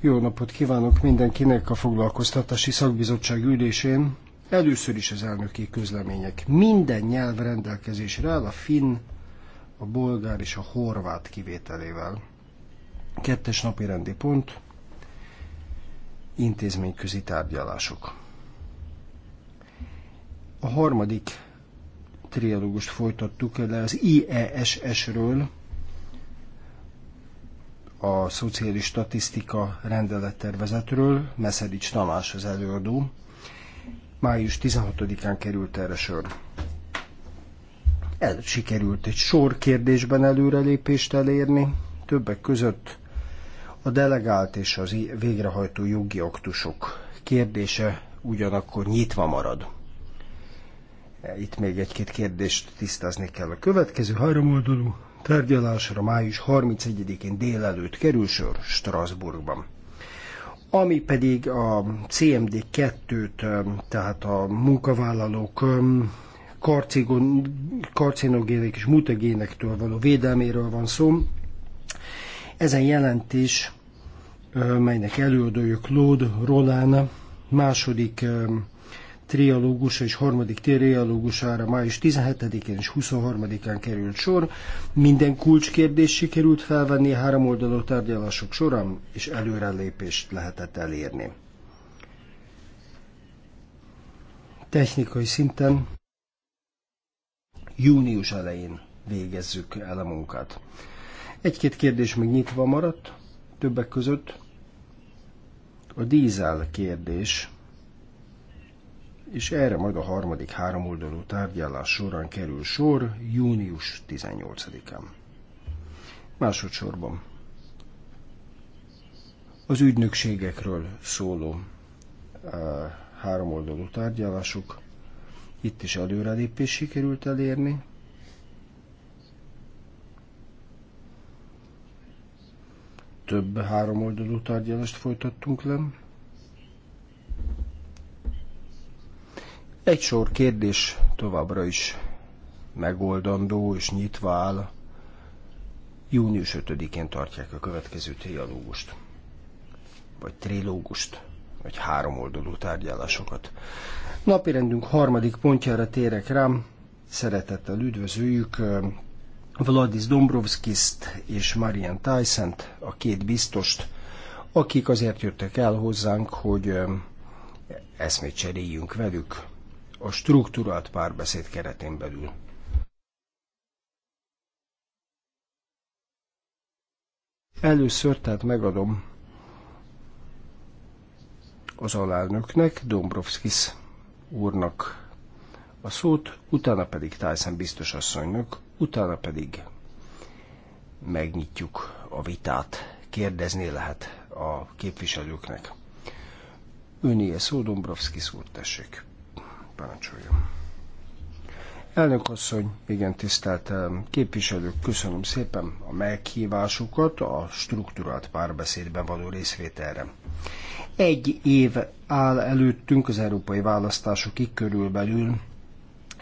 Jó napot kívánok mindenkinek a foglalkoztatási szakbizottság ülésén. Először is az elnöki közlemények. Minden nyelv rendelkezésre áll, a finn, a bolgár és a horvát kivételével. Kettes napi rendi pont, intézményközi tárgyalások. A harmadik trialógust folytattuk le az IESS-ről, a Szociális Statisztika rendelettervezetről, Meszedics Tamás az előadó. Május 16-án került erre sor. El sikerült egy sor kérdésben előrelépést elérni, többek között a delegált és az végrehajtó jogi aktusok kérdése ugyanakkor nyitva marad. E, itt még egy-két kérdést tisztázni kell. A következő három oldalú Tárgyalásra május 31-én délelőtt kerül sor Strasbourgban. Ami pedig a CMD2-t, tehát a munkavállalók karcinogének és mutagénektől való védelméről van szó. Ezen jelentés, melynek előadója Claude Roland, második trialógusa és harmadik trialógusára május 17-én és 23-án került sor. Minden kulcskérdés sikerült felvenni a oldalú tárgyalások során, és előrelépést lehetett elérni. Technikai szinten június elején végezzük el a munkát. Egy-két kérdés még nyitva maradt, többek között a dízel kérdés, és erre majd a harmadik háromoldalú tárgyalás során kerül sor június 18-án. Másodszorban az ügynökségekről szóló háromoldalú tárgyalások. Itt is előrelépés sikerült elérni. Több háromoldalú tárgyalást folytattunk le. Egy sor kérdés továbbra is megoldandó és nyitva áll. Június 5-én tartják a következő trialógust, vagy trilógust, vagy háromoldalú tárgyalásokat. Napirendünk harmadik pontjára térek rám. Szeretettel üdvözöljük Vladis Dombrovskiszt és Marian tyson a két biztost, akik azért jöttek el hozzánk, hogy eszmét cseréljünk velük a struktúrált párbeszéd keretén belül. Először tehát megadom az alelnöknek, Dombrovskis úrnak a szót, utána pedig Tyson biztos asszonynak, utána pedig megnyitjuk a vitát. Kérdezni lehet a képviselőknek. Önéje szó, Dombrovskis úr, tessék. Parancsoljon. Elnök asszony, igen tisztelt képviselők, köszönöm szépen a meghívásukat a struktúrált párbeszédben való részvételre. Egy év áll előttünk az európai választásokig körülbelül,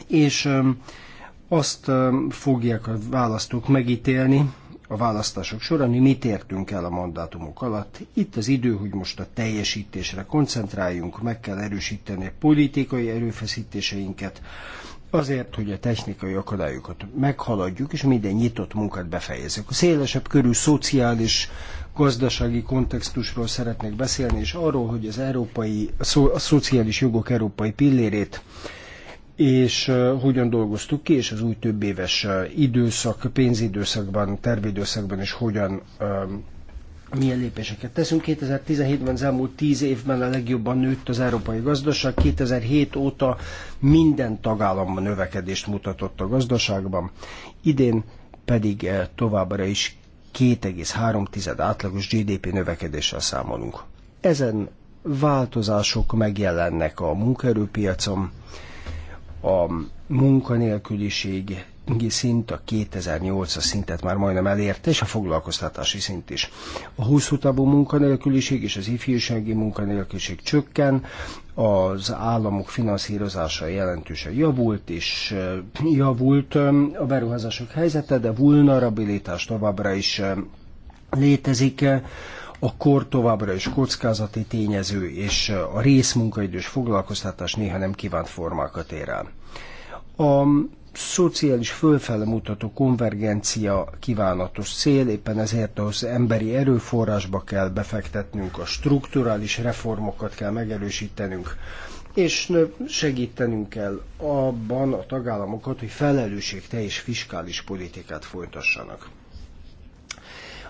és azt fogják a választók megítélni, a választások során, hogy mit értünk el a mandátumok alatt. Itt az idő, hogy most a teljesítésre koncentráljunk, meg kell erősíteni a politikai erőfeszítéseinket, azért, hogy a technikai akadályokat meghaladjuk, és minden nyitott munkát befejezzük. A szélesebb körű szociális gazdasági kontextusról szeretnék beszélni, és arról, hogy az európai, a szociális jogok európai pillérét és hogyan dolgoztuk ki, és az új több éves időszak, pénzidőszakban, tervidőszakban is hogyan milyen lépéseket teszünk. 2017-ben az elmúlt 10 évben a legjobban nőtt az európai gazdaság, 2007 óta minden tagállamban növekedést mutatott a gazdaságban, idén pedig továbbra is 2,3 átlagos GDP növekedéssel számolunk. Ezen változások megjelennek a munkaerőpiacon, a munkanélküliség szint, a 2008-as szintet már majdnem elérte, és a foglalkoztatási szint is. A 20. távú munkanélküliség és az ifjúsági munkanélküliség csökken, az államok finanszírozása jelentősen javult, és javult a beruházások helyzete, de vulnerabilitás továbbra is létezik kor továbbra is kockázati tényező és a részmunkaidős foglalkoztatás néha nem kívánt formákat ér el. A szociális fölfele mutató konvergencia kívánatos cél, éppen ezért az emberi erőforrásba kell befektetnünk, a strukturális reformokat kell megerősítenünk, és segítenünk kell abban a tagállamokat, hogy felelősségteljes fiskális politikát folytassanak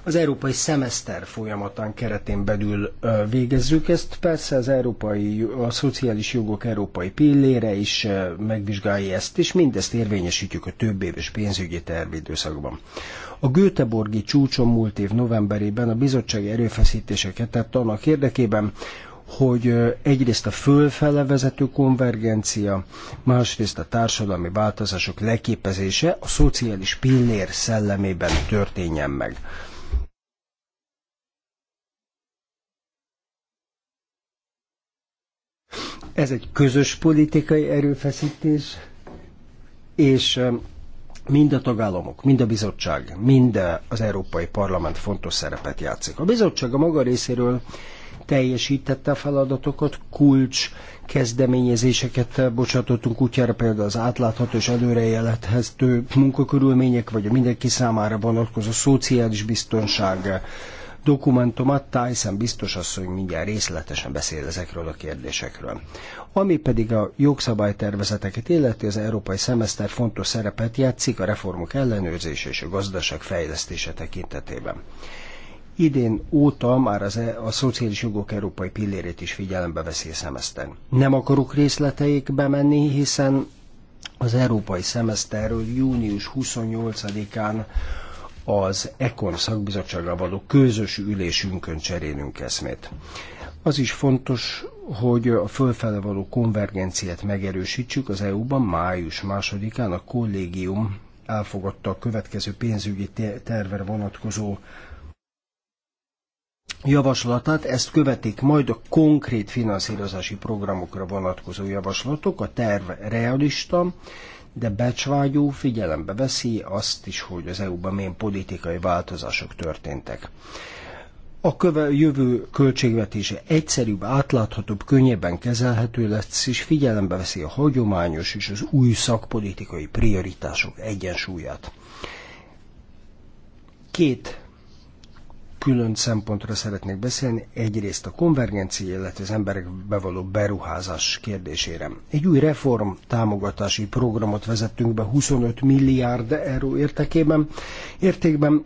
az európai szemeszter folyamatán keretén belül végezzük ezt. Persze az európai, a szociális jogok európai pillére is megvizsgálja ezt, és mindezt érvényesítjük a több éves pénzügyi tervidőszakban. A Göteborgi csúcson múlt év novemberében a bizottság erőfeszítéseket tett annak érdekében, hogy egyrészt a fölfele vezető konvergencia, másrészt a társadalmi változások leképezése a szociális pillér szellemében történjen meg. Ez egy közös politikai erőfeszítés, és mind a tagállamok, mind a bizottság, mind az Európai Parlament fontos szerepet játszik. A bizottság a maga részéről teljesítette a feladatokat, kulcs kezdeményezéseket bocsátottunk útjára, például az átlátható és előrejelhethető munkakörülmények, vagy a mindenki számára vonatkozó szociális biztonság, dokumentum adta, hiszen biztos hogy mindjárt részletesen beszél ezekről a kérdésekről. Ami pedig a jogszabálytervezeteket illeti, az európai szemeszter fontos szerepet játszik a reformok ellenőrzése és a gazdaság fejlesztése tekintetében. Idén óta már az, e- a szociális jogok európai pillérét is figyelembe veszi a szemeszter. Nem akarok részleteikbe menni, hiszen az európai szemeszterről június 28-án az EKON szakbizottsággal való közös ülésünkön cserélünk eszmét. Az is fontos, hogy a fölfele való konvergenciát megerősítsük az EU-ban. Május másodikán a kollégium elfogadta a következő pénzügyi tervre vonatkozó javaslatát, ezt követik majd a konkrét finanszírozási programokra vonatkozó javaslatok, a terv realista, de becsvágyó figyelembe veszi azt is, hogy az EU-ban milyen politikai változások történtek. A köve, jövő költségvetése egyszerűbb, átláthatóbb, könnyebben kezelhető lesz, és figyelembe veszi a hagyományos és az új szakpolitikai prioritások egyensúlyát. Két külön szempontra szeretnék beszélni, egyrészt a konvergencia, illetve az emberek bevaló beruházás kérdésére. Egy új reform támogatási programot vezettünk be 25 milliárd euró értékében, értékben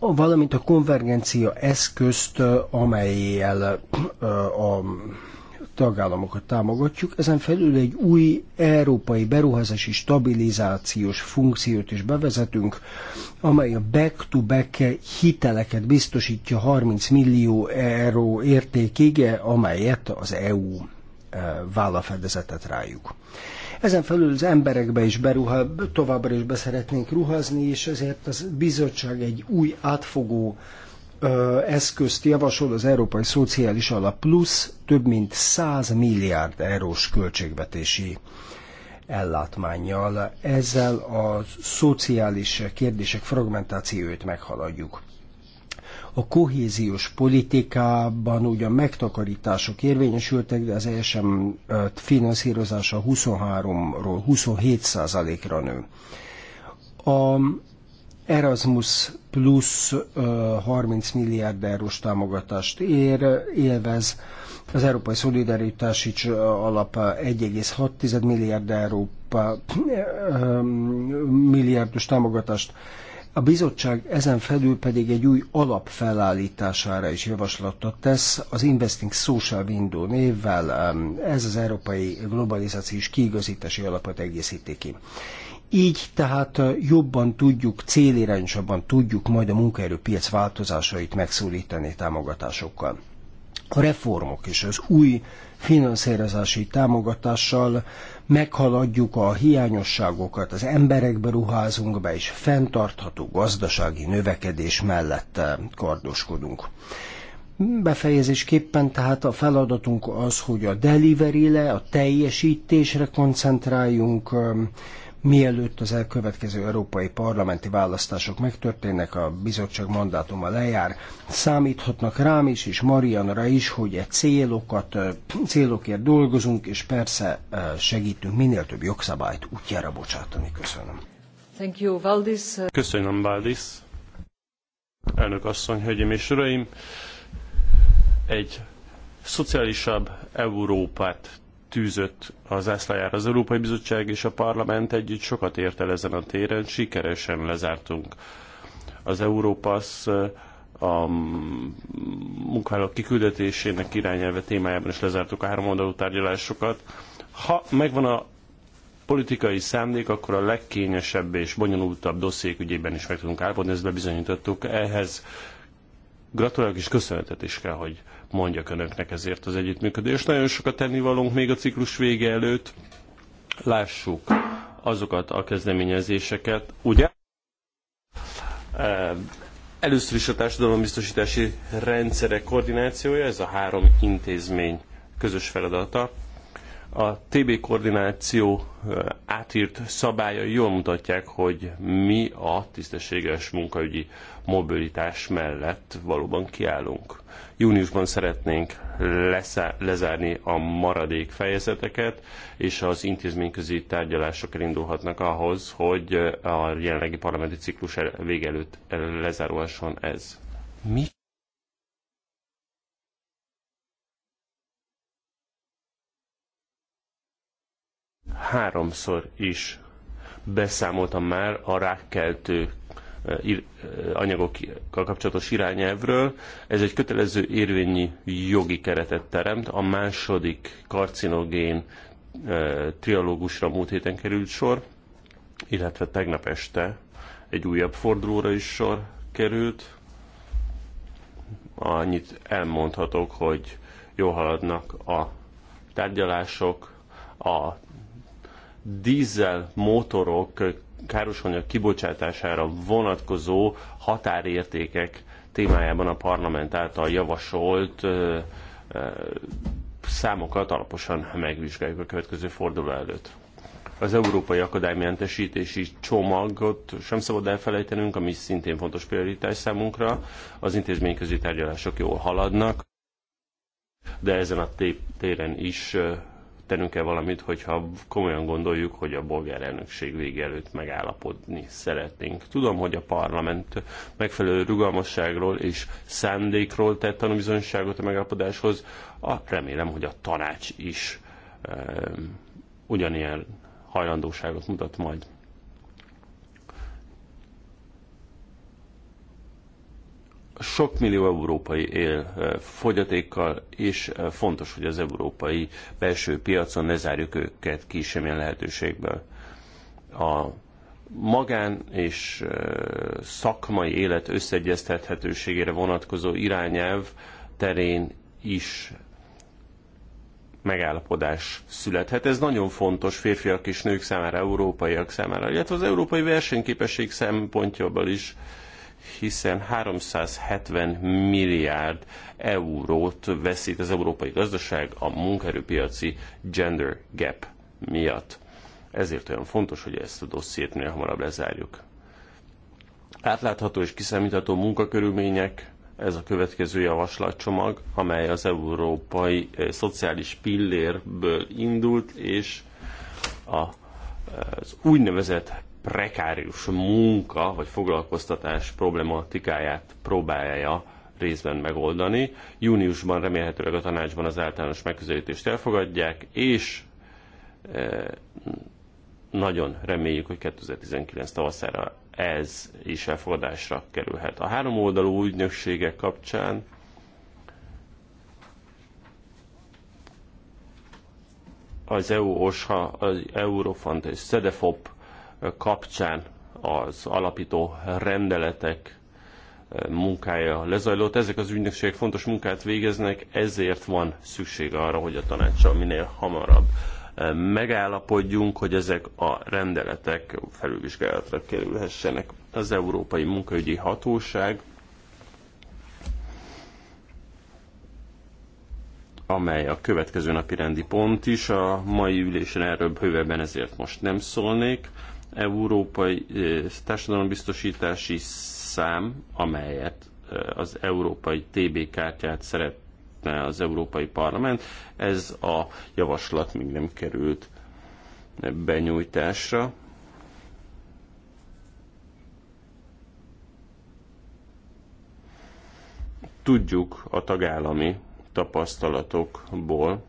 valamint a konvergencia eszközt, amelyel a tagállamokat támogatjuk, ezen felül egy új európai beruházási stabilizációs funkciót is bevezetünk, amely a back-to-back -back hiteleket biztosítja 30 millió euró értékig, amelyet az EU eh, vállal fedezetet rájuk. Ezen felül az emberekbe is beruha, továbbra is beszeretnénk ruházni, és ezért az bizottság egy új átfogó eszközt javasol az Európai Szociális Alap plusz több mint 100 milliárd eurós költségvetési ellátmányjal. Ezzel a szociális kérdések fragmentációt meghaladjuk. A kohéziós politikában ugyan megtakarítások érvényesültek, de az ESM finanszírozása 23-ról 27 ra nő. A Erasmus plusz 30 milliárd eurós támogatást ér, élvez. Az Európai Szolidaritási Alap 1,6 milliárd Európa milliárdos támogatást. A bizottság ezen felül pedig egy új alap felállítására is javaslatot tesz, az Investing Social Window névvel, ez az Európai Globalizációs Kiigazítási Alapot egészíti ki. Így tehát jobban tudjuk, célirányosabban tudjuk majd a munkaerőpiac változásait megszólítani támogatásokkal. A reformok és az új finanszírozási támogatással meghaladjuk a hiányosságokat, az emberekbe ruházunk be, és fenntartható gazdasági növekedés mellett kardoskodunk. Befejezésképpen tehát a feladatunk az, hogy a delivery-le, a teljesítésre koncentráljunk, mielőtt az elkövetkező európai parlamenti választások megtörténnek, a bizottság mandátuma lejár, számíthatnak rám is, és Marianra is, hogy egy célokat, célokért dolgozunk, és persze segítünk minél több jogszabályt útjára bocsátani. Köszönöm. Thank you, Valdis. Köszönöm, Valdis. Elnök asszony, hölgyeim és uraim, egy szociálisabb Európát tűzött a zászlajára az Európai Bizottság és a Parlament együtt sokat ért el ezen a téren, sikeresen lezártunk az Európasz eh, a munkahelyek kiküldetésének irányelve témájában is lezártuk a oldalú tárgyalásokat. Ha megvan a politikai szándék, akkor a legkényesebb és bonyolultabb dossziék ügyében is meg tudunk állapodni, ezt bebizonyítottuk. Ehhez gratulálok és köszönetet is kell, hogy mondjak önöknek ezért az együttműködést. Nagyon sokat valunk még a ciklus vége előtt. Lássuk azokat a kezdeményezéseket, ugye? Először is a társadalombiztosítási rendszerek koordinációja, ez a három intézmény közös feladata. A TB koordináció átírt szabályai jól mutatják, hogy mi a tisztességes munkaügyi mobilitás mellett valóban kiállunk. Júniusban szeretnénk leszá- lezárni a maradék fejezeteket, és az intézményközi tárgyalások elindulhatnak ahhoz, hogy a jelenlegi parlamenti ciklus vége előtt lezárulhasson ez. Mi? háromszor is beszámoltam már a rákkeltő anyagokkal kapcsolatos irányelvről. Ez egy kötelező érvényi jogi keretet teremt. A második karcinogén trialógusra múlt héten került sor, illetve tegnap este egy újabb fordulóra is sor került. Annyit elmondhatok, hogy jó haladnak a tárgyalások, a dízel motorok károsanyag kibocsátására vonatkozó határértékek témájában a parlament által javasolt ö, ö, számokat alaposan megvizsgáljuk a következő forduló előtt. Az Európai Akadálymentesítési csomagot sem szabad elfelejtenünk, ami szintén fontos prioritás számunkra. Az intézményközi tárgyalások jól haladnak, de ezen a téren is tennünk-e valamit, hogyha komolyan gondoljuk, hogy a bolgár elnökség vége előtt megállapodni szeretnénk. Tudom, hogy a parlament megfelelő rugalmasságról és szándékról tett tanúbizonyságot a megállapodáshoz. A, remélem, hogy a tanács is e, ugyanilyen hajlandóságot mutat majd sok millió európai él eh, fogyatékkal, és eh, fontos, hogy az európai belső piacon ne zárjuk őket ki semmilyen lehetőségből. A magán és eh, szakmai élet összeegyeztethetőségére vonatkozó irányelv terén is megállapodás születhet. Ez nagyon fontos férfiak és nők számára, európaiak számára, illetve az európai versenyképesség szempontjából is hiszen 370 milliárd eurót veszít az európai gazdaság a munkaerőpiaci gender gap miatt. Ezért olyan fontos, hogy ezt a dossziét minél hamarabb lezárjuk. Átlátható és kiszámítható munkakörülmények, ez a következő javaslatcsomag, amely az európai eh, szociális pillérből indult, és a, eh, az úgynevezett prekárius munka vagy foglalkoztatás problematikáját próbálja részben megoldani. Júniusban remélhetőleg a tanácsban az általános megközelítést elfogadják, és e, nagyon reméljük, hogy 2019 tavaszára ez is elfogadásra kerülhet. A három oldalú ügynökségek kapcsán az EU OSHA, az Eurofant és SEDEFOP kapcsán az alapító rendeletek eh, munkája lezajlott. Ezek az ügynökségek fontos munkát végeznek, ezért van szükség arra, hogy a tanácssal minél hamarabb eh, megállapodjunk, hogy ezek a rendeletek felülvizsgálatra kerülhessenek. Az Európai Munkaügyi Hatóság, amely a következő napi rendi pont is, a mai ülésen erről bővebben ezért most nem szólnék európai társadalombiztosítási szám, amelyet az európai TB kártyát szeretne az Európai Parlament, ez a javaslat még nem került benyújtásra. Tudjuk a tagállami tapasztalatokból,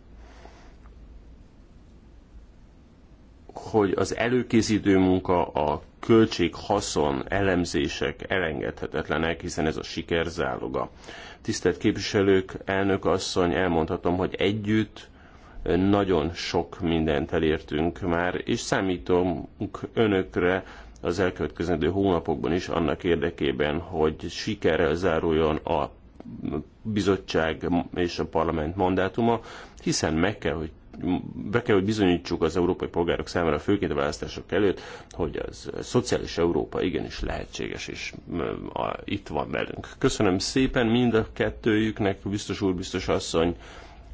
hogy az előkészítő munka, a költség-haszon elemzések elengedhetetlenek, hiszen ez a siker záloga. Tisztelt képviselők, elnök asszony, elmondhatom, hogy együtt nagyon sok mindent elértünk már, és számítunk önökre az elkövetkezendő hónapokban is annak érdekében, hogy sikerrel záruljon a bizottság és a parlament mandátuma, hiszen meg kell, hogy be kell, hogy bizonyítsuk az európai polgárok számára, főként a választások előtt, hogy az szociális Európa igenis lehetséges, és itt van velünk. Köszönöm szépen mind a kettőjüknek, biztos úr, biztos asszony,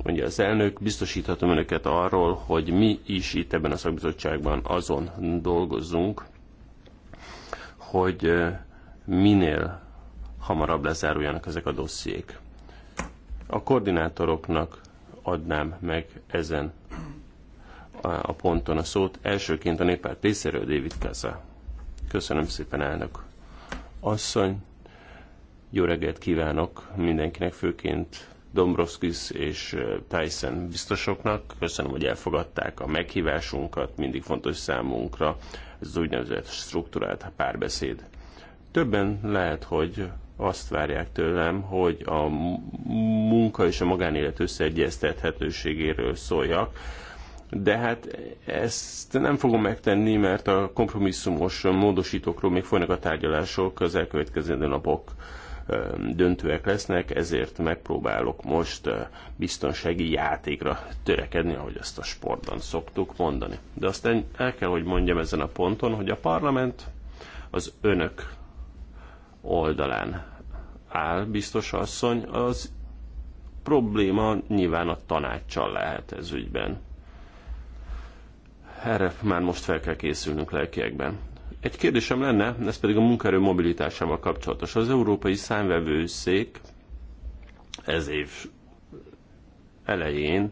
mondja az elnök, biztosíthatom önöket arról, hogy mi is itt ebben a szakbizottságban azon dolgozzunk, hogy minél hamarabb lezáruljanak ezek a dossziék. A koordinátoroknak adnám meg ezen a ponton a szót. Elsőként a néppárt részéről David Kaza. Köszönöm szépen, elnök asszony. Jó reggelt kívánok mindenkinek, főként Dombrovskis és Tyson biztosoknak. Köszönöm, hogy elfogadták a meghívásunkat, mindig fontos számunkra ez az úgynevezett struktúrált párbeszéd. Többen lehet, hogy azt várják tőlem, hogy a munka és a magánélet összeegyeztethetőségéről szóljak. De hát ezt nem fogom megtenni, mert a kompromisszumos módosítókról még folynak a tárgyalások, az elkövetkezendő napok döntőek lesznek, ezért megpróbálok most biztonsági játékra törekedni, ahogy azt a sportban szoktuk mondani. De aztán el kell, hogy mondjam ezen a ponton, hogy a parlament az önök oldalán áll, biztos asszony, az probléma nyilván a tanácssal lehet ez ügyben. Erre már most fel kell készülnünk lelkiekben. Egy kérdésem lenne, ez pedig a munkaerő mobilitásával kapcsolatos. Az Európai Számvevőszék ez év elején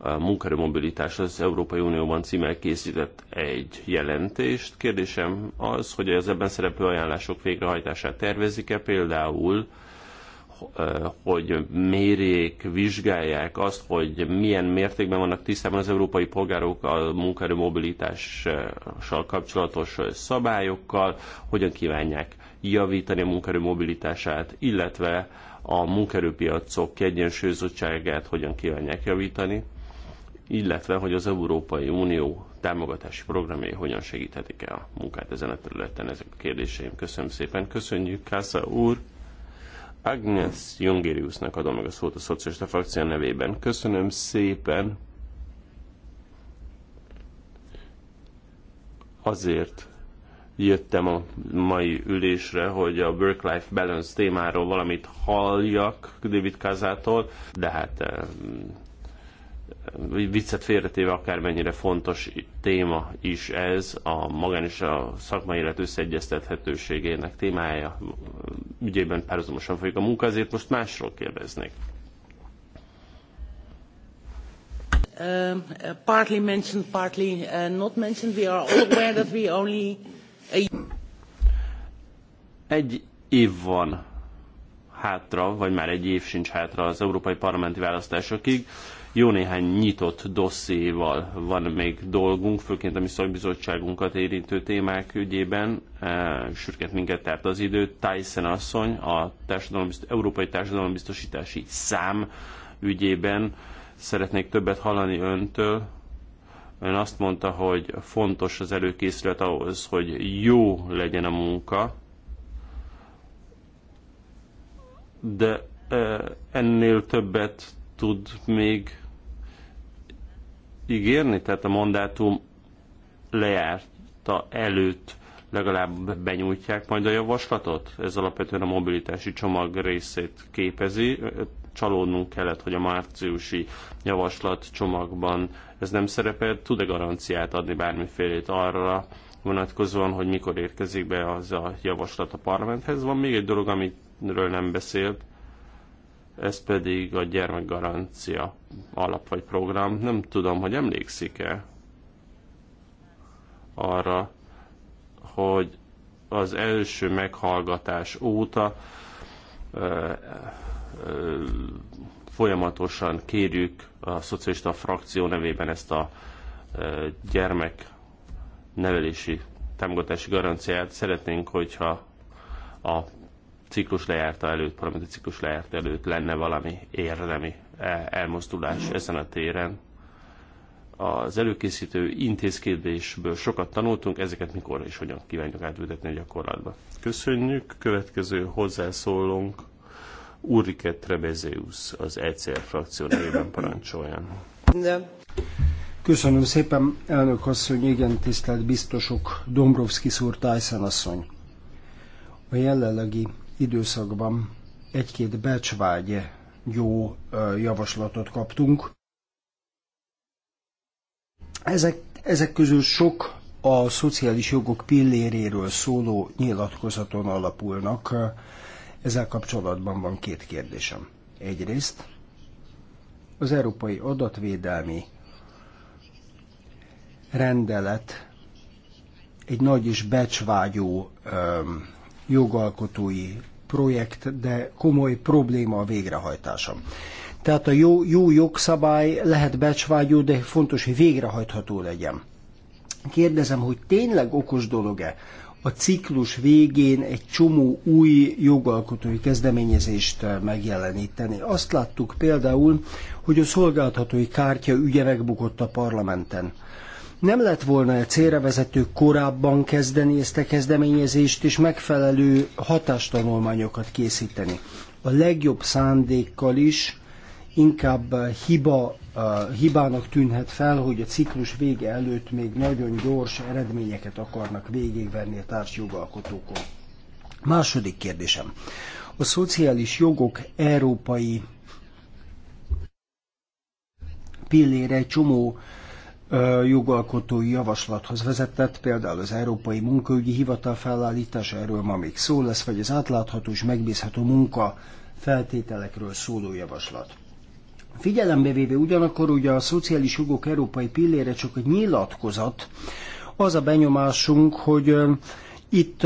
a munkaerő mobilitás az Európai Unióban címmel készített egy jelentést. Kérdésem az, hogy az ebben szereplő ajánlások végrehajtását tervezik-e például, eh, hogy mérjék, vizsgálják azt, hogy milyen mértékben vannak tisztában az európai polgárok a munkaerő mobilitással kapcsolatos szabályokkal, hogyan kívánják javítani a munkaerő mobilitását, illetve a munkerőpiacok kiegyensúlyozottságát hogyan kívánják javítani illetve hogy az Európai Unió támogatási programjai hogyan segíthetik el a munkát ezen a területen. Ezek a kérdéseim. Köszönöm szépen. Köszönjük, Kásza úr. Agnes Jongeriusnak adom meg a szót a szociálista frakció nevében. Köszönöm szépen. Azért jöttem a mai ülésre, hogy a work-life balance témáról valamit halljak David Kazától, de hát viccet félretéve akármennyire fontos téma is ez, a magán és a szakmai élet összeegyeztethetőségének témája ügyében párhuzamosan folyik a munka, ezért most másról kérdeznék. Um, uh, partly mentioned, partly uh, not mentioned. We are all aware that we only a... egy év van hátra, vagy már egy év sincs hátra az európai parlamenti választásokig. Uh, jó néhány nyitott dosszéval van még dolgunk, főként a mi szakbizottságunkat érintő témák ügyében. E, sürget minket tárt az idő. Tyson asszony a társadalom, Európai Társadalombiztosítási Szám ügyében szeretnék többet hallani öntől, Ön azt mondta, hogy fontos az előkészület ahhoz, hogy jó legyen a munka, de e, ennél többet tud még ígérni? Tehát a mandátum lejárta előtt legalább benyújtják majd a javaslatot? Ez alapvetően a mobilitási csomag részét képezi. Csalódnunk kellett, hogy a márciusi javaslat csomagban ez nem szerepel. Tud-e garanciát adni bármifélét arra, vonatkozóan, hogy mikor érkezik be az a javaslat a parlamenthez. Van még egy dolog, amiről nem beszélt, ez pedig a gyermekgarancia alap vagy program. Nem tudom, hogy emlékszik-e arra, hogy az első meghallgatás óta ö, ö, folyamatosan kérjük a szocialista frakció nevében ezt a ö, gyermek nevelési támogatási garanciát. Szeretnénk, hogyha a ciklus lejárta előtt, parlamenti ciklus lejárta előtt lenne valami érdemi e, elmozdulás ezen a téren. Az előkészítő intézkedésből sokat tanultunk, ezeket mikor és hogyan kívánjuk átültetni a gyakorlatba. Köszönjük, következő hozzászólónk Ulrike Trebezeus az ECR frakció nevében parancsoljon. Köszönöm szépen, elnök asszony, igen, tisztelt biztosok, Dombrovski szúr, Tyson asszony. A jelenlegi időszakban egy-két becsvágy jó javaslatot kaptunk. Ezek, ezek közül sok a szociális jogok pilléréről szóló nyilatkozaton alapulnak. Ezzel kapcsolatban van két kérdésem. Egyrészt az Európai Adatvédelmi Rendelet egy nagy és becsvágyó jogalkotói projekt, de komoly probléma a végrehajtása. Tehát a jó, jó jogszabály lehet becsvágyó, de fontos, hogy végrehajtható legyen. Kérdezem, hogy tényleg okos dolog-e a ciklus végén egy csomó új jogalkotói kezdeményezést megjeleníteni. Azt láttuk például, hogy a szolgáltatói kártya ügye megbukott a parlamenten. Nem lett volna e célra vezető korábban kezdeni ezt a kezdeményezést, és megfelelő hatástanulmányokat készíteni. A legjobb szándékkal is inkább eh, hiba, eh, hibának tűnhet fel, hogy a ciklus vége előtt még nagyon gyors eredményeket akarnak végigvenni a társjogalkotókon. Második kérdésem. A szociális jogok európai pillére egy csomó jogalkotói javaslathoz vezetett, például az Európai Munkaügyi Hivatal felállítása, erről ma még szó lesz, vagy az átlátható és megbízható munka feltételekről szóló javaslat. Figyelembe véve ugyanakkor ugye a szociális jogok európai pillére csak egy nyilatkozat, az a benyomásunk, hogy itt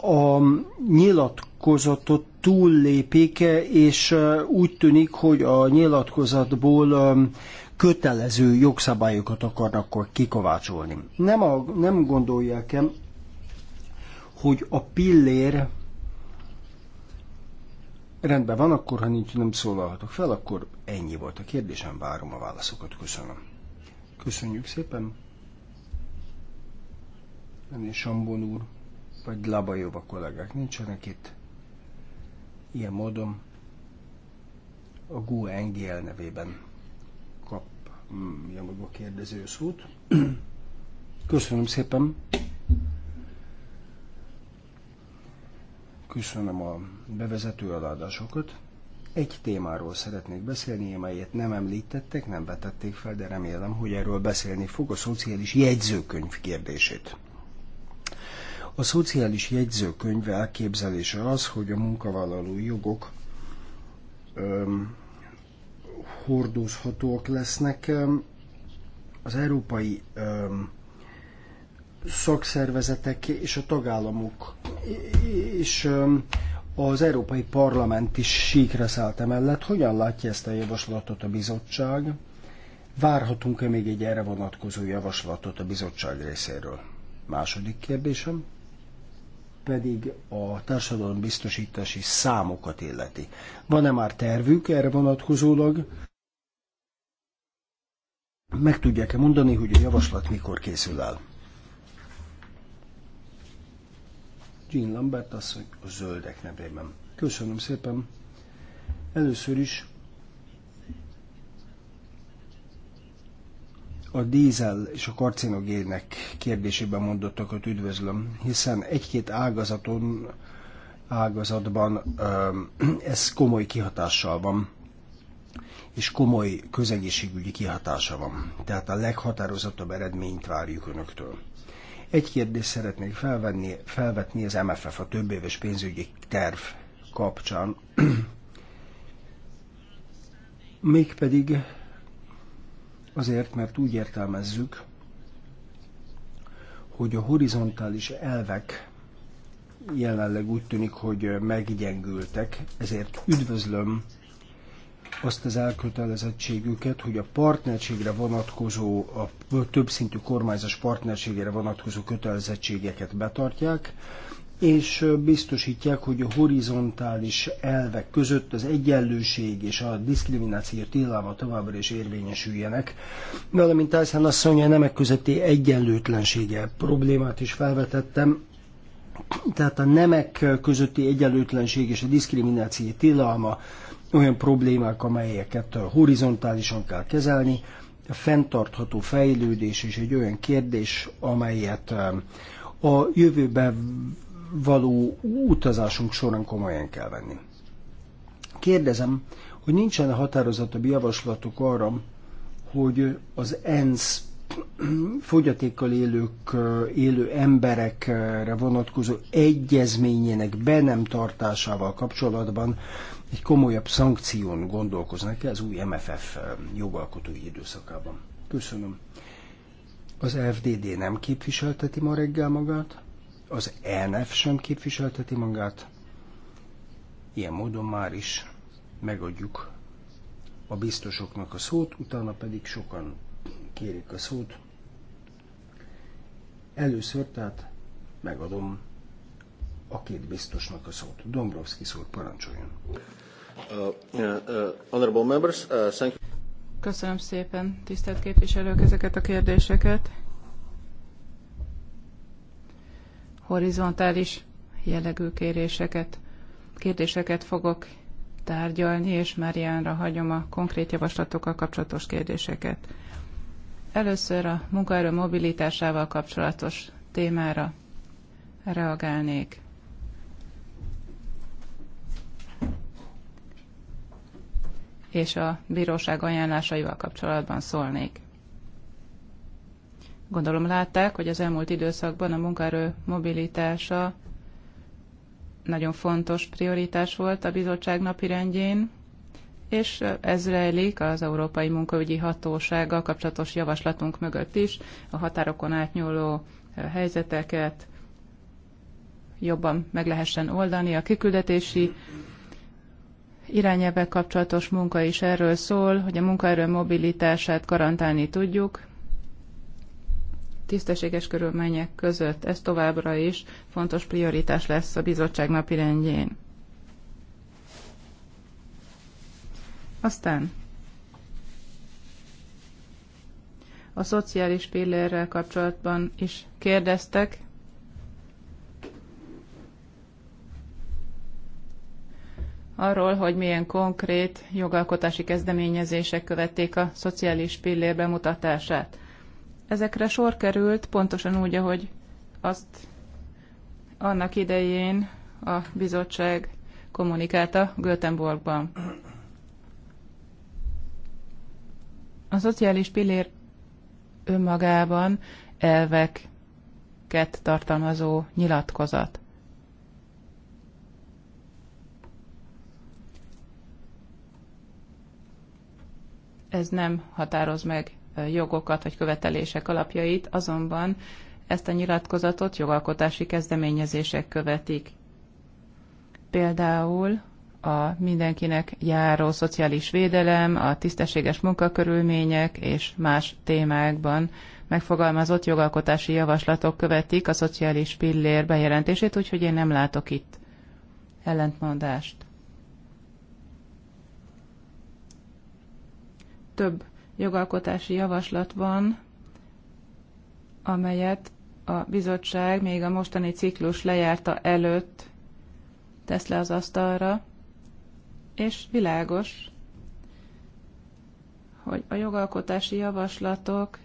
a nyilatkozatot túllépik, és úgy tűnik, hogy a nyilatkozatból kötelező jogszabályokat akarnak akkor kikovácsolni. Nem, a, nem gondolják -e, hogy a pillér rendben van, akkor ha nincs, nem szólalhatok fel, akkor ennyi volt a kérdésem, várom a válaszokat, köszönöm. Köszönjük szépen. Ennél Sambon úr, vagy Labajova kollégák nincsenek itt. Ilyen módon a Gu NGL nevében Hmm, adja meg a kérdező szót. Köszönöm szépen. Köszönöm a bevezető adásokat. Egy témáról szeretnék beszélni, amelyet nem említettek, nem vetették fel, de remélem, hogy erről beszélni fog a szociális jegyzőkönyv kérdését. A szociális jegyzőkönyv elképzelése az, hogy a munkavállaló jogok öm, hordozhatóak lesznek. Az európai szakszervezetek és a tagállamok és az Európai Parlament is síkra szállt emellett. Hogyan látja ezt a javaslatot a bizottság? Várhatunk-e még egy erre vonatkozó javaslatot a bizottság részéről? Második kérdésem pedig a társadalombiztosítási számokat illeti. Van-e már tervük erre vonatkozólag? Meg tudják-e mondani, hogy a javaslat mikor készül el? Jean Lambert asszony a zöldek nevében. Köszönöm szépen. Először is a dízel és a karcinogének kérdésében mondottakat üdvözlöm, hiszen egy-két ágazaton, ágazatban ez komoly kihatással van, és komoly közegészségügyi kihatása van. Tehát a leghatározottabb eredményt várjuk Önöktől. Egy kérdést szeretnék felvenni, felvetni az MFF, a több éves pénzügyi terv kapcsán. Mégpedig Azért, mert úgy értelmezzük, hogy a horizontális elvek jelenleg úgy tűnik, hogy meggyengültek, ezért üdvözlöm azt az elkötelezettségüket, hogy a partnerségre vonatkozó, a többszintű kormányzás partnerségére vonatkozó kötelezettségeket betartják, és biztosítják, hogy a horizontális elvek között az egyenlőség és a diszkrimináció tilalma továbbra is érvényesüljenek, valamint Tyson asszonya nemek közötti egyenlőtlensége problémát is felvetettem, tehát a nemek közötti egyenlőtlenség és a diszkrimináció tilalma olyan problémák, amelyeket horizontálisan kell kezelni, a fenntartható fejlődés is egy olyan kérdés, amelyet a jövőben való utazásunk során komolyan kell venni. Kérdezem, hogy nincsen határozatabb javaslatok arra, hogy az ENSZ fogyatékkal élők, élő emberekre vonatkozó egyezményének be nem tartásával kapcsolatban egy komolyabb szankción gondolkoznak ez új MFF jogalkotói időszakában. Köszönöm. Az FDD nem képviselteti ma reggel magát? az ENF sem képviselteti magát. Ilyen módon már is megadjuk a biztosoknak a szót, utána pedig sokan kérik a szót. Először tehát megadom a két biztosnak a szót. Dombrovski szót parancsoljon. Uh, uh, members, uh, thank Köszönöm szépen, tisztelt képviselők, ezeket a kérdéseket. horizontális jellegű kéréseket, kérdéseket fogok tárgyalni, és Máriánra hagyom a konkrét javaslatokkal kapcsolatos kérdéseket. Először a munkaerő mobilitásával kapcsolatos témára reagálnék. és a bíróság ajánlásaival kapcsolatban szólnék. Gondolom látták, hogy az elmúlt időszakban a munkaerő mobilitása nagyon fontos prioritás volt a bizottság napirendjén, és ez rejlik az Európai Munkaügyi Hatósággal kapcsolatos javaslatunk mögött is, a határokon átnyúló helyzeteket jobban meg lehessen oldani. A kiküldetési irányelvek kapcsolatos munka is erről szól, hogy a munkaerő mobilitását garantálni tudjuk, tisztességes körülmények között. Ez továbbra is fontos prioritás lesz a bizottság napirendjén. Aztán a szociális pillérrel kapcsolatban is kérdeztek. arról, hogy milyen konkrét jogalkotási kezdeményezések követték a szociális pillér bemutatását ezekre sor került pontosan úgy, ahogy azt annak idején a bizottság kommunikálta Göteborgban. A szociális pillér önmagában elveket tartalmazó nyilatkozat. Ez nem határoz meg jogokat vagy követelések alapjait, azonban ezt a nyilatkozatot jogalkotási kezdeményezések követik. Például a mindenkinek járó szociális védelem, a tisztességes munkakörülmények és más témákban megfogalmazott jogalkotási javaslatok követik a szociális pillér bejelentését, úgyhogy én nem látok itt ellentmondást. Több jogalkotási javaslat van, amelyet a bizottság még a mostani ciklus lejárta előtt tesz le az asztalra, és világos, hogy a jogalkotási javaslatok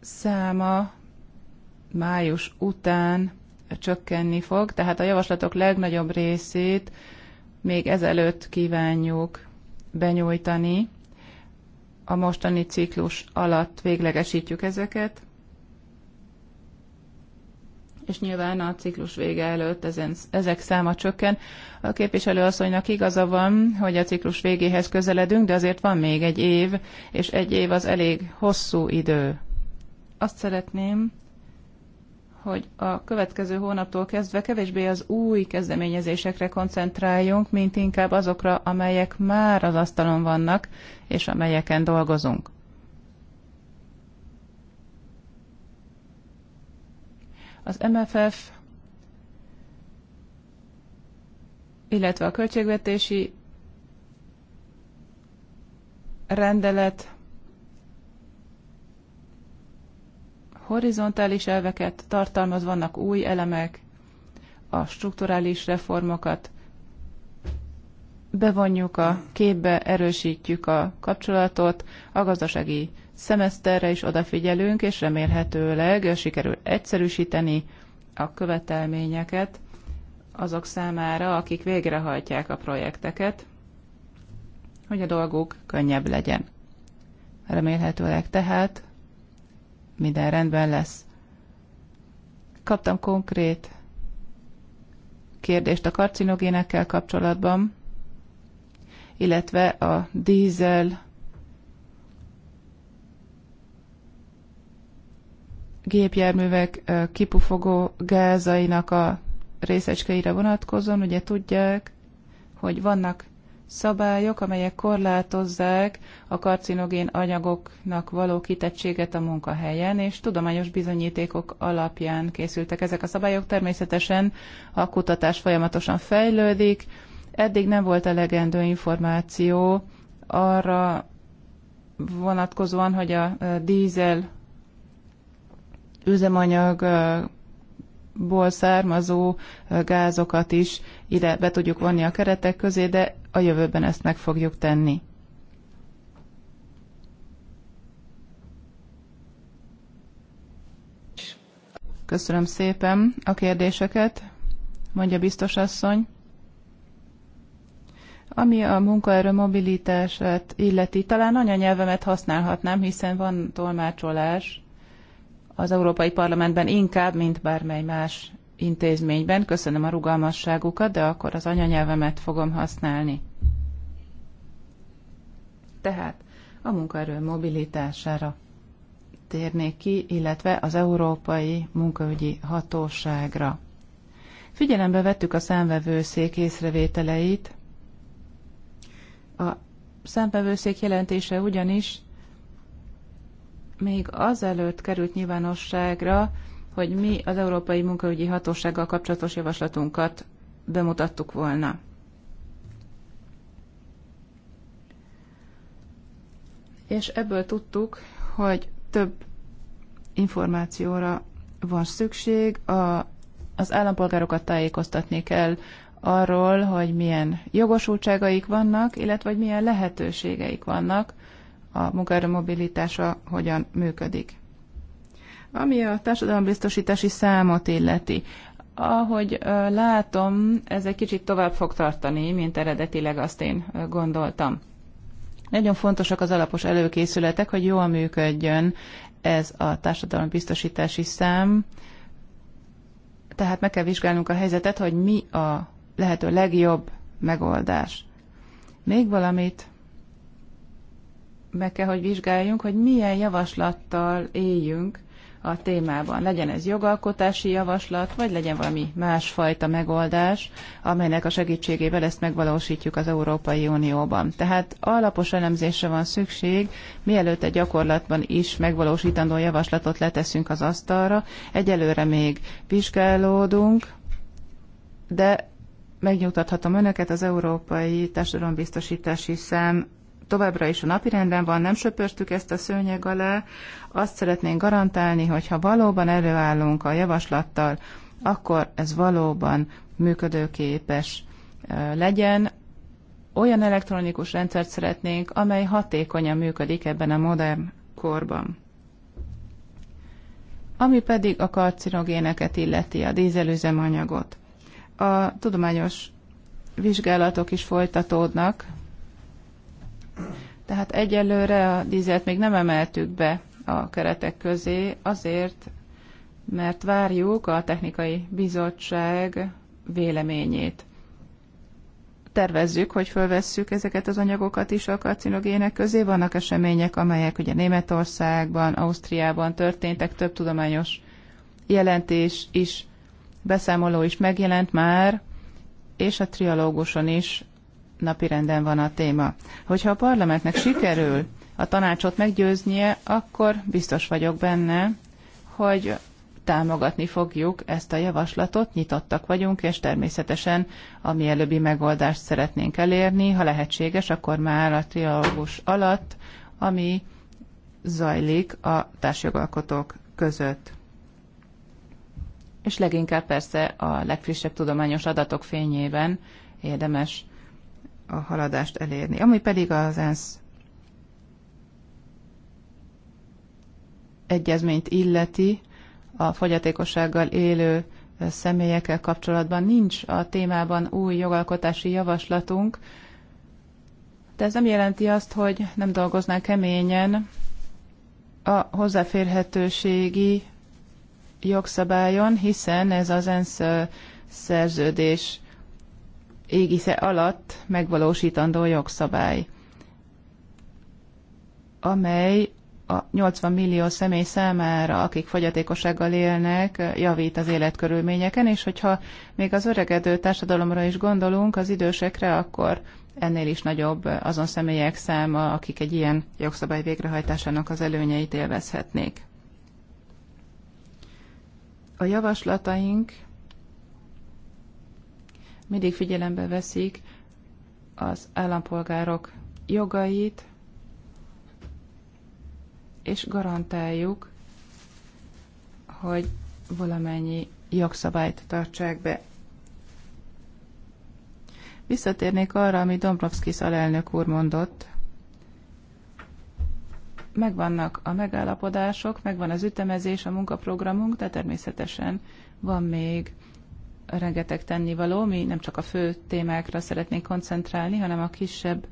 száma május után csökkenni fog, tehát a javaslatok legnagyobb részét még ezelőtt kívánjuk benyújtani. A mostani ciklus alatt véglegesítjük ezeket, és nyilván a ciklus vége előtt ezen, ezek száma csökken. A képviselőasszonynak igaza van, hogy a ciklus végéhez közeledünk, de azért van még egy év, és egy év az elég hosszú idő. Azt szeretném, hogy a következő hónaptól kezdve kevésbé az új kezdeményezésekre koncentráljunk, mint inkább azokra, amelyek már az asztalon vannak, és amelyeken dolgozunk. Az MFF, illetve a költségvetési rendelet horizontális elveket tartalmaz, vannak új elemek, a strukturális reformokat bevonjuk a képbe, erősítjük a kapcsolatot, a gazdasági szemeszterre is odafigyelünk, és remélhetőleg sikerül egyszerűsíteni a követelményeket azok számára, akik végrehajtják a projekteket, hogy a dolguk könnyebb legyen. Remélhetőleg tehát minden rendben lesz. Kaptam konkrét kérdést a karcinogénekkel kapcsolatban, illetve a dízel gépjárművek kipufogó gázainak a részecskeire vonatkozóan, ugye tudják, hogy vannak szabályok, amelyek korlátozzák a karcinogén anyagoknak való kitettséget a munkahelyen, és tudományos bizonyítékok alapján készültek ezek a szabályok. Természetesen a kutatás folyamatosan fejlődik. Eddig nem volt elegendő információ arra vonatkozóan, hogy a dízel üzemanyag ból származó gázokat is ide be tudjuk vonni a keretek közé, de a jövőben ezt meg fogjuk tenni. Köszönöm szépen a kérdéseket, mondja biztos asszony. Ami a munkaerő mobilitását illeti, talán anyanyelvemet használhatnám, hiszen van tolmácsolás az Európai Parlamentben inkább, mint bármely más intézményben. Köszönöm a rugalmasságukat, de akkor az anyanyelvemet fogom használni. Tehát a munkaerő mobilitására térnék ki, illetve az Európai Munkaügyi Hatóságra. Figyelembe vettük a számvevőszék észrevételeit. A számvevőszék jelentése ugyanis még azelőtt került nyilvánosságra, hogy mi az Európai Munkaügyi Hatósággal kapcsolatos javaslatunkat bemutattuk volna. És ebből tudtuk, hogy több információra van szükség, a, az állampolgárokat tájékoztatni kell arról, hogy milyen jogosultságaik vannak, illetve hogy milyen lehetőségeik vannak a munkaerő mobilitása hogyan működik. Ami a társadalombiztosítási számot illeti, ahogy látom, ez egy kicsit tovább fog tartani, mint eredetileg azt én gondoltam. Nagyon fontosak az alapos előkészületek, hogy jól működjön ez a társadalombiztosítási szám. Tehát meg kell vizsgálnunk a helyzetet, hogy mi a lehető legjobb megoldás. Még valamit meg kell, hogy vizsgáljunk, hogy milyen javaslattal éljünk a témában. Legyen ez jogalkotási javaslat, vagy legyen valami másfajta megoldás, amelynek a segítségével ezt megvalósítjuk az Európai Unióban. Tehát alapos elemzésre van szükség, mielőtt egy gyakorlatban is megvalósítandó javaslatot leteszünk az asztalra. Egyelőre még vizsgálódunk, de megnyugtathatom önöket, az Európai Társadalombiztosítási Szám továbbra is a napirenden van, nem söpörtük ezt a szőnyeg alá. Azt szeretnénk garantálni, hogy ha valóban előállunk a javaslattal, akkor ez valóban működőképes legyen. Olyan elektronikus rendszert szeretnénk, amely hatékonyan működik ebben a modern korban. Ami pedig a karcinogéneket illeti, a dízelüzemanyagot. A tudományos vizsgálatok is folytatódnak tehát egyelőre a dízelt még nem emeltük be a keretek közé, azért, mert várjuk a technikai bizottság véleményét. Tervezzük, hogy fölvesszük ezeket az anyagokat is a karcinogének közé. Vannak események, amelyek ugye Németországban, Ausztriában történtek, több tudományos jelentés is, beszámoló is megjelent már, és a trialóguson is napirenden van a téma. Hogyha a parlamentnek sikerül a tanácsot meggyőznie, akkor biztos vagyok benne, hogy támogatni fogjuk ezt a javaslatot, nyitottak vagyunk, és természetesen a mielőbbi megoldást szeretnénk elérni, ha lehetséges, akkor már a trialógus alatt, ami zajlik a társjogalkotók között. És leginkább persze a legfrissebb tudományos adatok fényében érdemes a haladást elérni. Ami pedig az ENSZ egyezményt illeti, a fogyatékossággal élő személyekkel kapcsolatban nincs a témában új jogalkotási javaslatunk, de ez nem jelenti azt, hogy nem dolgoznánk keményen a hozzáférhetőségi jogszabályon, hiszen ez az ENSZ szerződés égisze alatt megvalósítandó jogszabály, amely a 80 millió személy számára, akik fogyatékossággal élnek, javít az életkörülményeken, és hogyha még az öregedő társadalomra is gondolunk, az idősekre, akkor ennél is nagyobb azon személyek száma, akik egy ilyen jogszabály végrehajtásának az előnyeit élvezhetnék. A javaslataink mindig figyelembe veszik az állampolgárok jogait, és garantáljuk, hogy valamennyi jogszabályt tartsák be. Visszatérnék arra, amit Dombrovskis alelnök úr mondott. Megvannak a megállapodások, megvan az ütemezés, a munkaprogramunk, de természetesen van még rengeteg tennivaló. Mi nem csak a fő témákra szeretnénk koncentrálni, hanem a kisebb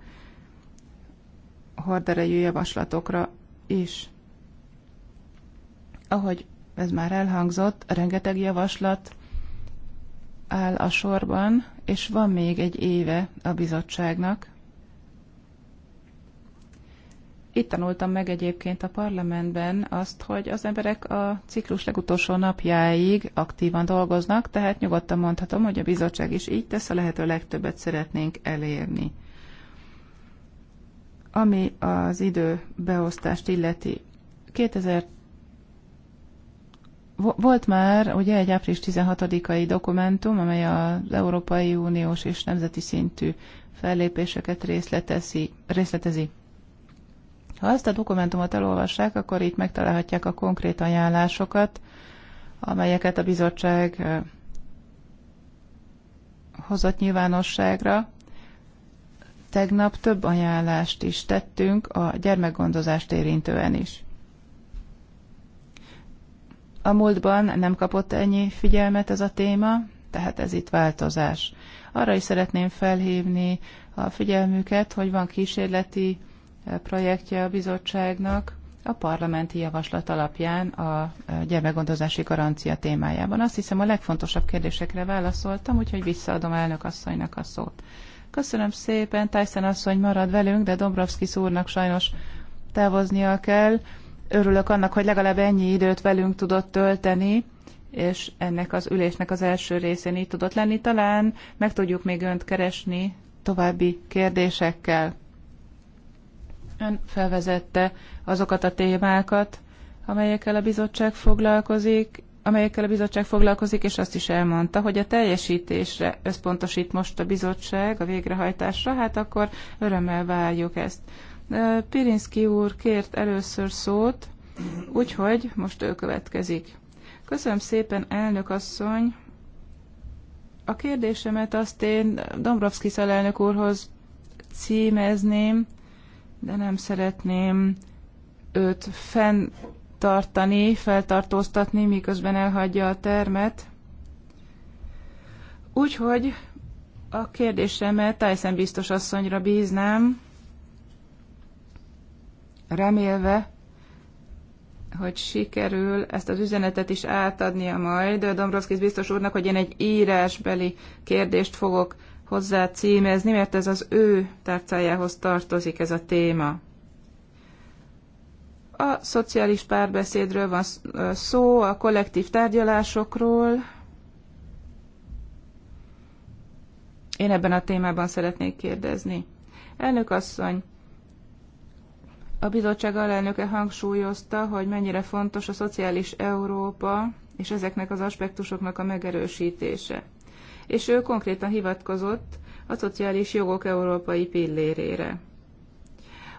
horderejű javaslatokra is. Ahogy ez már elhangzott, rengeteg javaslat áll a sorban, és van még egy éve a bizottságnak, itt tanultam meg egyébként a parlamentben azt, hogy az emberek a ciklus legutolsó napjáig aktívan dolgoznak, tehát nyugodtan mondhatom, hogy a bizottság is így tesz, a lehető legtöbbet szeretnénk elérni. Ami az időbeosztást illeti, 2000 volt már ugye egy április 16-ai dokumentum, amely az Európai Uniós és nemzeti szintű fellépéseket részletezi. részletezi. Ha ezt a dokumentumot elolvassák, akkor itt megtalálhatják a konkrét ajánlásokat, amelyeket a bizottság hozott nyilvánosságra. Tegnap több ajánlást is tettünk a gyermekgondozást érintően is. A múltban nem kapott ennyi figyelmet ez a téma, tehát ez itt változás. Arra is szeretném felhívni a figyelmüket, hogy van kísérleti projektje a bizottságnak a parlamenti javaslat alapján a e, gyermekgondozási garancia témájában. Azt hiszem a legfontosabb kérdésekre válaszoltam, úgyhogy visszaadom elnök asszonynak a szót. Köszönöm szépen, Tyson asszony marad velünk, de Dombrovski úrnak sajnos távoznia kell. Örülök annak, hogy legalább ennyi időt velünk tudott tölteni, és ennek az ülésnek az első részén így tudott lenni. Talán meg tudjuk még önt keresni további kérdésekkel. Ön felvezette azokat a témákat, amelyekkel a bizottság foglalkozik, amelyekkel a bizottság foglalkozik, és azt is elmondta, hogy a teljesítésre összpontosít most a bizottság a végrehajtásra, hát akkor örömmel várjuk ezt. Pirinszki úr kért először szót, úgyhogy most ő következik. Köszönöm szépen, elnök asszony! A kérdésemet azt én Dombrovszki szalelnök úrhoz címezném, de nem szeretném őt fenntartani, feltartóztatni, miközben elhagyja a termet. Úgyhogy a kérdésemet Tyson biztos asszonyra bíznám, remélve, hogy sikerül ezt az üzenetet is átadnia majd Dombrovskis biztos úrnak, hogy én egy írásbeli kérdést fogok hozzá címezni, mert ez az ő tárcájához tartozik ez a téma. A szociális párbeszédről van szó, a kollektív tárgyalásokról. Én ebben a témában szeretnék kérdezni. Elnök asszony, a bizottság alelnöke hangsúlyozta, hogy mennyire fontos a szociális Európa és ezeknek az aspektusoknak a megerősítése és ő konkrétan hivatkozott a szociális jogok európai pillérére.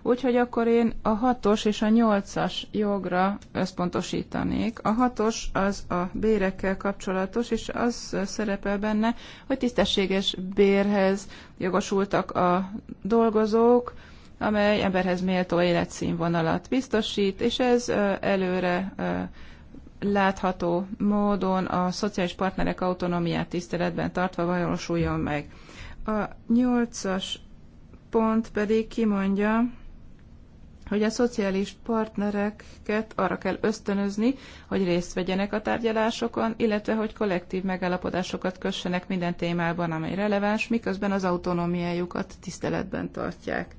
Úgyhogy akkor én a hatos és a nyolcas jogra összpontosítanék. A hatos az a bérekkel kapcsolatos, és az szerepel benne, hogy tisztességes bérhez jogosultak a dolgozók, amely emberhez méltó életszínvonalat biztosít, és ez előre látható módon a szociális partnerek autonómiát tiszteletben tartva valósuljon meg. A nyolcas pont pedig kimondja, hogy a szociális partnereket arra kell ösztönözni, hogy részt vegyenek a tárgyalásokon, illetve hogy kollektív megállapodásokat kössenek minden témában, amely releváns, miközben az autonómiájukat tiszteletben tartják.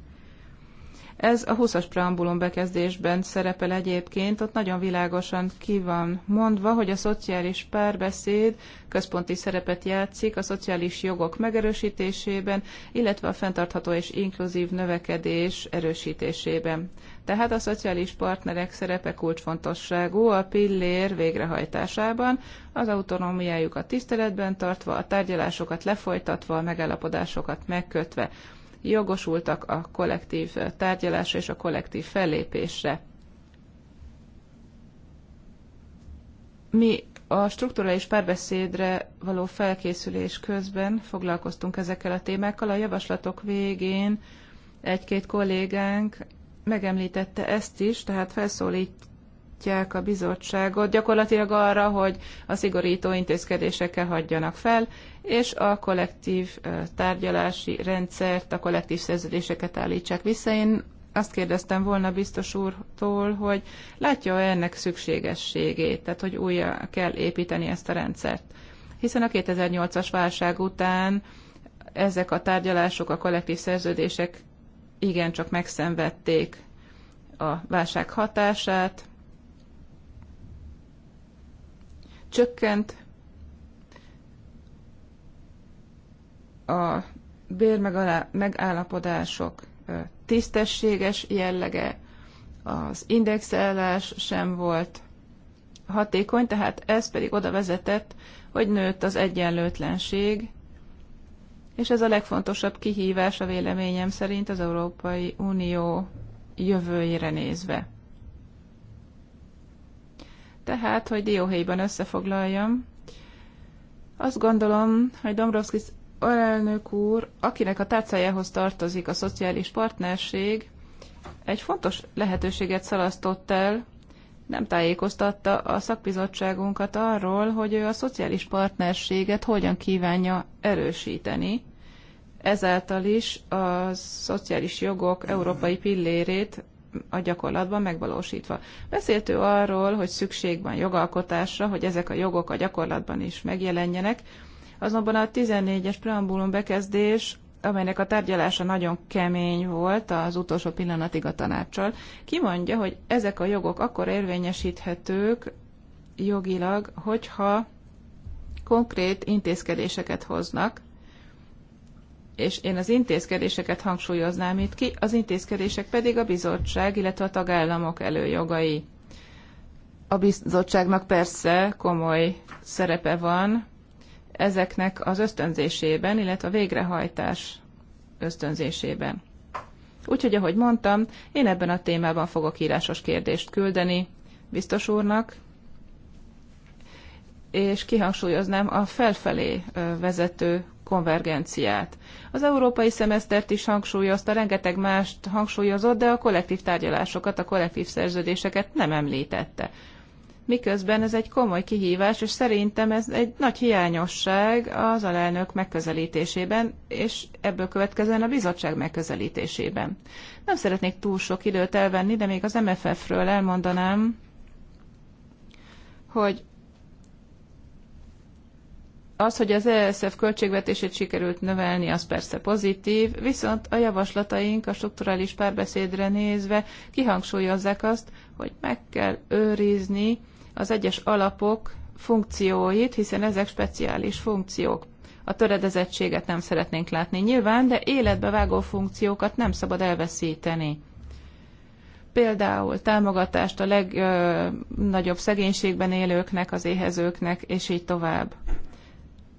Ez a 20-as preambulum bekezdésben szerepel egyébként, ott nagyon világosan ki van mondva, hogy a szociális párbeszéd központi szerepet játszik a szociális jogok megerősítésében, illetve a fenntartható és inkluzív növekedés erősítésében. Tehát a szociális partnerek szerepe kulcsfontosságú a pillér végrehajtásában, az autonómiájukat tiszteletben tartva, a tárgyalásokat lefolytatva, a megállapodásokat megkötve jogosultak a kollektív tárgyalásra és a kollektív fellépésre. Mi a strukturális párbeszédre való felkészülés közben foglalkoztunk ezekkel a témákkal. A javaslatok végén egy-két kollégánk megemlítette ezt is, tehát felszólít, bátorítják a bizottságot gyakorlatilag arra, hogy a szigorító intézkedésekkel hagyjanak fel, és a kollektív tárgyalási rendszert, a kollektív szerződéseket állítsák vissza. Én azt kérdeztem volna biztos úrtól, hogy látja -e ennek szükségességét, tehát hogy újra kell építeni ezt a rendszert. Hiszen a 2008-as válság után ezek a tárgyalások, a kollektív szerződések igencsak megszenvedték a válság hatását, csökkent, a bérmegállapodások tisztességes jellege, az indexelés sem volt hatékony, tehát ez pedig oda vezetett, hogy nőtt az egyenlőtlenség, és ez a legfontosabb kihívás a véleményem szerint az Európai Unió jövőjére nézve. Tehát, hogy dióhéjban összefoglaljam, azt gondolom, hogy Dombrovskis alelnök úr, akinek a tárcájához tartozik a szociális partnerség, egy fontos lehetőséget szalasztott el, nem tájékoztatta a szakbizottságunkat arról, hogy ő a szociális partnerséget hogyan kívánja erősíteni. Ezáltal is a szociális jogok európai pillérét a gyakorlatban megvalósítva. Beszélt ő arról, hogy szükség van jogalkotásra, hogy ezek a jogok a gyakorlatban is megjelenjenek, azonban a 14-es preambulum bekezdés amelynek a tárgyalása nagyon kemény volt az utolsó pillanatig a tanácssal, kimondja, hogy ezek a jogok akkor érvényesíthetők jogilag, hogyha konkrét intézkedéseket hoznak, és én az intézkedéseket hangsúlyoznám itt ki, az intézkedések pedig a bizottság, illetve a tagállamok előjogai. A bizottságnak persze komoly szerepe van ezeknek az ösztönzésében, illetve a végrehajtás ösztönzésében. Úgyhogy, ahogy mondtam, én ebben a témában fogok írásos kérdést küldeni biztos úrnak, és kihangsúlyoznám a felfelé vezető konvergenciát. Az európai szemesztert is hangsúlyozta, rengeteg mást hangsúlyozott, de a kollektív tárgyalásokat, a kollektív szerződéseket nem említette. Miközben ez egy komoly kihívás, és szerintem ez egy nagy hiányosság az alelnök megközelítésében, és ebből következően a bizottság megközelítésében. Nem szeretnék túl sok időt elvenni, de még az MFF-ről elmondanám, hogy az, hogy az ESF költségvetését sikerült növelni, az persze pozitív, viszont a javaslataink a strukturális párbeszédre nézve kihangsúlyozzák azt, hogy meg kell őrizni az egyes alapok funkcióit, hiszen ezek speciális funkciók. A töredezettséget nem szeretnénk látni nyilván, de életbe vágó funkciókat nem szabad elveszíteni például támogatást a legnagyobb szegénységben élőknek, az éhezőknek, és így tovább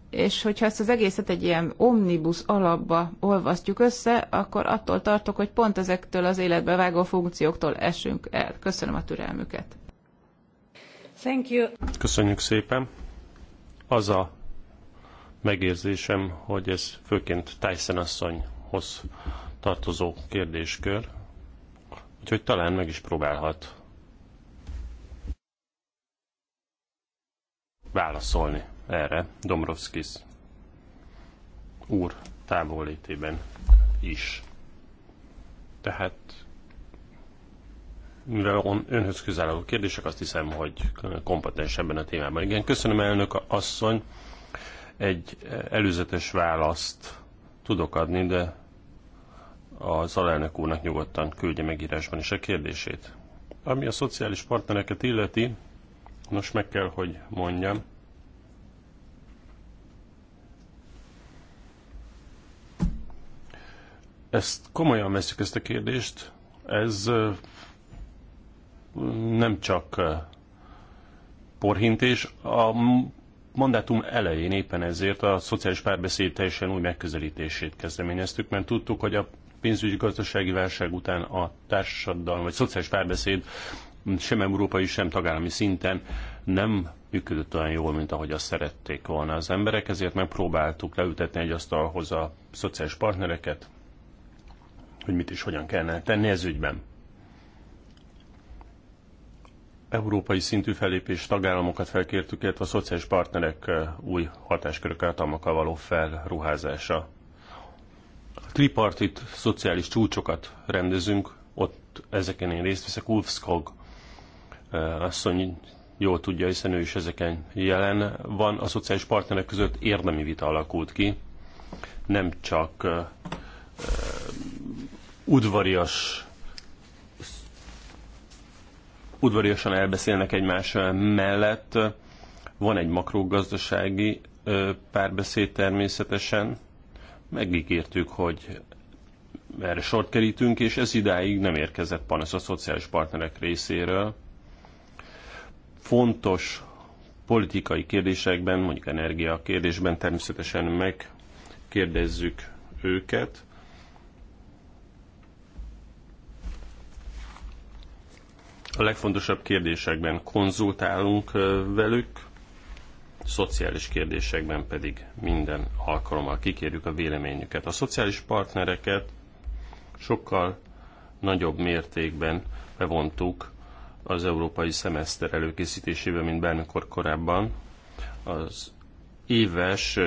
és hogyha ezt az egészet egy ilyen omnibus alapba olvasztjuk össze, akkor attól tartok, hogy pont ezektől az életbe vágó funkcióktól esünk el. Köszönöm a türelmüket. Thank you. Köszönjük szépen. Az a megérzésem, hogy ez főként Tyson asszonyhoz tartozó kérdéskör, úgyhogy talán meg is próbálhat válaszolni erre Domrovskis úr távollétében is. Tehát mivel on, önhöz közel álló kérdések, azt hiszem, hogy kompetens ebben a témában. Igen, köszönöm elnök asszony. Egy eh, előzetes választ tudok adni, de az alelnök úrnak nyugodtan küldje írásban is a kérdését. Ami a szociális partnereket illeti, most meg kell, hogy mondjam, ezt komolyan veszük ezt a kérdést, ez nem csak porhintés, a mandátum elején éppen ezért a szociális párbeszéd teljesen új megközelítését kezdeményeztük, mert tudtuk, hogy a pénzügyi gazdasági válság után a társadalom vagy szociális párbeszéd sem európai, sem tagállami szinten nem működött olyan jól, mint ahogy azt szerették volna az emberek, ezért megpróbáltuk leültetni egy asztalhoz a szociális partnereket, hogy mit is hogyan kellene tenni ez ügyben. Európai szintű felépés tagállamokat felkértük, illetve a szociális partnerek új hatáskörök általmakkal való felruházása. A tripartit szociális csúcsokat rendezünk, ott ezeken én részt veszek, Ulfskog asszony jól tudja, hiszen ő is ezeken jelen van. A szociális partnerek között érdemi vita alakult ki, nem csak udvarias udvariasan elbeszélnek egymás mellett. Van egy makrogazdasági párbeszéd természetesen. Megígértük, hogy erre sort kerítünk, és ez idáig nem érkezett panasz a szociális partnerek részéről. Fontos politikai kérdésekben, mondjuk energia kérdésben természetesen megkérdezzük őket, A legfontosabb kérdésekben konzultálunk velük, szociális kérdésekben pedig minden alkalommal kikérjük a véleményüket. A szociális partnereket sokkal nagyobb mértékben bevontuk az európai szemeszter előkészítésébe, mint bármikor korábban. Az éves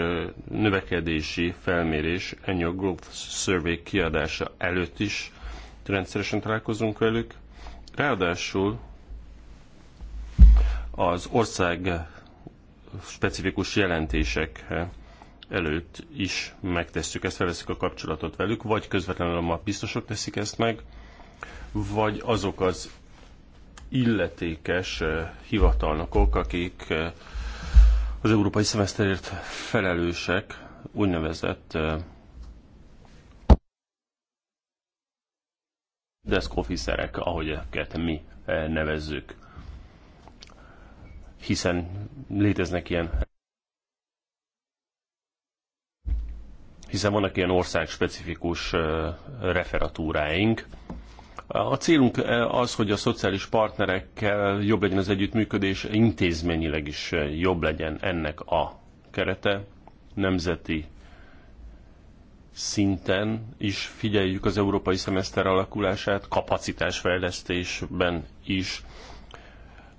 növekedési felmérés Annual Growth Survey kiadása előtt is rendszeresen találkozunk velük, Ráadásul az ország specifikus jelentések előtt is megtesszük ezt, felveszik a kapcsolatot velük, vagy közvetlenül a biztosok teszik ezt meg, vagy azok az illetékes eh, hivatalnokok, akik eh, az európai szemeszterért felelősek, úgynevezett eh, officerek, ahogy őket mi eh, nevezzük. Hiszen léteznek ilyen hiszen vannak ilyen országspecifikus eh, referatúráink. A célunk eh, az, hogy a szociális partnerekkel jobb legyen az együttműködés, intézményileg is jobb legyen ennek a kerete, nemzeti szinten is figyeljük az európai szemeszter alakulását, kapacitásfejlesztésben is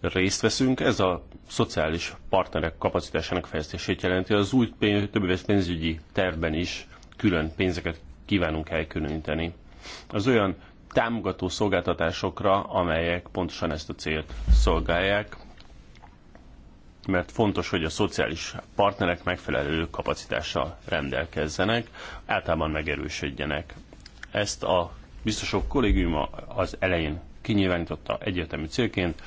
részt veszünk. Ez a szociális partnerek kapacitásának fejlesztését jelenti. Az új többéves pénzügyi tervben is külön pénzeket kívánunk elkülöníteni. Az olyan támogató szolgáltatásokra, amelyek pontosan ezt a célt szolgálják, mert fontos, hogy a szociális partnerek megfelelő kapacitással rendelkezzenek, általában megerősödjenek. Ezt a biztosok kollégiuma az elején kinyilvánította egyértelmű célként,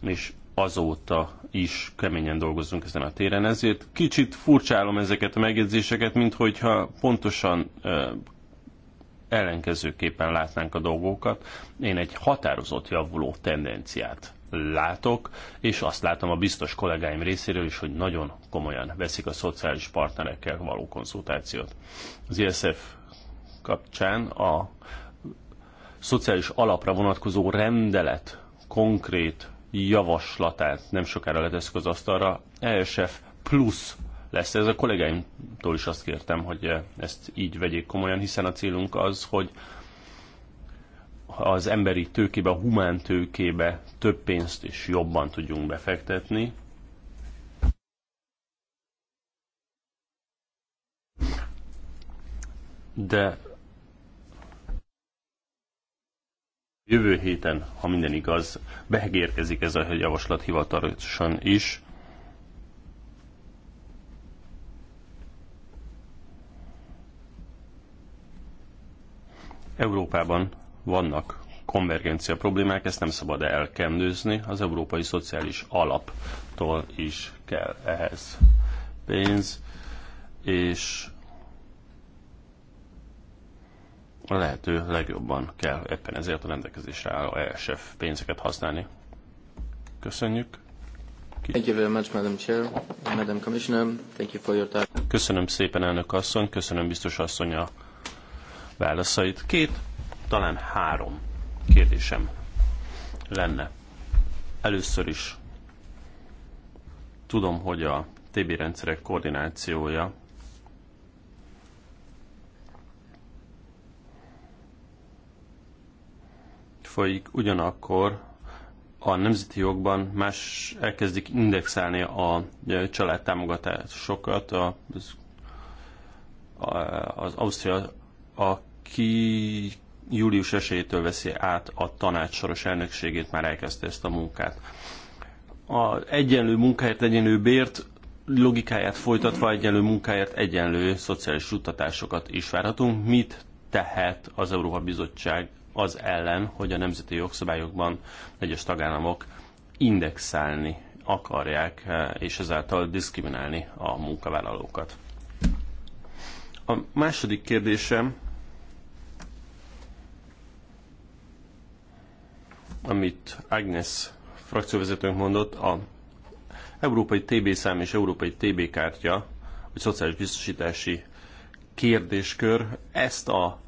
és azóta is keményen dolgozunk ezen a téren. Ezért kicsit furcsálom ezeket a megjegyzéseket, mint hogyha pontosan ellenkezőképpen látnánk a dolgokat. Én egy határozott javuló tendenciát látok, és azt látom a biztos kollégáim részéről is, hogy nagyon komolyan veszik a szociális partnerekkel való konzultációt. Az ISF kapcsán a szociális alapra vonatkozó rendelet konkrét javaslatát nem sokára leteszik az asztalra. ESF plusz lesz ez. A kollégáimtól is azt kértem, hogy ezt így vegyék komolyan, hiszen a célunk az, hogy az emberi tőkébe, a humán tőkébe több pénzt is jobban tudjunk befektetni. De jövő héten, ha minden igaz, behegérkezik ez a javaslat hivatalosan is. Európában vannak konvergencia problémák, ezt nem szabad elkendőzni, az európai szociális alaptól is kell ehhez pénz, és a lehető legjobban kell ebben ezért a rendelkezésre álló ESF pénzeket használni. Köszönjük! Thank you very much, Madam Chair, Madam Commissioner. Thank you for your time. Köszönöm szépen, elnök asszony, köszönöm biztos asszony a válaszait. Két talán három kérdésem lenne. Először is tudom, hogy a TB rendszerek koordinációja folyik, ugyanakkor a nemzeti jogban más elkezdik indexálni a e, családtámogatásokat. A, az, az Ausztria a július esélytől veszi át a tanács soros elnökségét, már elkezdte ezt a munkát. A egyenlő munkáért, egyenlő bért logikáját folytatva egyenlő munkáért egyenlő szociális juttatásokat is várhatunk. Mit tehet az Európa Bizottság az ellen, hogy a nemzeti jogszabályokban egyes tagállamok indexálni akarják, eh, és ezáltal diszkriminálni a munkavállalókat. A második kérdésem amit Agnes frakcióvezetőnk mondott, a európai TB szám és európai TB kártya, vagy szociális biztosítási kérdéskör, ezt a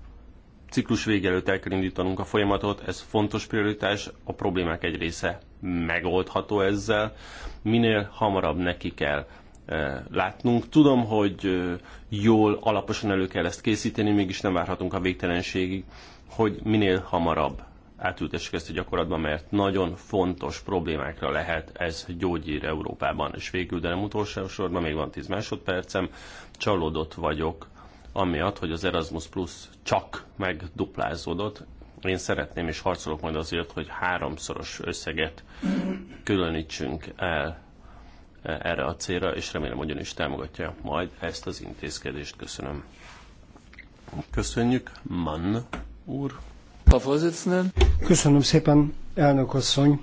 ciklus vége előtt el kell indítanunk a folyamatot, ez fontos prioritás, a problémák egy része megoldható ezzel, minél hamarabb neki kell e, látnunk. Tudom, hogy e, jól, alaposan elő kell ezt készíteni, mégis nem várhatunk a végtelenségig, hogy minél hamarabb átültessük ezt a gyakorlatba, mert nagyon fontos problémákra lehet ez gyógyír Európában. És végül, de nem utolsó sorban, még van 10 másodpercem, csalódott vagyok, amiatt, hogy az Erasmus Plus csak megduplázódott. Én szeretném és harcolok majd azért, hogy háromszoros összeget különítsünk el e, erre a célra, és remélem, hogy ön is támogatja majd ezt az intézkedést. Köszönöm. Köszönjük, Mann úr. Köszönöm szépen, elnök asszony.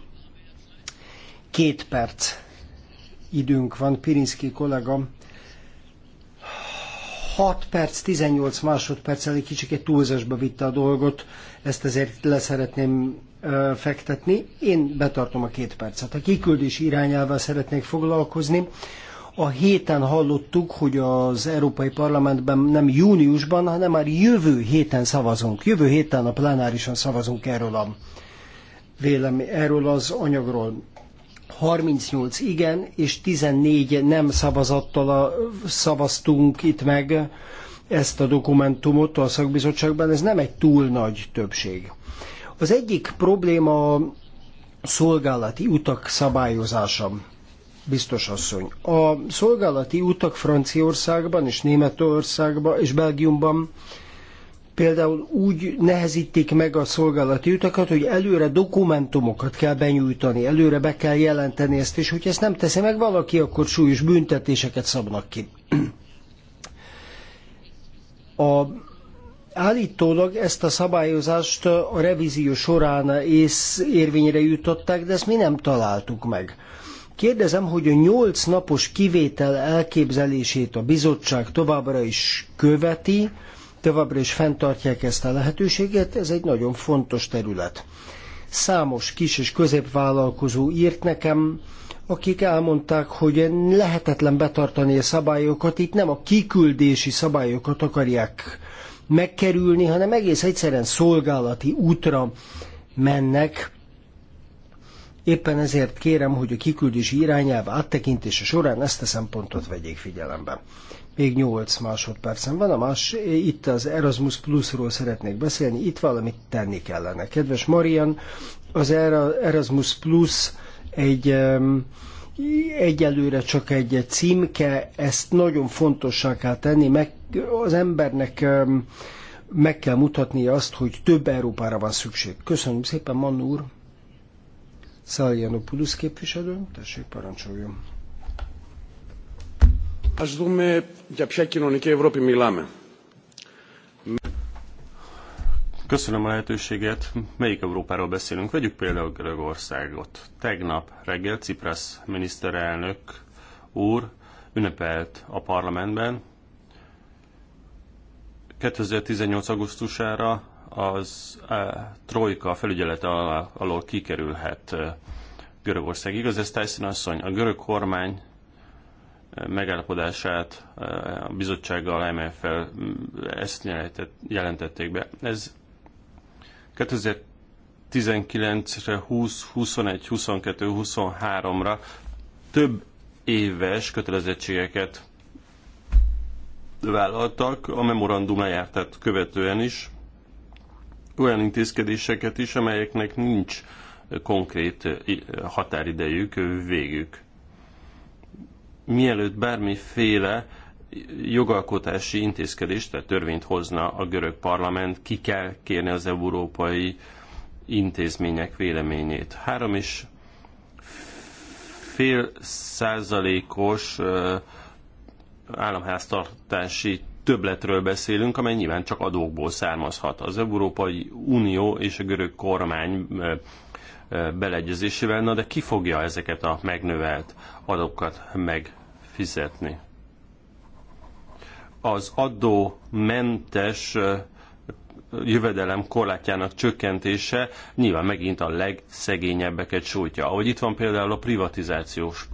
Két perc időnk van, Pirinszki kollega. 6 perc, 18 másodperccel egy kicsikét túlzásba vitte a dolgot, ezt ezért leszeretném fektetni. Én betartom a két percet. A kiküldés irányával szeretnék foglalkozni. A héten hallottuk, hogy az Európai Parlamentben nem júniusban, hanem már jövő héten szavazunk. Jövő héten a plenárison szavazunk erről a vélemény, erről az anyagról. 38 igen, és 14 nem szavazattal a, szavaztunk itt meg ezt a dokumentumot a szakbizottságban, ez nem egy túl nagy többség. Az egyik probléma a szolgálati utak szabályozása biztos asszony. A szolgálati utak Franciaországban és Németországban és Belgiumban például úgy nehezítik meg a szolgálati utakat, hogy előre dokumentumokat kell benyújtani, előre be kell jelenteni ezt, és hogyha ezt nem teszi meg valaki, akkor súlyos büntetéseket szabnak ki. A Állítólag ezt a szabályozást a revízió során ész érvényre jutották, de ezt mi nem találtuk meg. Kérdezem, hogy a nyolc napos kivétel elképzelését a bizottság továbbra is követi, továbbra is fenntartják ezt a lehetőséget, ez egy nagyon fontos terület. Számos kis és középvállalkozó írt nekem, akik elmondták, hogy lehetetlen betartani a szabályokat, itt nem a kiküldési szabályokat akarják megkerülni, hanem egész egyszerűen szolgálati útra mennek, Éppen ezért kérem, hogy a kiküldési irányelv áttekintése során ezt a szempontot vegyék figyelembe. Még 8 másodpercen van, a más, itt az Erasmus Plus-ról szeretnék beszélni, itt valamit tenni kellene. Kedves Marian, az Erasmus Plus egy egyelőre csak egy címke, ezt nagyon fontossá kell tenni, meg az embernek meg kell mutatnia azt, hogy több Európára van szükség. Köszönöm szépen, Mann úr! Szaljanopoulos képviselő, tessék parancsoljon. Az dume, για ποια κοινωνική Ευρώπη μιλάμε. Köszönöm a lehetőséget. Melyik Európáról beszélünk? Vegyük például Görögországot. Tegnap reggel Ciprasz miniszterelnök úr ünnepelt a parlamentben. 2018. augusztusára az a eh, trojka felügyelete alól kikerülhet eh, Görögország. Igaz ez, Tyson asszony? A görög kormány eh, megállapodását a bizottsággal, IMF-fel mm, ezt jelentették be. Ez 2019-re, 20, 21, 22, 23-ra több éves kötelezettségeket vállaltak, a memorandum lejártát követően is, olyan intézkedéseket is, amelyeknek nincs eh, konkrét eh, eh, határidejük, végük. Mielőtt bármiféle jogalkotási intézkedést, tehát törvényt hozna a görög parlament, ki kell kérni az európai intézmények véleményét. Három és fél százalékos államháztartási többletről beszélünk, amely nyilván csak adókból származhat. Az Európai Unió és a görög kormány beleegyezésével, na de ki fogja ezeket a megnövelt adókat megfizetni? Az adómentes jövedelem korlátjának csökkentése nyilván megint a legszegényebbeket sújtja. Ahogy itt van például a privatizációs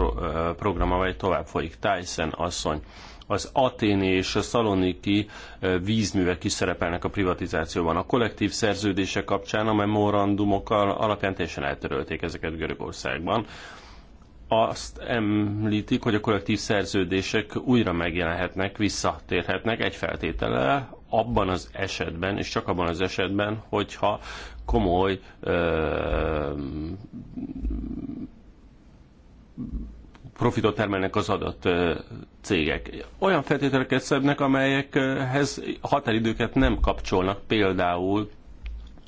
program, amely tovább folyik. Tyson asszony az aténi és a szaloniki vízművek is szerepelnek a privatizációban. A kollektív szerződése kapcsán a memorandumok alapján teljesen eltörölték ezeket Görögországban. Azt említik, hogy a kollektív szerződések újra megjelenhetnek, visszatérhetnek egy feltétele abban az esetben, és csak abban az esetben, hogyha komoly ö, profitot termelnek az adott cégek. Olyan feltételeket szednek, amelyekhez határidőket nem kapcsolnak, például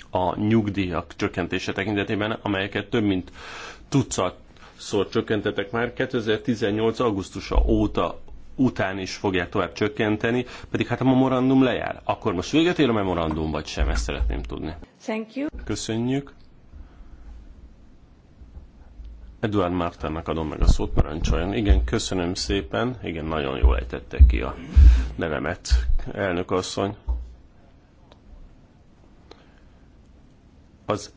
a nyugdíjak csökkentése tekintetében, amelyeket több mint szor csökkentetek már 2018. augusztusa óta után is fogják tovább csökkenteni, pedig hát a memorandum lejár. Akkor most véget ér a memorandum, vagy sem, ezt szeretném tudni. Thank you. Köszönjük. Eduard Mártának adom meg a szót, parancsoljon. Igen, köszönöm szépen. Igen, nagyon jól ejtette ki a nevemet, elnök asszony. Az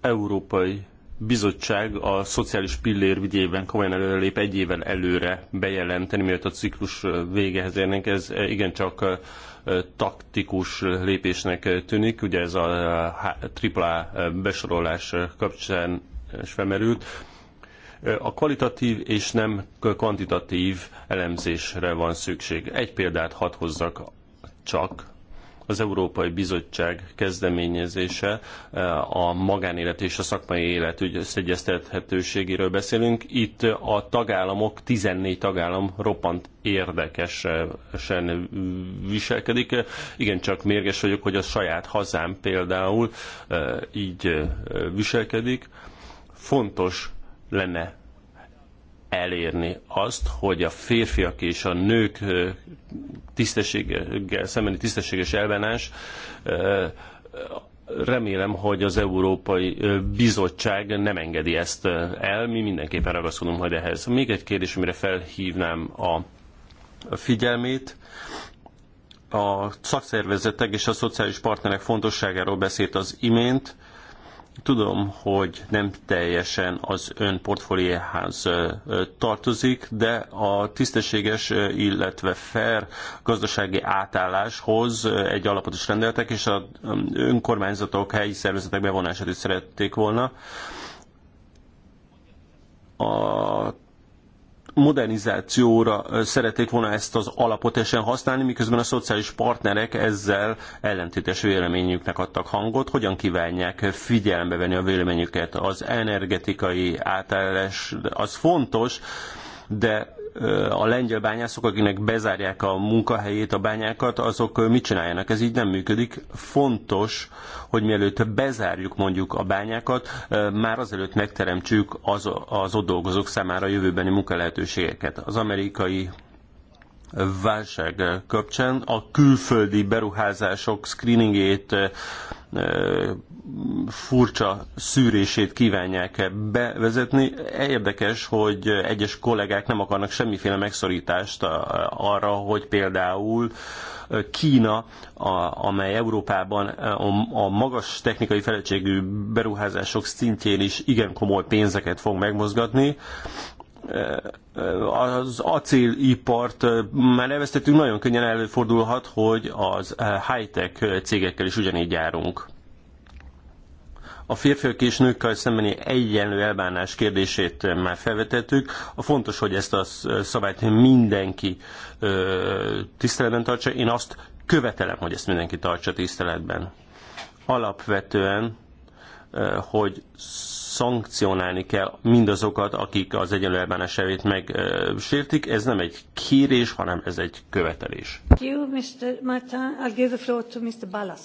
Európai Bizottság a szociális pillér vigyében komolyan előrelép egy évvel előre bejelenteni, mielőtt a ciklus végehez érnénk. Ez eh, igencsak eh, taktikus lépésnek tűnik. Ugye ez a AAA eh, besorolás kapcsán és felmerült. A kvalitatív és nem kvantitatív elemzésre van szükség. Egy példát hadd hozzak csak, az Európai Bizottság kezdeményezése a magánélet és a szakmai élet összeegyeztethetőségéről beszélünk. Itt a tagállamok, 14 tagállam roppant érdekesen viselkedik. Igen, csak mérges vagyok, hogy a saját hazám például eh, így eh, viselkedik fontos lenne elérni azt, hogy a férfiak és a nők tisztességgel szembeni tisztességes elbánás remélem, hogy az Európai Bizottság nem engedi ezt el, mi mindenképpen ragaszkodunk majd ehhez. Még egy kérdés, amire felhívnám a figyelmét. A szakszervezetek és a szociális partnerek fontosságáról beszélt az imént Tudom, hogy nem teljesen az ön portfóliához tartozik, de a tisztességes, illetve fair gazdasági átálláshoz egy alapot is rendeltek, és az önkormányzatok, helyi szervezetek bevonását is szerették volna. A modernizációra szerették volna ezt az alapot esen használni, miközben a szociális partnerek ezzel ellentétes véleményüknek adtak hangot. Hogyan kívánják figyelembe venni a véleményüket? Az energetikai átállás az fontos, de a lengyel bányászok, akinek bezárják a munkahelyét, a bányákat, azok mit csináljanak? Ez így nem működik. Fontos, hogy mielőtt bezárjuk mondjuk a bányákat, már azelőtt megteremtsük az, az ott dolgozók számára a jövőbeni munkalehetőségeket. Az amerikai válság kapcsán a külföldi beruházások screeningét furcsa szűrését kívánják -e bevezetni. Érdekes, hogy egyes kollégák nem akarnak semmiféle megszorítást arra, hogy például Kína, amely Európában a magas technikai felettségű beruházások szintjén is igen komoly pénzeket fog megmozgatni, az acélipart már neveztetünk, nagyon könnyen előfordulhat, hogy az high-tech cégekkel is ugyanígy járunk. A férfiak és nőkkel szembeni egyenlő elbánás kérdését már felvetettük. A fontos, hogy ezt a szabályt mindenki tiszteletben tartsa. Én azt követelem, hogy ezt mindenki tartsa tiszteletben. Alapvetően, hogy szankcionálni kell mindazokat, akik az egyenlő elbánás elvét megsértik. Ez nem egy kérés, hanem ez egy követelés. Thank you, Mr. Martin. I'll give the floor to Mr. Ballas.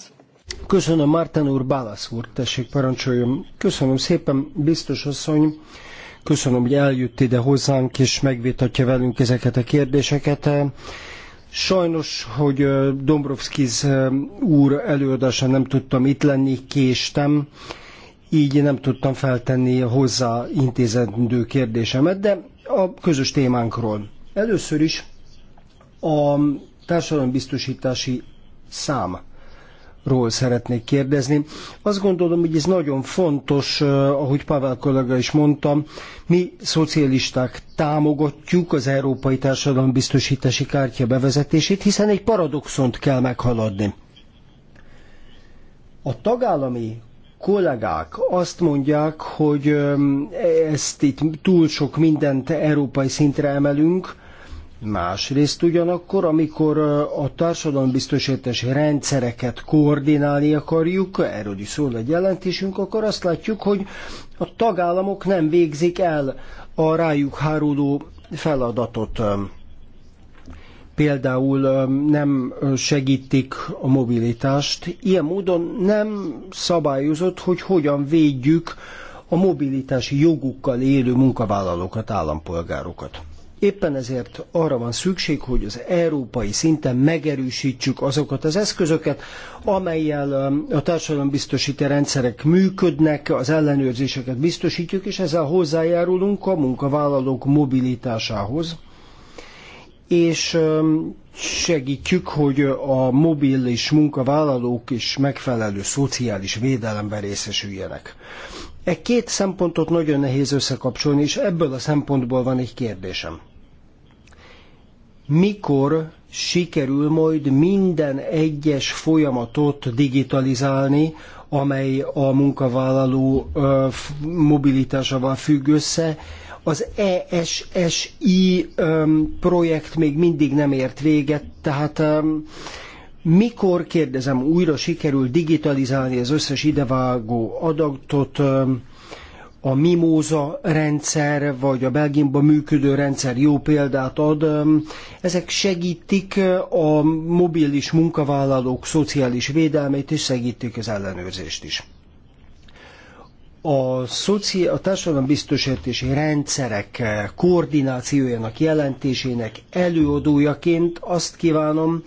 Köszönöm, Márten úr, Bálász úr, tessék parancsoljon. Köszönöm szépen, biztos asszony. Köszönöm, hogy eljött ide hozzánk, és megvitatja velünk ezeket a kérdéseket. Sajnos, hogy Dombrovskis úr előadása nem tudtam itt lenni, késtem, így nem tudtam feltenni hozzá intézendő kérdésemet, de a közös témánkról. Először is a társadalombiztosítási szám ról szeretnék kérdezni. Azt gondolom, hogy ez nagyon fontos, eh, ahogy Pavel kollega is mondta, mi szocialisták támogatjuk az Európai biztosítási Kártya bevezetését, hiszen egy paradoxont kell meghaladni. A tagállami kollégák azt mondják, hogy eh, ezt itt túl sok mindent európai szintre emelünk, Másrészt ugyanakkor, amikor a társadalombiztosítási rendszereket koordinálni akarjuk, erről is szól egy jelentésünk, akkor azt látjuk, hogy a tagállamok nem végzik el a rájuk háruló feladatot. Például nem segítik a mobilitást. Ilyen módon nem szabályozott, hogy hogyan védjük a mobilitási jogukkal élő munkavállalókat, állampolgárokat. Éppen ezért arra van szükség, hogy az európai szinten megerősítsük azokat az eszközöket, amelyel um, a társadalombiztosíti rendszerek működnek, az ellenőrzéseket biztosítjuk, és ezzel hozzájárulunk a munkavállalók mobilitásához és um, segítjük, hogy a mobil és munkavállalók is megfelelő szociális védelemben részesüljenek. E két szempontot nagyon nehéz összekapcsolni, és ebből a szempontból van egy kérdésem. Mikor sikerül majd minden egyes folyamatot digitalizálni, amely a munkavállaló mobilitásával függ össze, az ESSI projekt még mindig nem ért véget, tehát mikor, kérdezem, újra sikerül digitalizálni az összes idevágó adatot, a Mimóza rendszer, vagy a Belgiumban működő rendszer jó példát ad. Ezek segítik a mobilis munkavállalók szociális védelmét, és segítik az ellenőrzést is. A, szoci, a társadalombiztosítási rendszerek koordinációjának jelentésének előadójaként azt kívánom,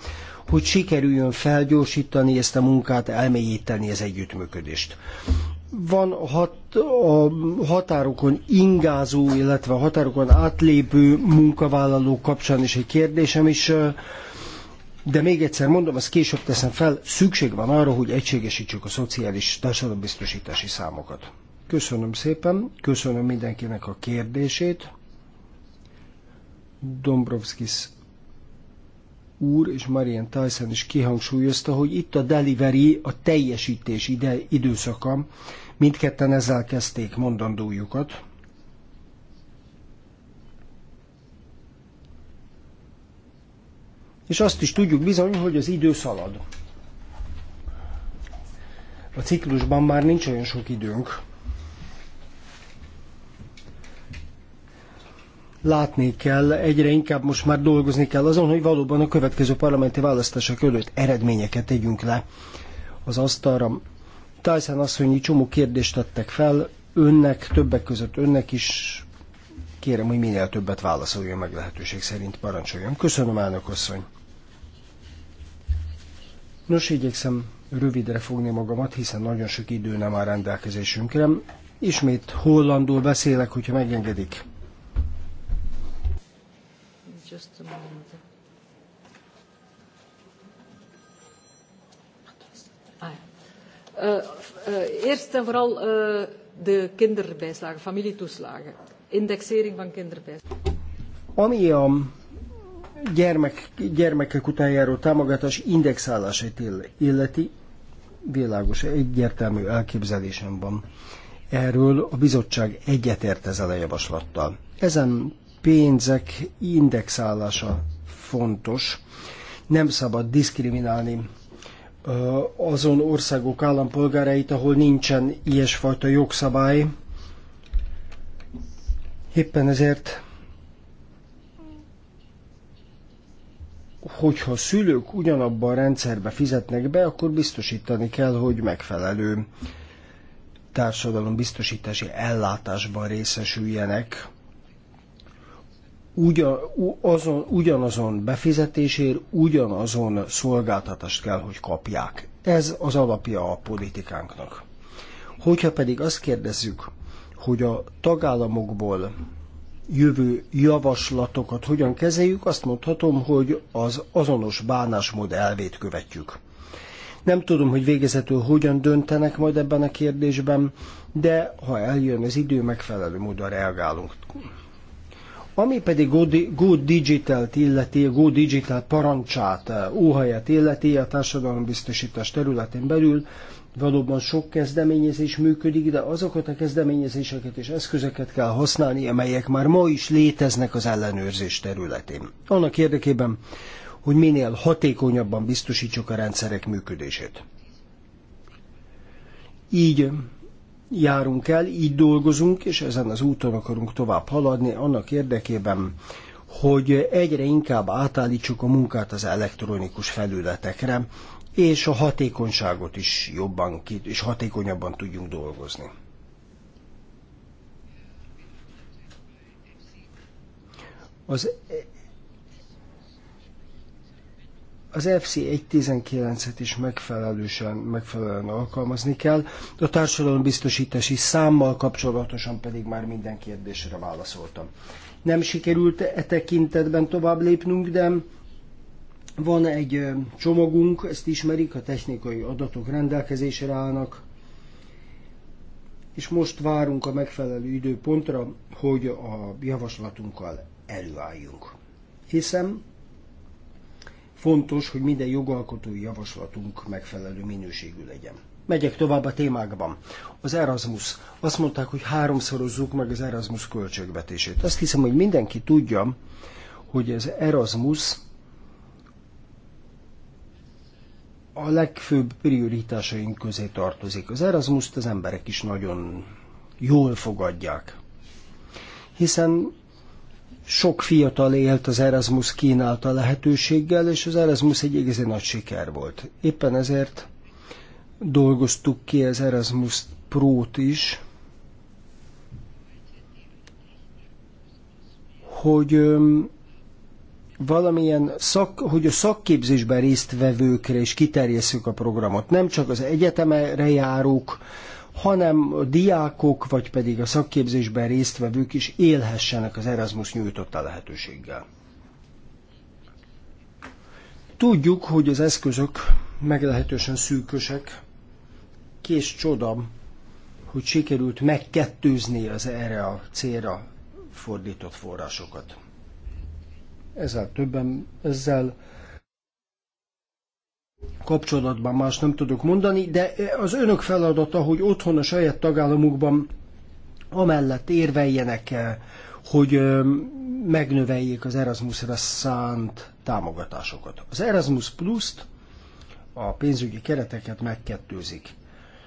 hogy sikerüljön felgyorsítani ezt a munkát, elmélyíteni az együttműködést. Van hat, a határokon ingázó, illetve a határokon átlépő munkavállalók kapcsán is egy kérdésem is, de még egyszer mondom, ezt később teszem fel, szükség van arra, hogy egységesítsük a szociális társadalombiztosítási számokat. Köszönöm szépen, köszönöm mindenkinek a kérdését. Dombrovskis úr és Marian Tyson is kihangsúlyozta, hogy itt a delivery, a teljesítés ide, időszaka. Mindketten ezzel kezdték mondandójukat. És azt is tudjuk bizony, hogy az idő szalad. A ciklusban már nincs olyan sok időnk. látni kell, egyre inkább most már dolgozni kell azon, hogy valóban a következő parlamenti választások előtt eredményeket tegyünk le az asztalra. Tyson asszonyi csomó kérdést tettek fel, önnek, többek között önnek is kérem, hogy minél többet válaszoljon meg lehetőség szerint parancsoljon. Köszönöm, elnök asszony. Nos, igyekszem rövidre fogni magamat, hiszen nagyon sok idő nem áll rendelkezésünkre. Ismét hollandul beszélek, hogyha megengedik. Eh, eh, eerst en vooral uh, de kinderbijslagen, familietoeslagen, indexering van kinderbijslagen. Ami a gyermek, gyermekek után járó támogatás indexálását illeti, világos, egyértelmű elképzelésem van. Erről a bizottság egyetért ezzel a javaslattal. Ezen pénzek indexálása fontos. Nem szabad diszkriminálni azon országok állampolgárait, ahol nincsen ilyesfajta jogszabály. Éppen ezért, hogyha a szülők ugyanabban a rendszerbe fizetnek be, akkor biztosítani kell, hogy megfelelő társadalombiztosítási ellátásban részesüljenek ugyan, azon, ugyanazon befizetésért ugyanazon szolgáltatást kell, hogy kapják. Ez az alapja a politikánknak. Hogyha pedig azt kérdezzük, hogy a tagállamokból jövő javaslatokat hogyan kezeljük, azt mondhatom, hogy az azonos bánásmód elvét követjük. Nem tudom, hogy végezetül hogyan döntenek majd ebben a kérdésben, de ha eljön az idő, megfelelő módon reagálunk. Ami pedig Go Digital-t illeti, Go Digital parancsát, eh, óhaját illeti a társadalombiztosítás területén belül, valóban sok kezdeményezés működik, de azokat a kezdeményezéseket és eszközöket kell használni, amelyek már ma is léteznek az ellenőrzés területén. Annak érdekében, hogy minél hatékonyabban biztosítsuk a rendszerek működését. Így járunk el, így dolgozunk, és ezen az úton akarunk tovább haladni, annak érdekében, hogy egyre inkább átállítsuk a munkát az elektronikus felületekre, és a hatékonyságot is jobban és hatékonyabban tudjunk dolgozni. Az az FC 1.19-et is megfelelősen, megfelelően alkalmazni kell, a társadalombiztosítási számmal kapcsolatosan pedig már minden kérdésre válaszoltam. Nem sikerült e tekintetben tovább lépnünk, de van egy csomagunk, ezt ismerik, a technikai adatok rendelkezésre állnak, és most várunk a megfelelő időpontra, hogy a javaslatunkkal előálljunk. Hiszem, Fontos, hogy minden jogalkotói javaslatunk megfelelő minőségű legyen. Megyek tovább a témákban. Az Erasmus. Azt mondták, hogy háromszorozzuk meg az Erasmus költségvetését. Azt hiszem, hogy mindenki tudja, hogy az Erasmus a legfőbb prioritásaink közé tartozik. Az Erasmus-t az emberek is nagyon jól fogadják, hiszen sok fiatal élt az Erasmus kínálta lehetőséggel, és az Erasmus egy igazi nagy siker volt. Éppen ezért dolgoztuk ki az Erasmus Prót is, hogy valamilyen szak, hogy a szakképzésben résztvevőkre is kiterjesszük a programot. Nem csak az egyetemre járók, hanem a diákok, vagy pedig a szakképzésben résztvevők is élhessenek az Erasmus nyújtotta lehetőséggel. Tudjuk, hogy az eszközök meglehetősen szűkösek. Kés csodam, hogy sikerült megkettőzni az erre a célra fordított forrásokat. Ezzel többen, ezzel kapcsolatban más nem tudok mondani, de az önök feladata, hogy otthon a saját tagállamukban amellett érveljenek, hogy megnöveljék az Erasmusra szánt támogatásokat. Az Erasmus Plus-t a pénzügyi kereteket megkettőzik.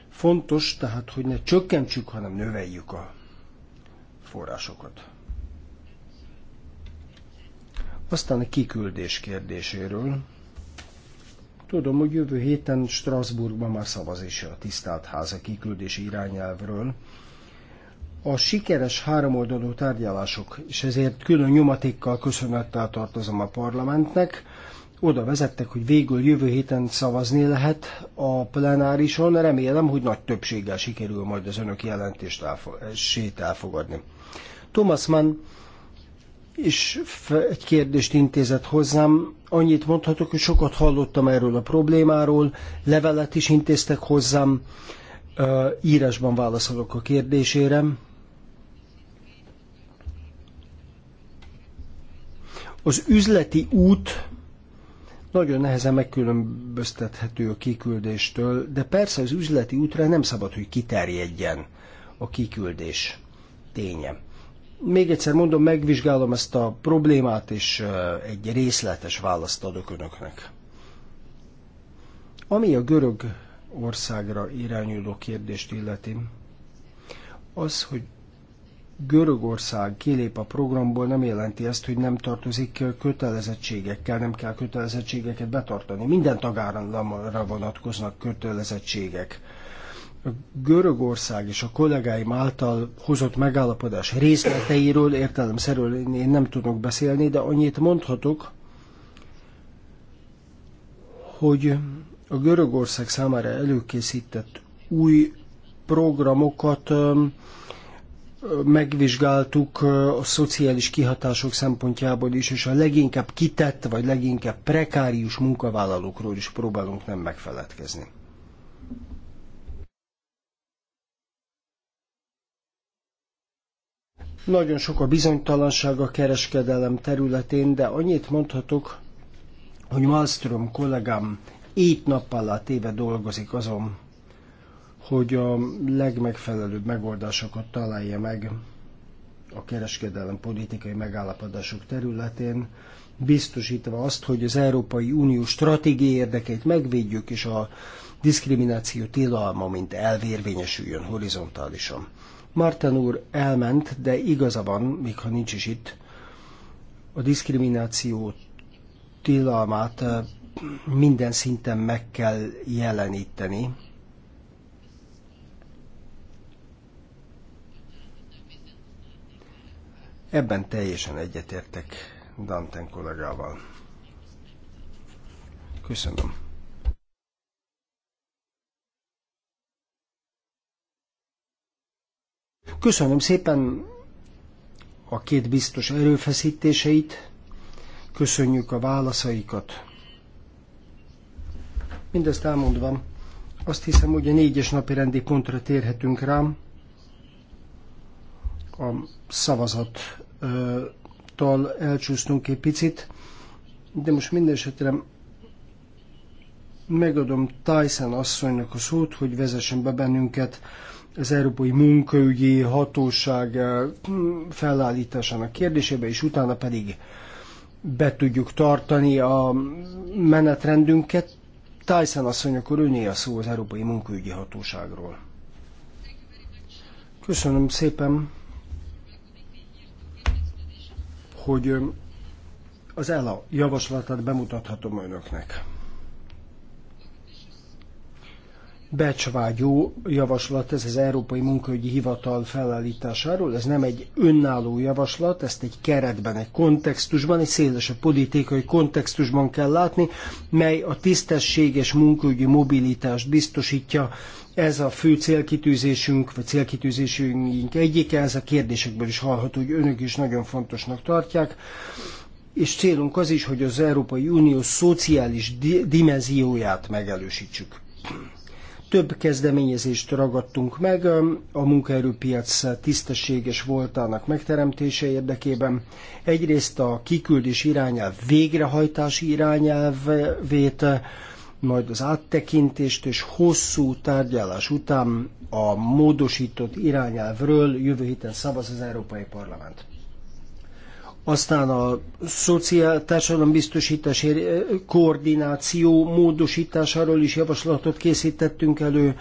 Fontos tehát, hogy ne csökkentsük, hanem növeljük a forrásokat. Aztán a kiküldés kérdéséről. Tudom, hogy jövő héten Strasbourgban már szavaz is a tisztelt háza kiküldési irányelvről. A sikeres háromoldalú tárgyalások, és ezért külön nyomatékkal köszönettel tartozom a parlamentnek, oda vezettek, hogy végül jövő héten szavazni lehet a plenárison. Remélem, hogy nagy többséggel sikerül majd az önök jelentést elfog, Thomas Mann és egy kérdést intézett hozzám. Annyit mondhatok, hogy sokat hallottam erről a problémáról, levelet is intéztek hozzám, írásban válaszolok a kérdésére. Az üzleti út nagyon nehezen megkülönböztethető a kiküldéstől, de persze az üzleti útra nem szabad, hogy kiterjedjen a kiküldés ténye. Még egyszer mondom, megvizsgálom ezt a problémát, és egy részletes választ adok önöknek. Ami a görög országra irányuló kérdést illeti, az, hogy Görögország kilép a programból, nem jelenti ezt, hogy nem tartozik kötelezettségekkel, nem kell kötelezettségeket betartani. Minden tagállamra vonatkoznak kötelezettségek Görögország és a kollégáim által hozott megállapodás részleteiről értelemszerűen én nem tudok beszélni, de annyit mondhatok, hogy a Görögország számára előkészített új programokat megvizsgáltuk a szociális kihatások szempontjából is, és a leginkább kitett, vagy leginkább prekárius munkavállalókról is próbálunk nem megfeledkezni. Nagyon sok a bizonytalanság a kereskedelem területén, de annyit mondhatok, hogy Malmström kollégám így nappal téve dolgozik azon, hogy a legmegfelelőbb megoldásokat találja meg a kereskedelem politikai megállapodások területén, biztosítva azt, hogy az Európai Unió stratégiai érdekeit megvédjük, és a diszkrimináció tilalma, mint elvérvényesüljön horizontálisan. Martin úr elment, de igaza van, még ha nincs is itt, a diszkrimináció tilalmát minden szinten meg kell jeleníteni. Ebben teljesen egyetértek Danten kollégával. Köszönöm. Köszönöm szépen a két biztos erőfeszítéseit, köszönjük a válaszaikat. Mindezt elmondva, azt hiszem, hogy a négyes napi rendi pontra térhetünk rám. A szavazattal elcsúsztunk egy picit, de most minden esetre megadom Tyson asszonynak a szót, hogy vezessen be bennünket az Európai Munkaügyi Hatóság eh, felállításának kérdésébe, és utána pedig be tudjuk tartani a menetrendünket. Tyson asszony, akkor öné a szó az Európai Munkaügyi Hatóságról. Köszönöm szépen, hogy eh, az ELA javaslatát bemutathatom önöknek. becsvágyó javaslat, ez az Európai Munkaügyi Hivatal felállításáról, ez nem egy önálló javaslat, ezt egy keretben, egy kontextusban, egy szélesebb politikai kontextusban kell látni, mely a tisztességes munkaügyi mobilitást biztosítja. Ez a fő célkitűzésünk, vagy célkitűzésünk egyike, ez a kérdésekből is hallható, hogy önök is nagyon fontosnak tartják és célunk az is, hogy az Európai Unió szociális di dimenzióját megelősítsük több kezdeményezést ragadtunk meg a munkaerőpiac tisztességes voltának megteremtése érdekében. Egyrészt a kiküldés irányelv végrehajtási irányelvét, majd az áttekintést és hosszú tárgyalás után a módosított irányelvről jövő héten szavaz az Európai Parlament aztán a szociál társadalombiztosítás eh, koordináció módosításáról is javaslatot készítettünk elő.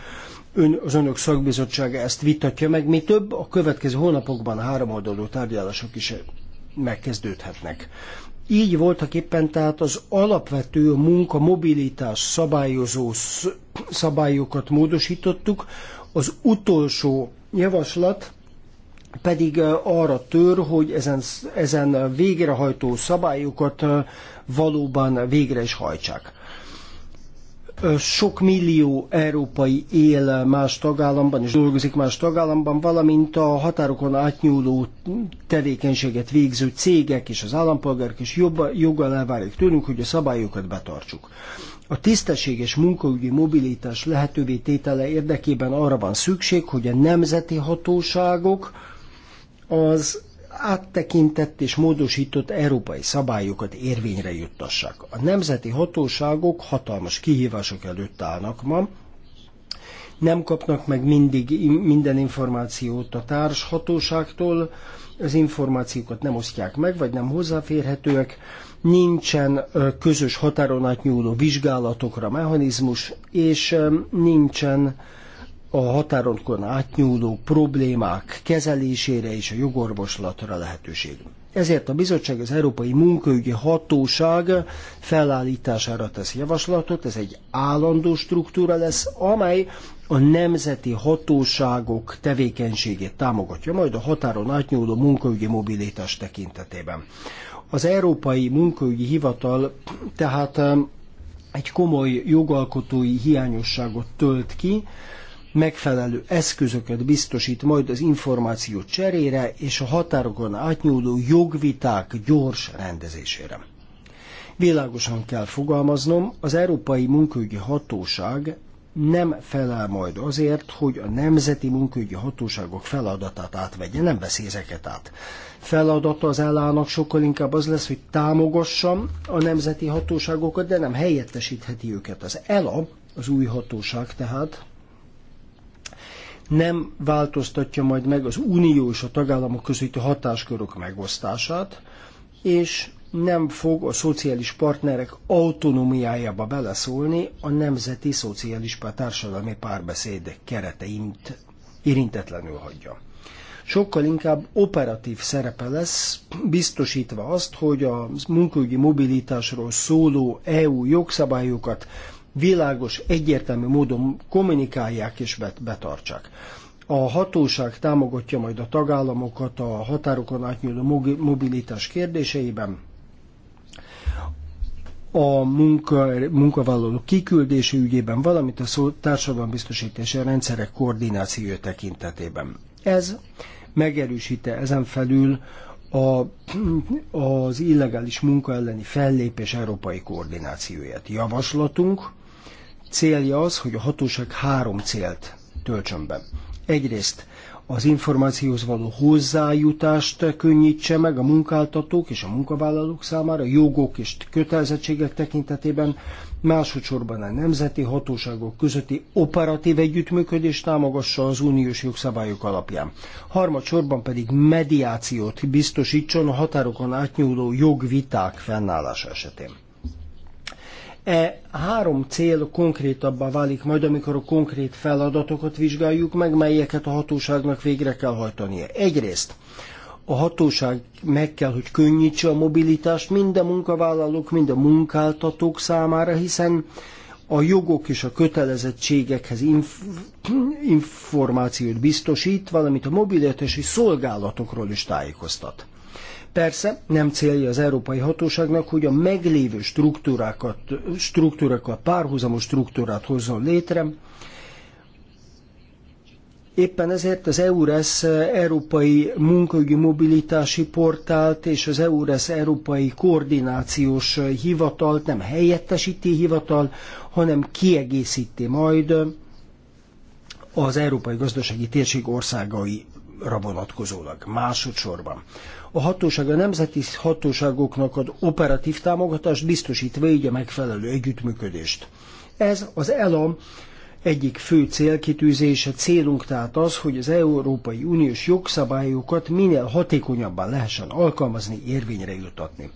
Ön, az önök szakbizottsága ezt vitatja meg, mi több, a következő hónapokban háromoldalú tárgyalások is megkezdődhetnek. Így voltak éppen tehát az alapvető munka mobilitás szabályozó szabályokat módosítottuk, az utolsó javaslat pedig arra tör, hogy ezen, ezen végrehajtó szabályokat valóban végre is hajtsák. Sok millió európai él más tagállamban, és dolgozik más tagállamban, valamint a határokon átnyúló tevékenységet végző cégek és az állampolgárok is joggal elvárják tőlünk, hogy a szabályokat betartsuk. A tisztességes munkaügyi mobilitás lehetővé tétele érdekében arra van szükség, hogy a nemzeti hatóságok, az áttekintett és módosított európai szabályokat érvényre juttassak. A nemzeti hatóságok hatalmas kihívások előtt állnak ma, nem kapnak meg mindig minden információt a társ hatóságtól, az információkat nem osztják meg, vagy nem hozzáférhetőek, nincsen közös határon átnyúló vizsgálatokra mechanizmus, és nincsen a határonkon átnyúló problémák kezelésére és a jogorvoslatra lehetőség. Ezért a bizottság az Európai Munkaügyi Hatóság felállítására tesz javaslatot, ez egy állandó struktúra lesz, amely a nemzeti hatóságok tevékenységét támogatja, majd a határon átnyúló munkaügyi mobilitás tekintetében. Az Európai Munkaügyi Hivatal tehát um, egy komoly jogalkotói hiányosságot tölt ki, megfelelő eszközöket biztosít majd az információ cserére és a határokon átnyúló jogviták gyors rendezésére. Világosan kell fogalmaznom, az Európai Munkaügyi Hatóság nem felel majd azért, hogy a nemzeti munkaügyi hatóságok feladatát átvegye, nem veszi ezeket át. Feladata az elának sokkal inkább az lesz, hogy támogassa a nemzeti hatóságokat, de nem helyettesítheti őket. Az ELA, az új hatóság tehát, nem változtatja majd meg az unió és a tagállamok közötti hatáskörök megosztását, és nem fog a szociális partnerek autonómiájába beleszólni a nemzeti szociális társadalmi párbeszéd kereteint érintetlenül hagyja. Sokkal inkább operatív szerepe lesz, biztosítva azt, hogy a munkaügyi mobilitásról szóló EU jogszabályokat világos, egyértelmű módon kommunikálják és betartsák. A hatóság támogatja majd a tagállamokat a határokon átnyúló mobilitás kérdéseiben, a munka, munkavállalók kiküldése ügyében, valamint a szó társadalombiztosítási rendszerek koordináció tekintetében. Ez megerősíte ezen felül a, az illegális munka elleni fellépés európai koordinációját. Javaslatunk célja az, hogy a hatóság három célt töltsön be. Egyrészt az információhoz való hozzájutást könnyítse meg a munkáltatók és a munkavállalók számára, jogok és kötelezettségek tekintetében, másodszorban a nemzeti hatóságok közötti operatív együttműködést támogassa az uniós jogszabályok alapján. Harmadsorban pedig mediációt biztosítson a határokon átnyúló jogviták fennállása esetén. E három cél konkrétabbá válik majd, amikor a konkrét feladatokat vizsgáljuk meg, melyeket a hatóságnak végre kell hajtania. Egyrészt a hatóság meg kell, hogy könnyítse a mobilitást mind a munkavállalók, mind a munkáltatók számára, hiszen a jogok és a kötelezettségekhez inf- információt biztosít, valamint a mobilitási szolgálatokról is tájékoztat. Persze nem célja az európai hatóságnak, hogy a meglévő struktúrákat, struktúrákkal párhuzamos struktúrát hozzon létre, Éppen ezért az EURES Európai Munkaügyi Mobilitási Portált és az EURES Európai Koordinációs Hivatalt nem helyettesíti hivatal, hanem kiegészíti majd az Európai Gazdasági Térség országaira vonatkozólag másodszorban a hatóság a nemzeti hatóságoknak ad operatív támogatást, biztosítva így a megfelelő együttműködést. Ez az ELA egyik fő célkitűzése, célunk tehát az, hogy az Európai Uniós jogszabályokat minél hatékonyabban lehessen alkalmazni, érvényre jutatni.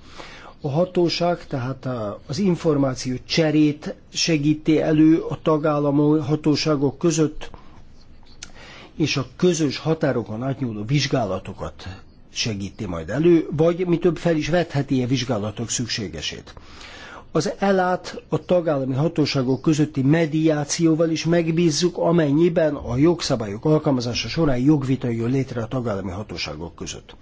A hatóság tehát az információ cserét segíti elő a tagállamok hatóságok között, és a közös határokon átnyúló vizsgálatokat segíti majd elő, vagy mi több fel is vetheti a vizsgálatok szükségesét. Az elát a tagállami hatóságok közötti mediációval is megbízzuk, amennyiben a jogszabályok alkalmazása során jogvita jön létre a tagállami hatóságok között.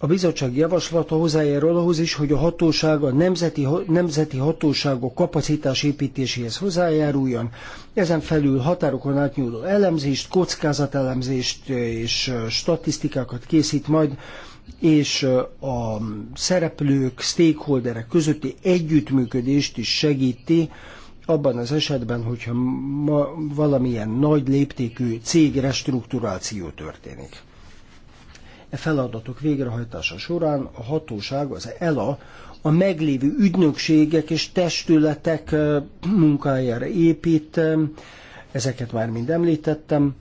A bizottság javaslata hozzájárul ahhoz is, hogy a hatóság a nemzeti, nemzeti hatóságok kapacitásépítéséhez hozzájáruljon, ezen felül határokon átnyúló elemzést, kockázatelemzést és statisztikákat készít majd, és a szereplők, stakeholderek közötti együttműködést is segíti, abban az esetben, hogyha ma valamilyen nagy léptékű cég restrukturáció történik. E feladatok végrehajtása során a hatóság, az ELA, a meglévő ügynökségek és testületek munkájára épít, ezeket már mind említettem,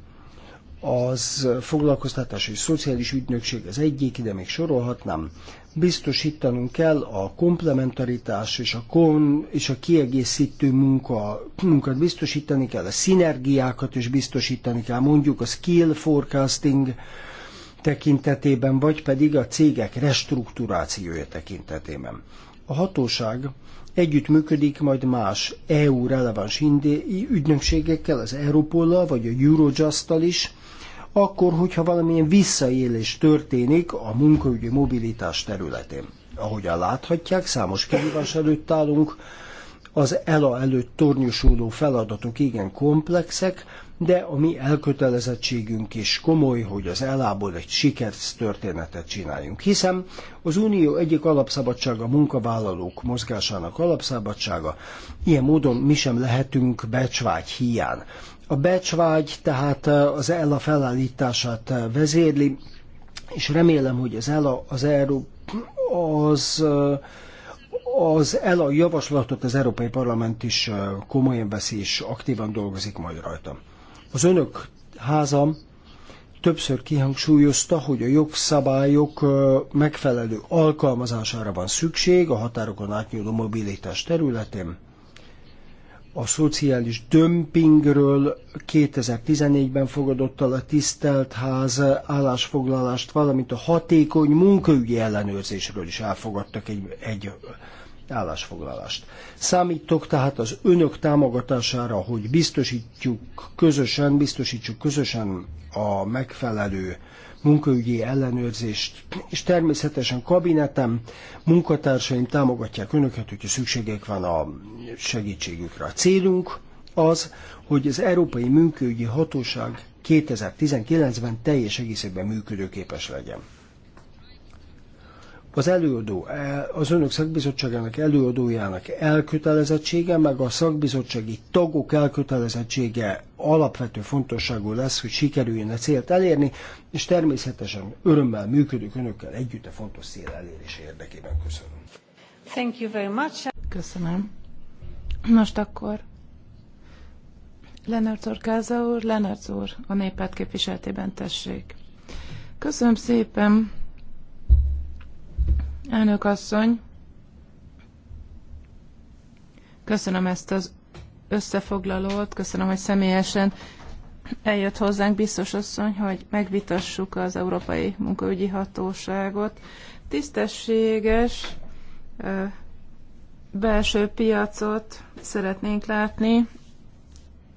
az foglalkoztatási és szociális ügynökség az egyik, de még sorolhatnám. Biztosítanunk kell a komplementaritás és a, kon, és a kiegészítő munka, munkát biztosítani kell, a szinergiákat is biztosítani kell, mondjuk a skill forecasting, tekintetében, vagy pedig a cégek restruktúrációja tekintetében. A hatóság együttműködik majd más EU releváns ügynökségekkel, az Európollal vagy a eurojust is, akkor, hogyha valamilyen visszaélés történik a munkaügyi mobilitás területén. Ahogyan láthatják, számos kihívás előtt állunk, az ELA előtt tornyosuló feladatok igen komplexek, de a mi elkötelezettségünk is komoly, hogy az elából egy történetet csináljunk. Hiszen az unió egyik alapszabadsága a munkavállalók mozgásának alapszabadsága, ilyen módon mi sem lehetünk becsvágy hiány. A becsvágy tehát eh, az ELA felállítását eh, vezérli, és remélem, hogy az ELA az Euró az eh, az ELA javaslatot az Európai Parlament is komolyan veszi és aktívan dolgozik majd rajta. Az önök házam többször kihangsúlyozta, hogy a jogszabályok megfelelő alkalmazására van szükség a határokon átnyúló mobilitás területén. A szociális dömpingről 2014-ben fogadott el a tisztelt ház állásfoglalást, valamint a hatékony munkaügyi ellenőrzésről is elfogadtak egy, egy állásfoglalást. Számítok tehát az önök támogatására, hogy biztosítjuk közösen, biztosítsuk közösen a megfelelő munkaügyi ellenőrzést, és természetesen kabinetem, munkatársaim támogatják önöket, hogyha szükségek van a segítségükre. A célunk az, hogy az Európai Munkaügyi Hatóság 2019-ben teljes egészében működőképes legyen. Az előadó, eh, az önök szakbizottságának előadójának elkötelezettsége, meg a szakbizottsági tagok elkötelezettsége alapvető fontosságú lesz, hogy sikerüljön a célt elérni, és természetesen örömmel működünk önökkel együtt a fontos cél elérése érdekében. Köszönöm. Thank you very much. Köszönöm. Most akkor Lennart Káza úr, Lennart úr, a népát képviseltében tessék. Köszönöm szépen, Elnök asszony, köszönöm ezt az összefoglalót, köszönöm, hogy személyesen eljött hozzánk biztos asszony, hogy megvitassuk az Európai Munkaügyi Hatóságot. Tisztességes belső piacot szeretnénk látni,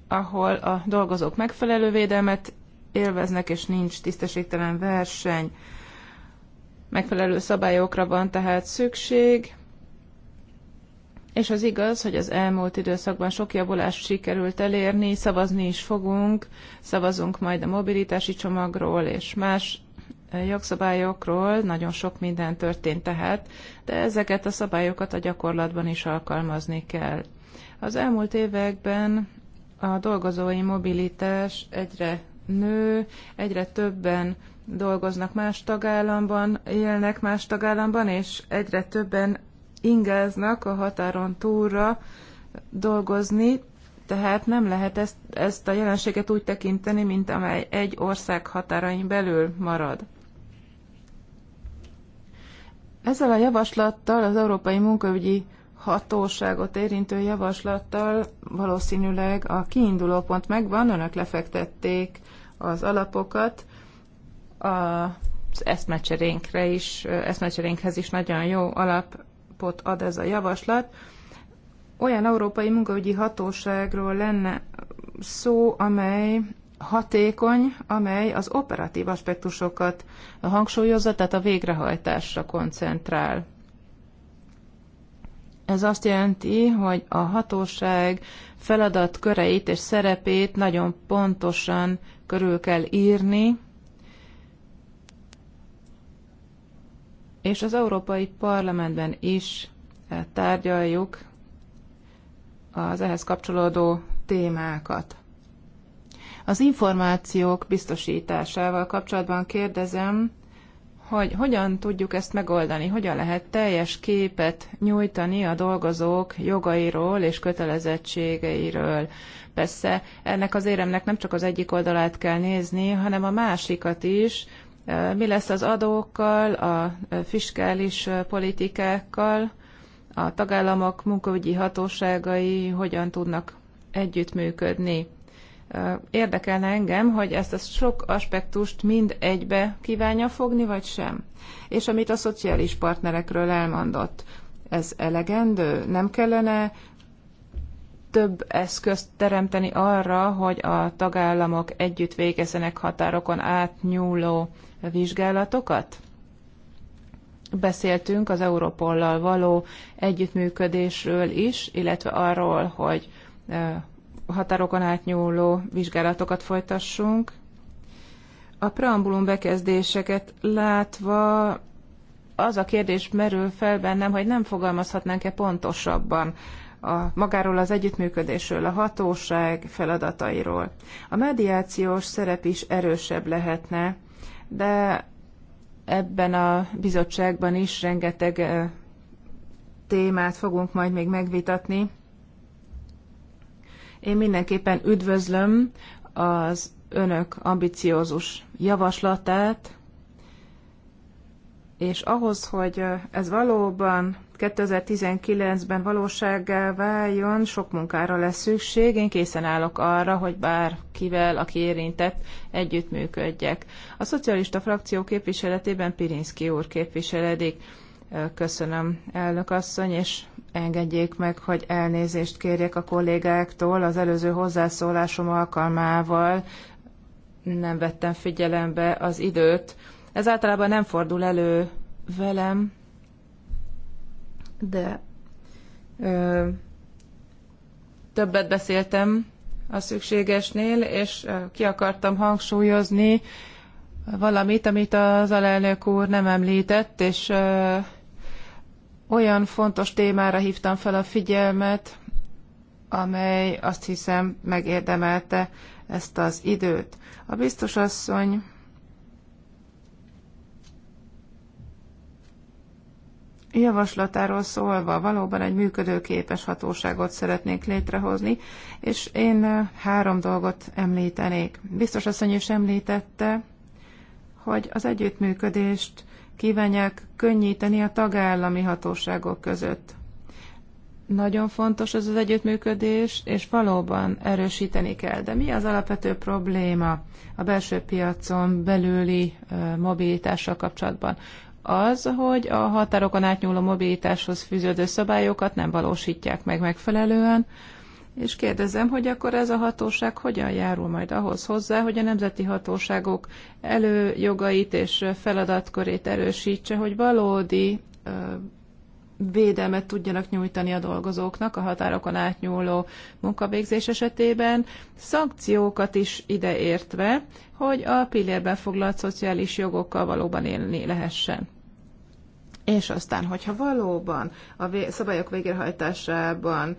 ahol a dolgozók megfelelő védelmet élveznek, és nincs tisztességtelen verseny megfelelő szabályokra van tehát szükség, és az igaz, hogy az elmúlt időszakban sok javulást sikerült elérni, szavazni is fogunk, szavazunk majd a mobilitási csomagról és más e, jogszabályokról, nagyon sok minden történt tehát, de ezeket a szabályokat a gyakorlatban is alkalmazni kell. Az elmúlt években a dolgozói mobilitás egyre nő, egyre többen dolgoznak más tagállamban, élnek más tagállamban, és egyre többen ingáznak a határon túlra dolgozni, tehát nem lehet ezt, ezt a jelenséget úgy tekinteni, mint amely egy ország határain belül marad. Ezzel a javaslattal, az Európai Munkaügyi Hatóságot érintő javaslattal valószínűleg a kiinduló pont megvan, önök lefektették az alapokat, az eszmecserénkre is, eszmecserénkhez is nagyon jó alapot ad ez a javaslat. Olyan európai munkaügyi hatóságról lenne szó, amely hatékony, amely az operatív aspektusokat hangsúlyozza, tehát a végrehajtásra koncentrál. Ez azt jelenti, hogy a hatóság feladatköreit és szerepét nagyon pontosan körül kell írni, és az Európai Parlamentben is eh, tárgyaljuk az ehhez kapcsolódó témákat. Az információk biztosításával kapcsolatban kérdezem, hogy hogyan tudjuk ezt megoldani, hogyan lehet teljes képet nyújtani a dolgozók jogairól és kötelezettségeiről. Persze ennek az éremnek nem csak az egyik oldalát kell nézni, hanem a másikat is, mi lesz az adókkal, a fiskális politikákkal, a tagállamok munkaügyi hatóságai hogyan tudnak együttműködni. Érdekelne engem, hogy ezt a sok aspektust mind egybe kívánja fogni, vagy sem. És amit a szociális partnerekről elmondott, ez elegendő? Nem kellene több eszközt teremteni arra, hogy a tagállamok együtt végezzenek határokon átnyúló vizsgálatokat? Beszéltünk az Európollal való együttműködésről is, illetve arról, hogy határokon átnyúló vizsgálatokat folytassunk. A preambulum bekezdéseket látva az a kérdés merül fel bennem, hogy nem fogalmazhatnánk-e pontosabban a magáról az együttműködésről, a hatóság feladatairól. A mediációs szerep is erősebb lehetne, de ebben a bizottságban is rengeteg témát fogunk majd még megvitatni. Én mindenképpen üdvözlöm az önök ambiciózus javaslatát, és ahhoz, hogy ez valóban 2019-ben valósággá váljon, sok munkára lesz szükség. Én készen állok arra, hogy bárkivel, aki érintett, együttműködjek. A szocialista frakció képviseletében Pirinszki úr képviseledik. Köszönöm, elnök asszony, és engedjék meg, hogy elnézést kérjek a kollégáktól az előző hozzászólásom alkalmával. Nem vettem figyelembe az időt. Ez általában nem fordul elő velem, de ö, többet beszéltem a szükségesnél, és ki akartam hangsúlyozni valamit, amit az alelnök úr nem említett, és ö, olyan fontos témára hívtam fel a figyelmet, amely azt hiszem megérdemelte ezt az időt. A biztos asszony javaslatáról szólva valóban egy működőképes hatóságot szeretnénk létrehozni, és én három dolgot említenék. Biztos asszony is említette, hogy az együttműködést kívánják könnyíteni a tagállami hatóságok között. Nagyon fontos ez az együttműködés, és valóban erősíteni kell. De mi az alapvető probléma a belső piacon belüli mobilitással kapcsolatban? az, hogy a határokon átnyúló mobilitáshoz fűződő szabályokat nem valósítják meg megfelelően, és kérdezem, hogy akkor ez a hatóság hogyan járul majd ahhoz hozzá, hogy a nemzeti hatóságok előjogait és feladatkörét erősítse, hogy valódi védelmet tudjanak nyújtani a dolgozóknak a határokon átnyúló munkavégzés esetében, szankciókat is ideértve, hogy a pillérben foglalt szociális jogokkal valóban élni lehessen. És aztán, hogyha valóban a szabályok végrehajtásában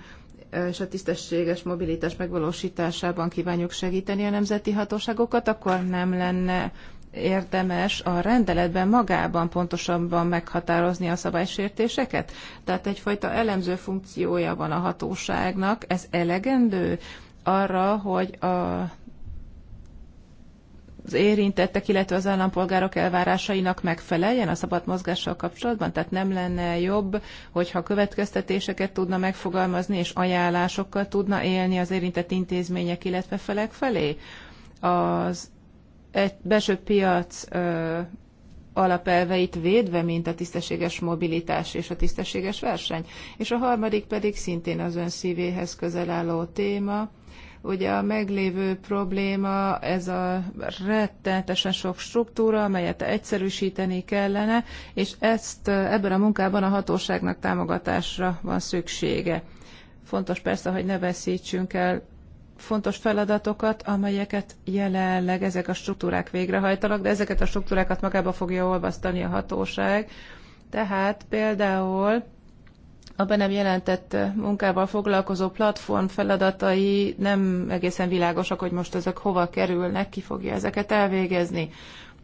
és a tisztességes mobilitás megvalósításában kívánjuk segíteni a nemzeti hatóságokat, akkor nem lenne érdemes a rendeletben magában pontosabban meghatározni a szabálysértéseket? Tehát egyfajta elemző funkciója van a hatóságnak, ez elegendő arra, hogy a, az érintettek, illetve az állampolgárok elvárásainak megfeleljen a szabad mozgással kapcsolatban? Tehát nem lenne jobb, hogyha következtetéseket tudna megfogalmazni, és ajánlásokkal tudna élni az érintett intézmények, illetve felek felé? Az egy belső piac alapelveit védve, mint a tisztességes mobilitás és a tisztességes verseny. És a harmadik pedig szintén az ön szívéhez közel álló téma, Ugye a meglévő probléma ez a rettenetesen sok struktúra, amelyet egyszerűsíteni kellene, és ezt ebben a munkában a hatóságnak támogatásra van szüksége. Fontos persze, hogy ne veszítsünk el fontos feladatokat, amelyeket jelenleg ezek a struktúrák végrehajtanak, de ezeket a struktúrákat magába fogja olvasztani a hatóság. Tehát például a be nem jelentett munkával foglalkozó platform feladatai nem egészen világosak, hogy most ezek hova kerülnek, ki fogja ezeket elvégezni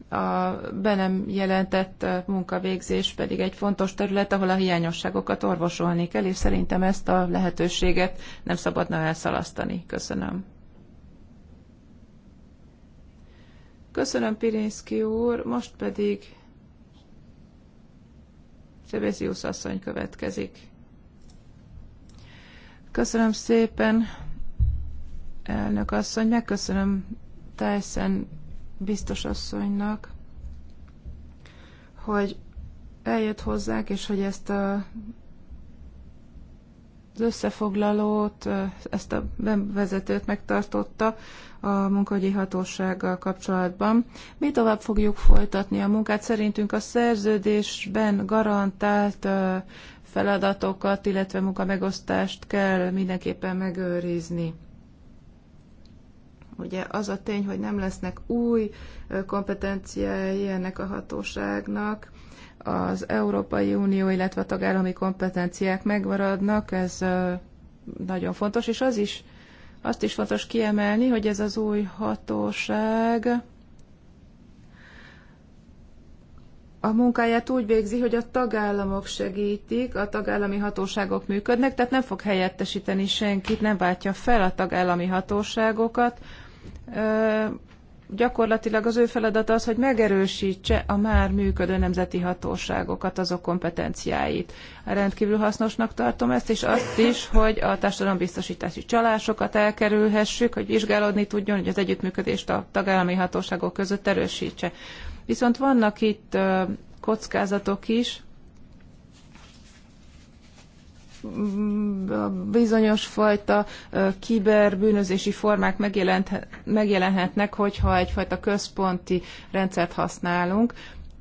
a be nem jelentett munkavégzés pedig egy fontos terület, ahol a hiányosságokat orvosolni kell, és szerintem ezt a lehetőséget nem szabadna elszalasztani. Köszönöm. Köszönöm, Pirinszki úr. Most pedig Szebéziusz asszony következik. Köszönöm szépen, elnök asszony. Megköszönöm Tyson biztos asszonynak, hogy eljött hozzánk, és hogy ezt a, az összefoglalót, ezt a bevezetőt megtartotta a munkahogyi hatósággal kapcsolatban. Mi tovább fogjuk folytatni a munkát. Szerintünk a szerződésben garantált feladatokat, illetve munkamegosztást kell mindenképpen megőrizni. Ugye az a tény, hogy nem lesznek új kompetenciái ennek a hatóságnak, az Európai Unió, illetve a tagállami kompetenciák megmaradnak, ez nagyon fontos, és az is, azt is fontos kiemelni, hogy ez az új hatóság a munkáját úgy végzi, hogy a tagállamok segítik, a tagállami hatóságok működnek, tehát nem fog helyettesíteni senkit, nem váltja fel a tagállami hatóságokat, gyakorlatilag az ő feladata az, hogy megerősítse a már működő nemzeti hatóságokat, azok kompetenciáit. Rendkívül hasznosnak tartom ezt, és azt is, hogy a társadalombiztosítási csalásokat elkerülhessük, hogy vizsgálódni tudjon, hogy az együttműködést a tagállami hatóságok között erősítse. Viszont vannak itt kockázatok is, bizonyos fajta kiberbűnözési formák megjelenhetnek, hogyha egyfajta központi rendszert használunk,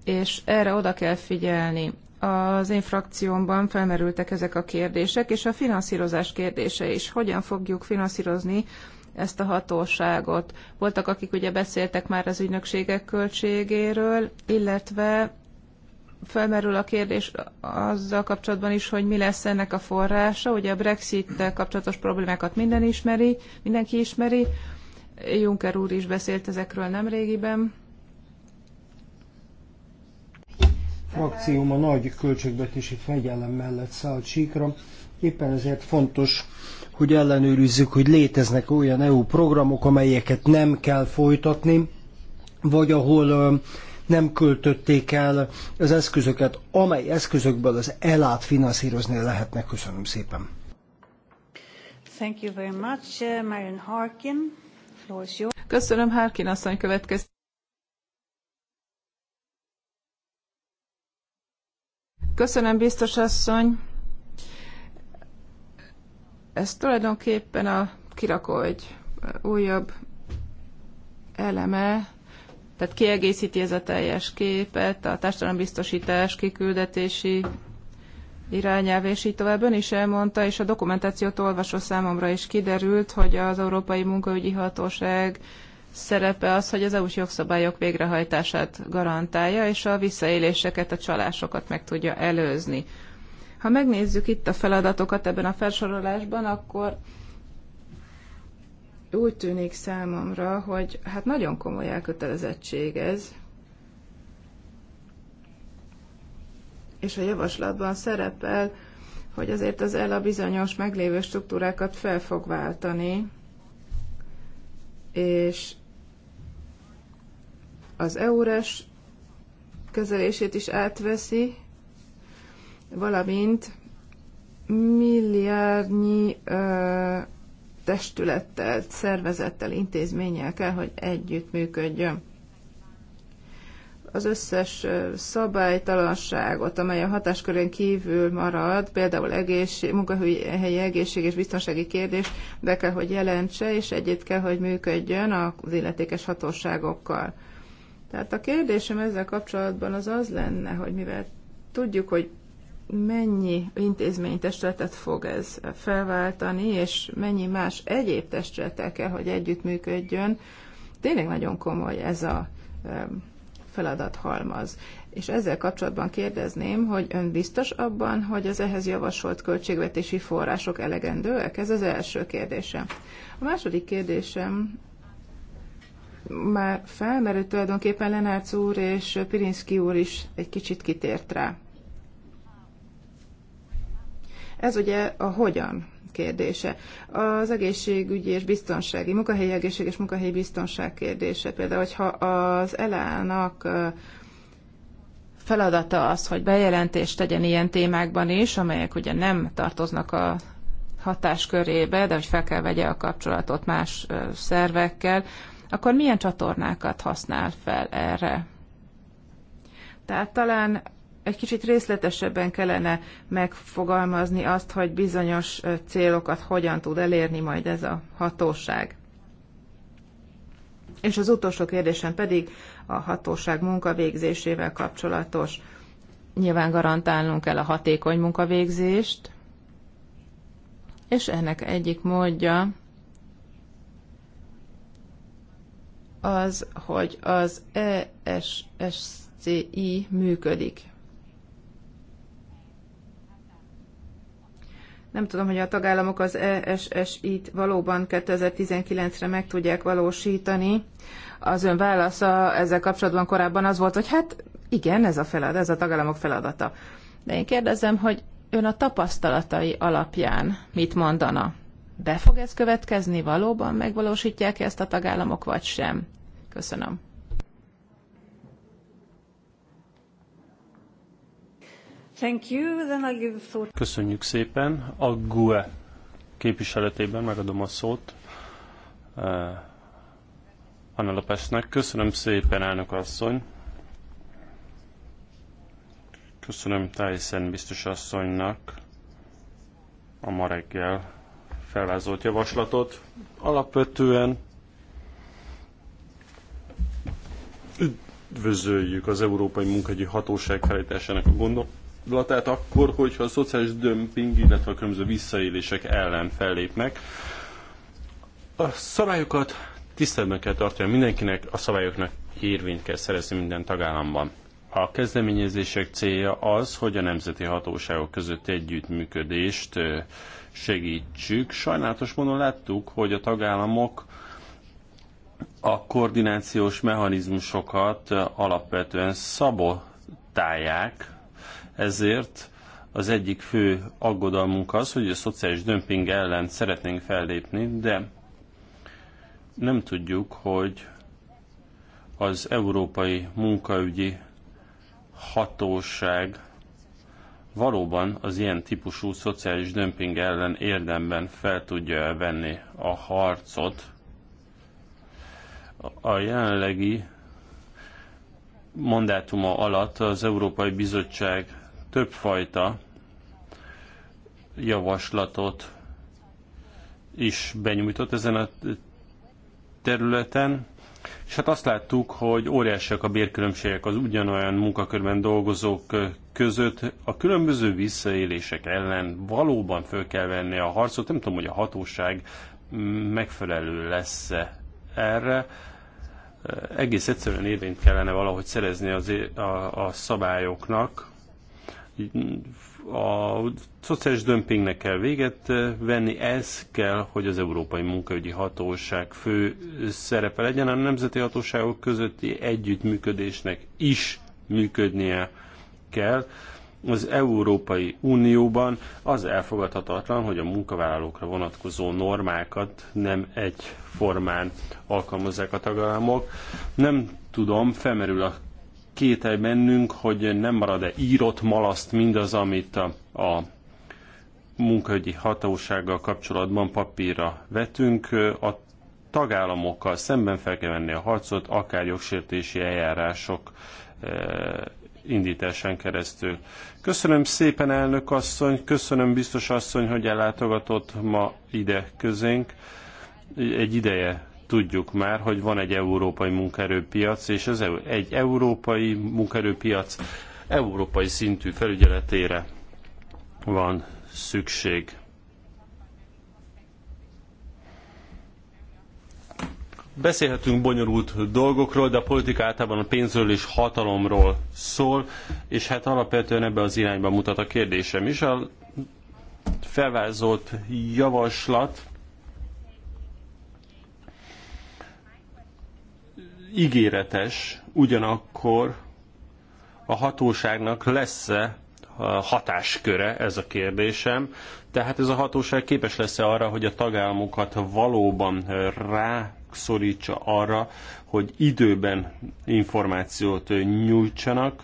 és erre oda kell figyelni. Az én frakciómban felmerültek ezek a kérdések, és a finanszírozás kérdése is. Hogyan fogjuk finanszírozni ezt a hatóságot? Voltak, akik ugye beszéltek már az ügynökségek költségéről, illetve felmerül a kérdés azzal kapcsolatban is, hogy mi lesz ennek a forrása. Ugye a brexit kapcsolatos problémákat minden ismeri, mindenki ismeri. Juncker úr is beszélt ezekről nemrégiben. Frakcióm a nagy költségvetési fegyelem mellett szállt síkra. Éppen ezért fontos, hogy ellenőrizzük, hogy léteznek olyan EU programok, amelyeket nem kell folytatni, vagy ahol nem költötték el az eszközöket, amely eszközökből az elát finanszírozni lehetne. Köszönöm szépen. Thank you very much, uh, Marian Harkin. Floor is yours. Köszönöm, Harkin asszony következő. Köszönöm, biztos asszony. Ez tulajdonképpen a kirakó egy újabb eleme tehát kiegészíti ez a teljes képet, a társadalombiztosítás kiküldetési irányelv, és így tovább ön is elmondta, és a dokumentációt olvasó számomra is kiderült, hogy az Európai Munkaügyi Hatóság szerepe az, hogy az EU-s jogszabályok végrehajtását garantálja, és a visszaéléseket, a csalásokat meg tudja előzni. Ha megnézzük itt a feladatokat ebben a felsorolásban, akkor úgy tűnik számomra, hogy hát nagyon komoly elkötelezettség ez, és a javaslatban szerepel, hogy azért az ELA bizonyos meglévő struktúrákat fel fog váltani, és az EURES kezelését is átveszi, valamint milliárdnyi ö, testülettel, szervezettel, intézménnyel kell, hogy együttműködjön. Az összes szabálytalanságot, amely a hatáskörön kívül marad, például egészség, munkahelyi egészség és biztonsági kérdés be kell, hogy jelentse, és együtt kell, hogy működjön az illetékes hatóságokkal. Tehát a kérdésem ezzel kapcsolatban az az lenne, hogy mivel tudjuk, hogy mennyi intézménytestületet fog ez felváltani, és mennyi más egyéb testülettel kell, hogy együttműködjön. Tényleg nagyon komoly ez a feladathalmaz. És ezzel kapcsolatban kérdezném, hogy ön biztos abban, hogy az ehhez javasolt költségvetési források elegendőek? Ez az első kérdésem. A második kérdésem már felmerült tulajdonképpen Lenárc úr és Pirinszki úr is egy kicsit kitért rá. Ez ugye a hogyan kérdése. Az egészségügyi és biztonsági, munkahelyi egészség és munkahelyi biztonság kérdése. Például, hogyha az elának feladata az, hogy bejelentést tegyen ilyen témákban is, amelyek ugye nem tartoznak a hatáskörébe, de hogy fel kell vegye a kapcsolatot más szervekkel, akkor milyen csatornákat használ fel erre? Tehát talán egy kicsit részletesebben kellene megfogalmazni azt, hogy bizonyos célokat hogyan tud elérni majd ez a hatóság. És az utolsó kérdésem pedig a hatóság munkavégzésével kapcsolatos. Nyilván garantálnunk kell a hatékony munkavégzést, és ennek egyik módja az, hogy az ESSCI működik. Nem tudom, hogy a tagállamok az ESSI-t valóban 2019-re meg tudják valósítani. Az ön válasza ezzel kapcsolatban korábban az volt, hogy hát igen, ez a feladat, ez a tagállamok feladata. De én kérdezem, hogy ön a tapasztalatai alapján mit mondana? Be fog ez következni? Valóban megvalósítják ezt a tagállamok, vagy sem? Köszönöm. Thank you, then give the floor. Köszönjük szépen. A GUE képviseletében megadom a szót. Uh, eh, Anna Lopesnek. Köszönöm szépen, elnök asszony. Köszönöm Tyson biztos asszonynak a ma reggel felvázolt javaslatot. Alapvetően üdvözöljük az Európai Munkahelyi Hatóság felállításának a gondolatot, látát akkor, hogyha a szociális dömping, illetve a különböző visszaélések ellen fellépnek. A szabályokat tiszteletben kell tartani mindenkinek, a szabályoknak érvényt kell szerezni minden tagállamban. A kezdeményezések célja az, hogy a nemzeti hatóságok között együttműködést segítsük. Sajnálatos módon láttuk, hogy a tagállamok a koordinációs mechanizmusokat alapvetően szabotálják, ezért az egyik fő aggodalmunk az, hogy a szociális dömping ellen szeretnénk fellépni, de nem tudjuk, hogy az Európai Munkaügyi Hatóság valóban az ilyen típusú szociális dömping ellen érdemben fel tudja venni a harcot. A jelenlegi mandátuma alatt az Európai Bizottság többfajta javaslatot is benyújtott ezen a területen, és hát azt láttuk, hogy óriásiak a bérkülönbségek az ugyanolyan munkakörben dolgozók között. A különböző visszaélések ellen valóban föl kell venni a harcot. Nem tudom, hogy a hatóság megfelelő lesz -e erre. Egész egyszerűen érvényt kellene valahogy szerezni az, a, a szabályoknak, a szociális dömpingnek kell véget eh, venni, ez kell, hogy az Európai Munkaügyi Hatóság fő szerepe legyen, a nemzeti hatóságok közötti együttműködésnek is működnie kell. Az Európai Unióban az elfogadhatatlan, hogy a munkavállalókra vonatkozó normákat nem egyformán alkalmazzák a tagállamok. Nem tudom, felmerül a kétel bennünk, hogy nem marad-e írott malaszt mindaz, amit a, a munkahogyi hatósággal kapcsolatban papírra vetünk. A tagállamokkal szemben fel kell venni a harcot, akár jogsértési eljárások e, indításán keresztül. Köszönöm szépen, elnök asszony, köszönöm biztos asszony, hogy ellátogatott ma ide közénk. Egy ideje Tudjuk már, hogy van egy európai munkaerőpiac, és ez egy európai munkaerőpiac európai szintű felügyeletére van szükség. beszélhetünk bonyolult dolgokról, de a politika általában a pénzről és hatalomról szól, és hát alapvetően ebbe az irányba mutat a kérdésem is. A felvázolt javaslat ígéretes, ugyanakkor a hatóságnak lesz-e hatásköre ez a kérdésem. Tehát ez a hatóság képes lesz-e arra, hogy a tagállamokat valóban rászorítsa arra, hogy időben információt nyújtsanak,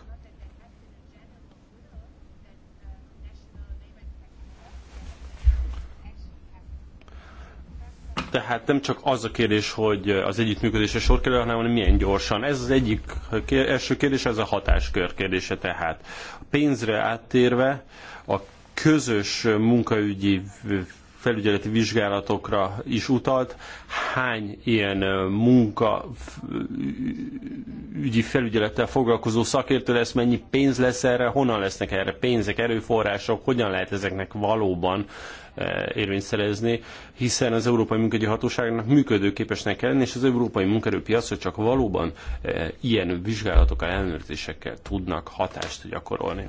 Tehát nem csak az a kérdés, hogy az együttműködésre sor kerül, hanem hogy milyen gyorsan. Ez az egyik kér, első kérdés, ez a hatáskör kérdése tehát. A pénzre áttérve a közös munkaügyi felügyeleti vizsgálatokra is utalt. Hány ilyen munka ügyi felügyelettel foglalkozó szakértő lesz, mennyi pénz lesz erre, honnan lesznek erre pénzek, erőforrások, hogyan lehet ezeknek valóban Eh, érvényt szerezni, hiszen az Európai Munkaügyi Hatóságnak működőképesnek kell lenni, és az európai munkerőpiacra csak valóban eh, ilyen vizsgálatokkal, ellenőrzésekkel tudnak hatást gyakorolni.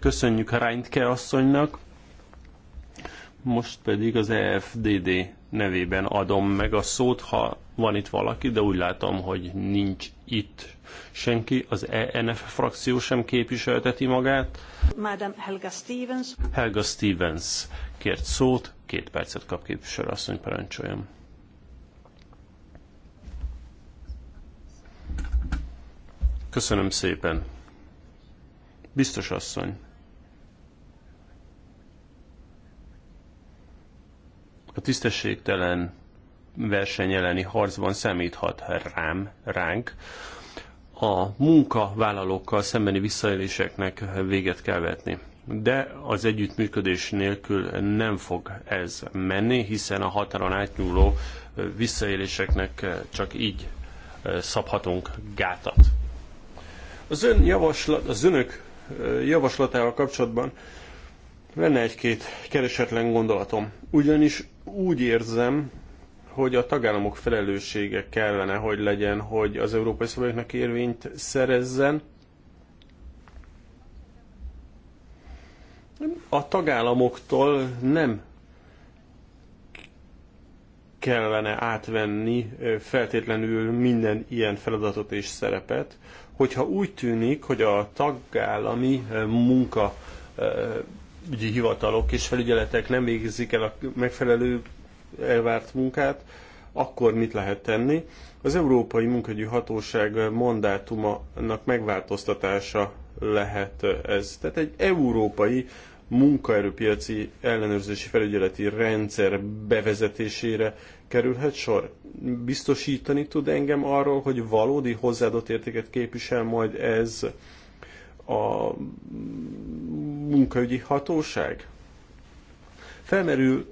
Köszönjük Reintke asszonynak, most pedig az EFDD nevében adom meg a szót, ha van itt valaki, de úgy látom, hogy nincs itt senki. Az ENF frakció sem képviselteti magát. Madam Helga Stevens. Helga Stevens kért szót, két percet kap képviselő, asszony parancsoljam. Köszönöm szépen. Biztos asszony. a tisztességtelen verseny elleni harcban számíthat rám, ránk. A munkavállalókkal szembeni visszaéléseknek véget kell vetni. De az együttműködés nélkül nem fog ez menni, hiszen a határon átnyúló visszaéléseknek csak így eh, szabhatunk gátat. Az, ön javaslat, az önök eh, javaslatával kapcsolatban lenne egy-két keresetlen gondolatom. Ugyanis úgy érzem, hogy a tagállamok felelőssége kellene, hogy legyen, hogy az európai szabályoknak érvényt szerezzen. A tagállamoktól nem kellene átvenni feltétlenül minden ilyen feladatot és szerepet, hogyha úgy tűnik, hogy a tagállami munka ügyi hivatalok és felügyeletek nem végzik el a megfelelő elvárt munkát, akkor mit lehet tenni? Az Európai Munkahogyi Hatóság mandátumának megváltoztatása lehet ez. Tehát egy európai munkaerőpiaci ellenőrzési felügyeleti rendszer bevezetésére kerülhet sor? Biztosítani tud engem arról, hogy valódi hozzáadott értéket képvisel majd ez a munkaügyi hatóság? Felmerül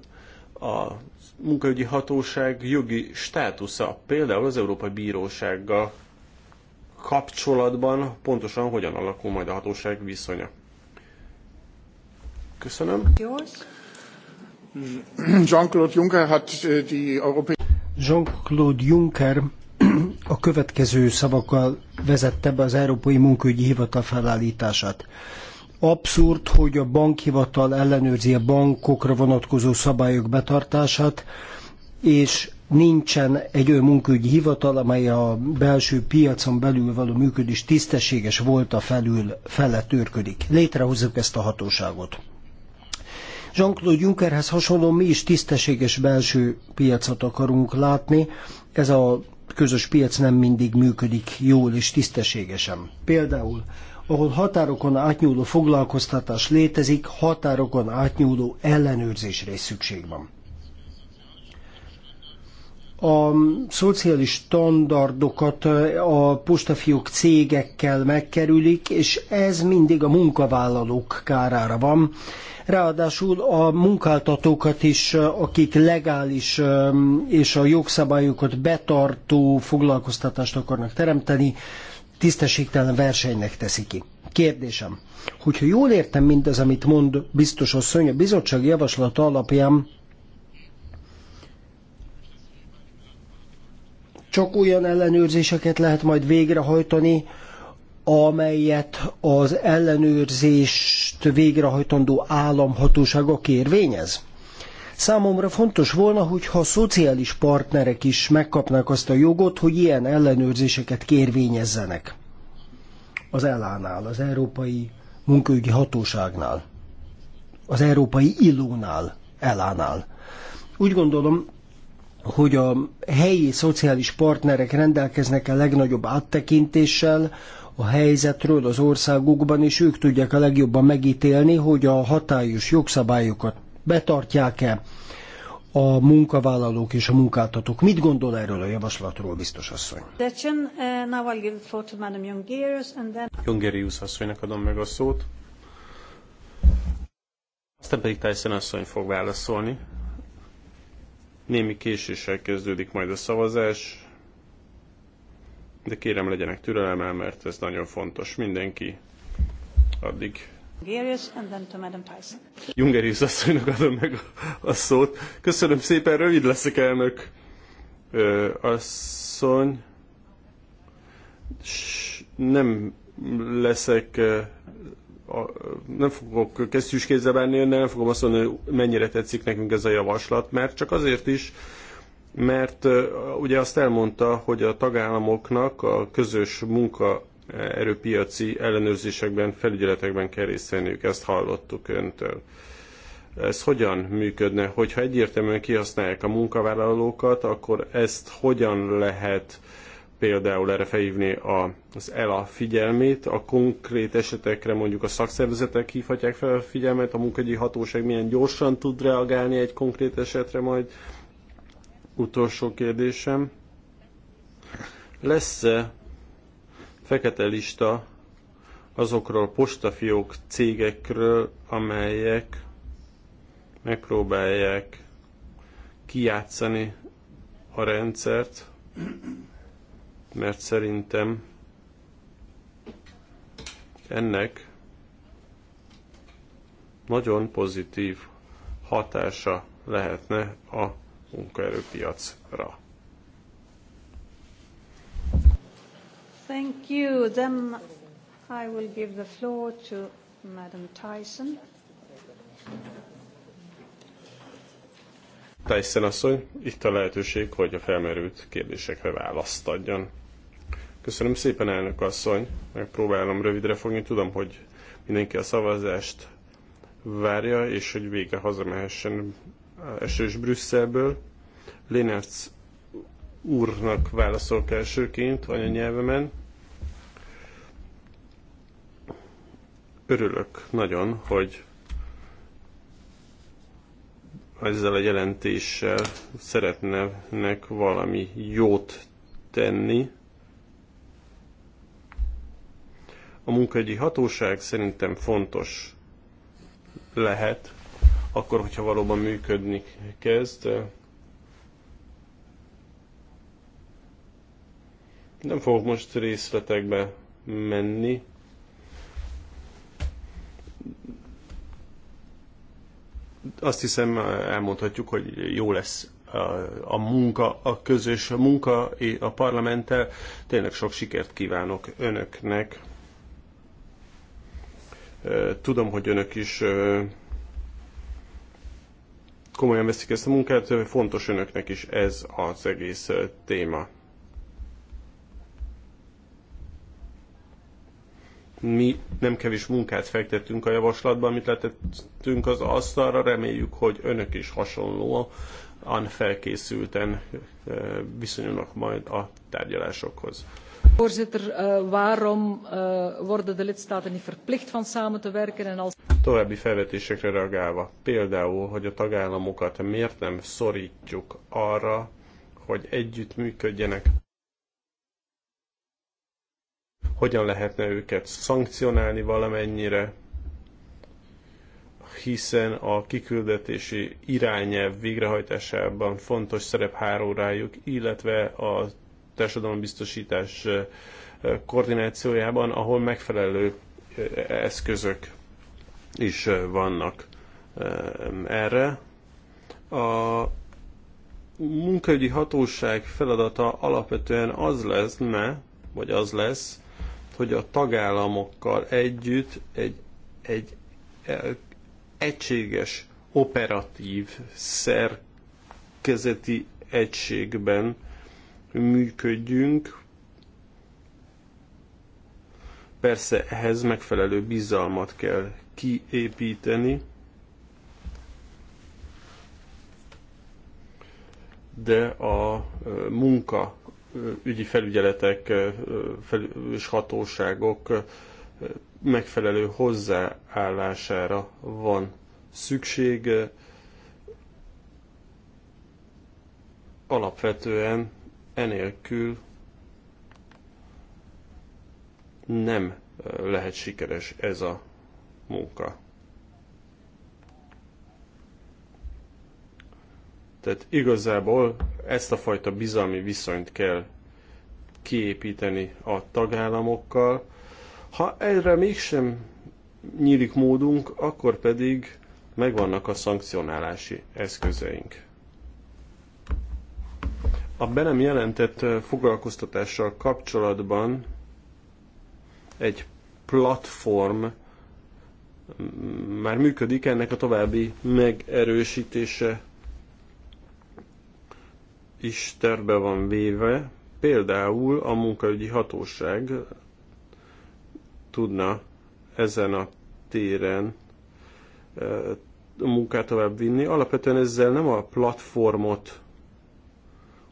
a munkaügyi hatóság jogi státusza, például az Európai Bírósággal kapcsolatban pontosan hogyan alakul majd a hatóság viszonya. Köszönöm. Jean-Claude Juncker hat die Európai... Jean-Claude Juncker a következő szavakkal vezette be az Európai Munkaügyi Hivatal felállítását. Abszurd, hogy a bankhivatal ellenőrzi a bankokra vonatkozó szabályok betartását, és nincsen egy olyan munkaügyi hivatal, amely a belső piacon belül való működés tisztességes volt a felül felett őrködik. Létrehozzuk ezt a hatóságot. Jean-Claude Junckerhez hasonlóan mi is tisztességes belső piacot akarunk látni. Ez a közös piac nem mindig működik jól és tisztességesen. Például, ahol határokon átnyúló foglalkoztatás létezik, határokon átnyúló ellenőrzésre is szükség van a szociális standardokat eh, a postafiók cégekkel megkerülik, és ez mindig a munkavállalók kárára van. Ráadásul a munkáltatókat is, eh, akik legális eh, és a jogszabályokat betartó foglalkoztatást akarnak teremteni, tisztességtelen versenynek teszik. ki. Kérdésem, hogyha jól értem mindaz, amit mond biztos asszony, a bizottság javaslata alapján csak olyan ellenőrzéseket lehet majd végrehajtani, amelyet az ellenőrzést végrehajtandó államhatóságok érvényez? Számomra fontos volna, hogyha a szociális partnerek is megkapnák azt a jogot, hogy ilyen ellenőrzéseket kérvényezzenek. Az elánál, az Európai Munkaügyi Hatóságnál, az Európai Illónál, elánál. Úgy gondolom, hogy a helyi szociális partnerek rendelkeznek a legnagyobb áttekintéssel a helyzetről az országokban és ők tudják a legjobban megítélni, hogy a hatályos jogszabályokat betartják-e a munkavállalók és a munkáltatók. Mit gondol erről a javaslatról, biztos asszony? Eh, Jungerius asszonynak adom meg a szót. Aztán pedig Tyson asszony fog válaszolni. Némi késéssel kezdődik majd a szavazás, de kérem legyenek türelemmel, mert ez nagyon fontos. Mindenki addig. Jungerius asszonynak adom meg a, a szót. Köszönöm szépen, rövid leszek elnök ö, asszony. S, nem leszek ö, nem fogok kesztyűs kézzel benni, nem fogom azt mondani, hogy mennyire tetszik nekünk ez a javaslat, mert csak azért is, mert ugye azt elmondta, hogy a tagállamoknak a közös munka erőpiaci ellenőrzésekben, felügyeletekben kell részt venniük, ezt hallottuk öntől. Ez hogyan működne? Hogyha egyértelműen kihasználják a munkavállalókat, akkor ezt hogyan lehet uh, például erre felhívni a, az ELA figyelmét, a konkrét esetekre mondjuk a szakszervezetek hívhatják fel a figyelmet, a munkagyi hatóság milyen gyorsan tud reagálni egy konkrét esetre majd. Utolsó kérdésem. Lesz-e fekete lista azokról postafiók cégekről, amelyek megpróbálják kijátszani a rendszert, mert szerintem ennek nagyon pozitív hatása lehetne a munkaerőpiacra. Thank you. Then I will give the floor to Madam Tyson. Tyson asszony, itt a lehetőség, hogy a felmerült kérdésekre választ adjon. Köszönöm szépen, elnök asszony. Megpróbálom rövidre fogni. Tudom, hogy mindenki a szavazást várja, és hogy vége hazamehessen esős Brüsszelből. Lénárc úrnak válaszolok elsőként anyanyelvemen. Örülök nagyon, hogy ezzel a jelentéssel szeretnének valami jót tenni a munkaügyi hatóság szerintem fontos lehet, akkor, hogyha valóban működni kezd. Nem fogok most részletekbe menni. Azt hiszem elmondhatjuk, hogy jó lesz a munka, a közös munka a parlamenttel. Tényleg sok sikert kívánok önöknek. Tudom, hogy önök is komolyan veszik ezt a munkát, fontos önöknek is ez az egész téma. mi nem kevés munkát fektettünk a javaslatba, amit letettünk az asztalra, reméljük, hogy önök is hasonlóan felkészülten viszonyulnak majd a tárgyalásokhoz. Voorzitter, eh, waarom eh, worden de lidstaten niet verplicht van samen te werken en als... További felvetésekre reagálva, például, hogy a tagállamokat miért nem szorítjuk arra, hogy együtt hogyan lehetne őket szankcionálni valamennyire, hiszen a kiküldetési irányelv végrehajtásában fontos szerep hárórájuk, illetve a társadalombiztosítás koordinációjában, ahol megfelelő eszközök is vannak erre. A munkaügyi hatóság feladata alapvetően az lesz, ne, vagy az lesz, hogy a tagállamokkal együtt egy, egy egységes operatív szerkezeti egységben működjünk. Persze ehhez megfelelő bizalmat kell kiépíteni, de a munka ügyi felügyeletek és hatóságok megfelelő hozzáállására van szükség. Alapvetően Enélkül nem lehet sikeres ez a munka. Tehát igazából ezt a fajta bizalmi viszonyt kell kiépíteni a tagállamokkal. Ha erre mégsem nyílik módunk, akkor pedig megvannak a szankcionálási eszközeink. A be nem jelentett foglalkoztatással kapcsolatban egy platform mm, már működik, ennek a további megerősítése is terve van véve. Például a munkaügyi hatóság tudna ezen a téren munkát tovább vinni. Alapvetően ezzel nem a platformot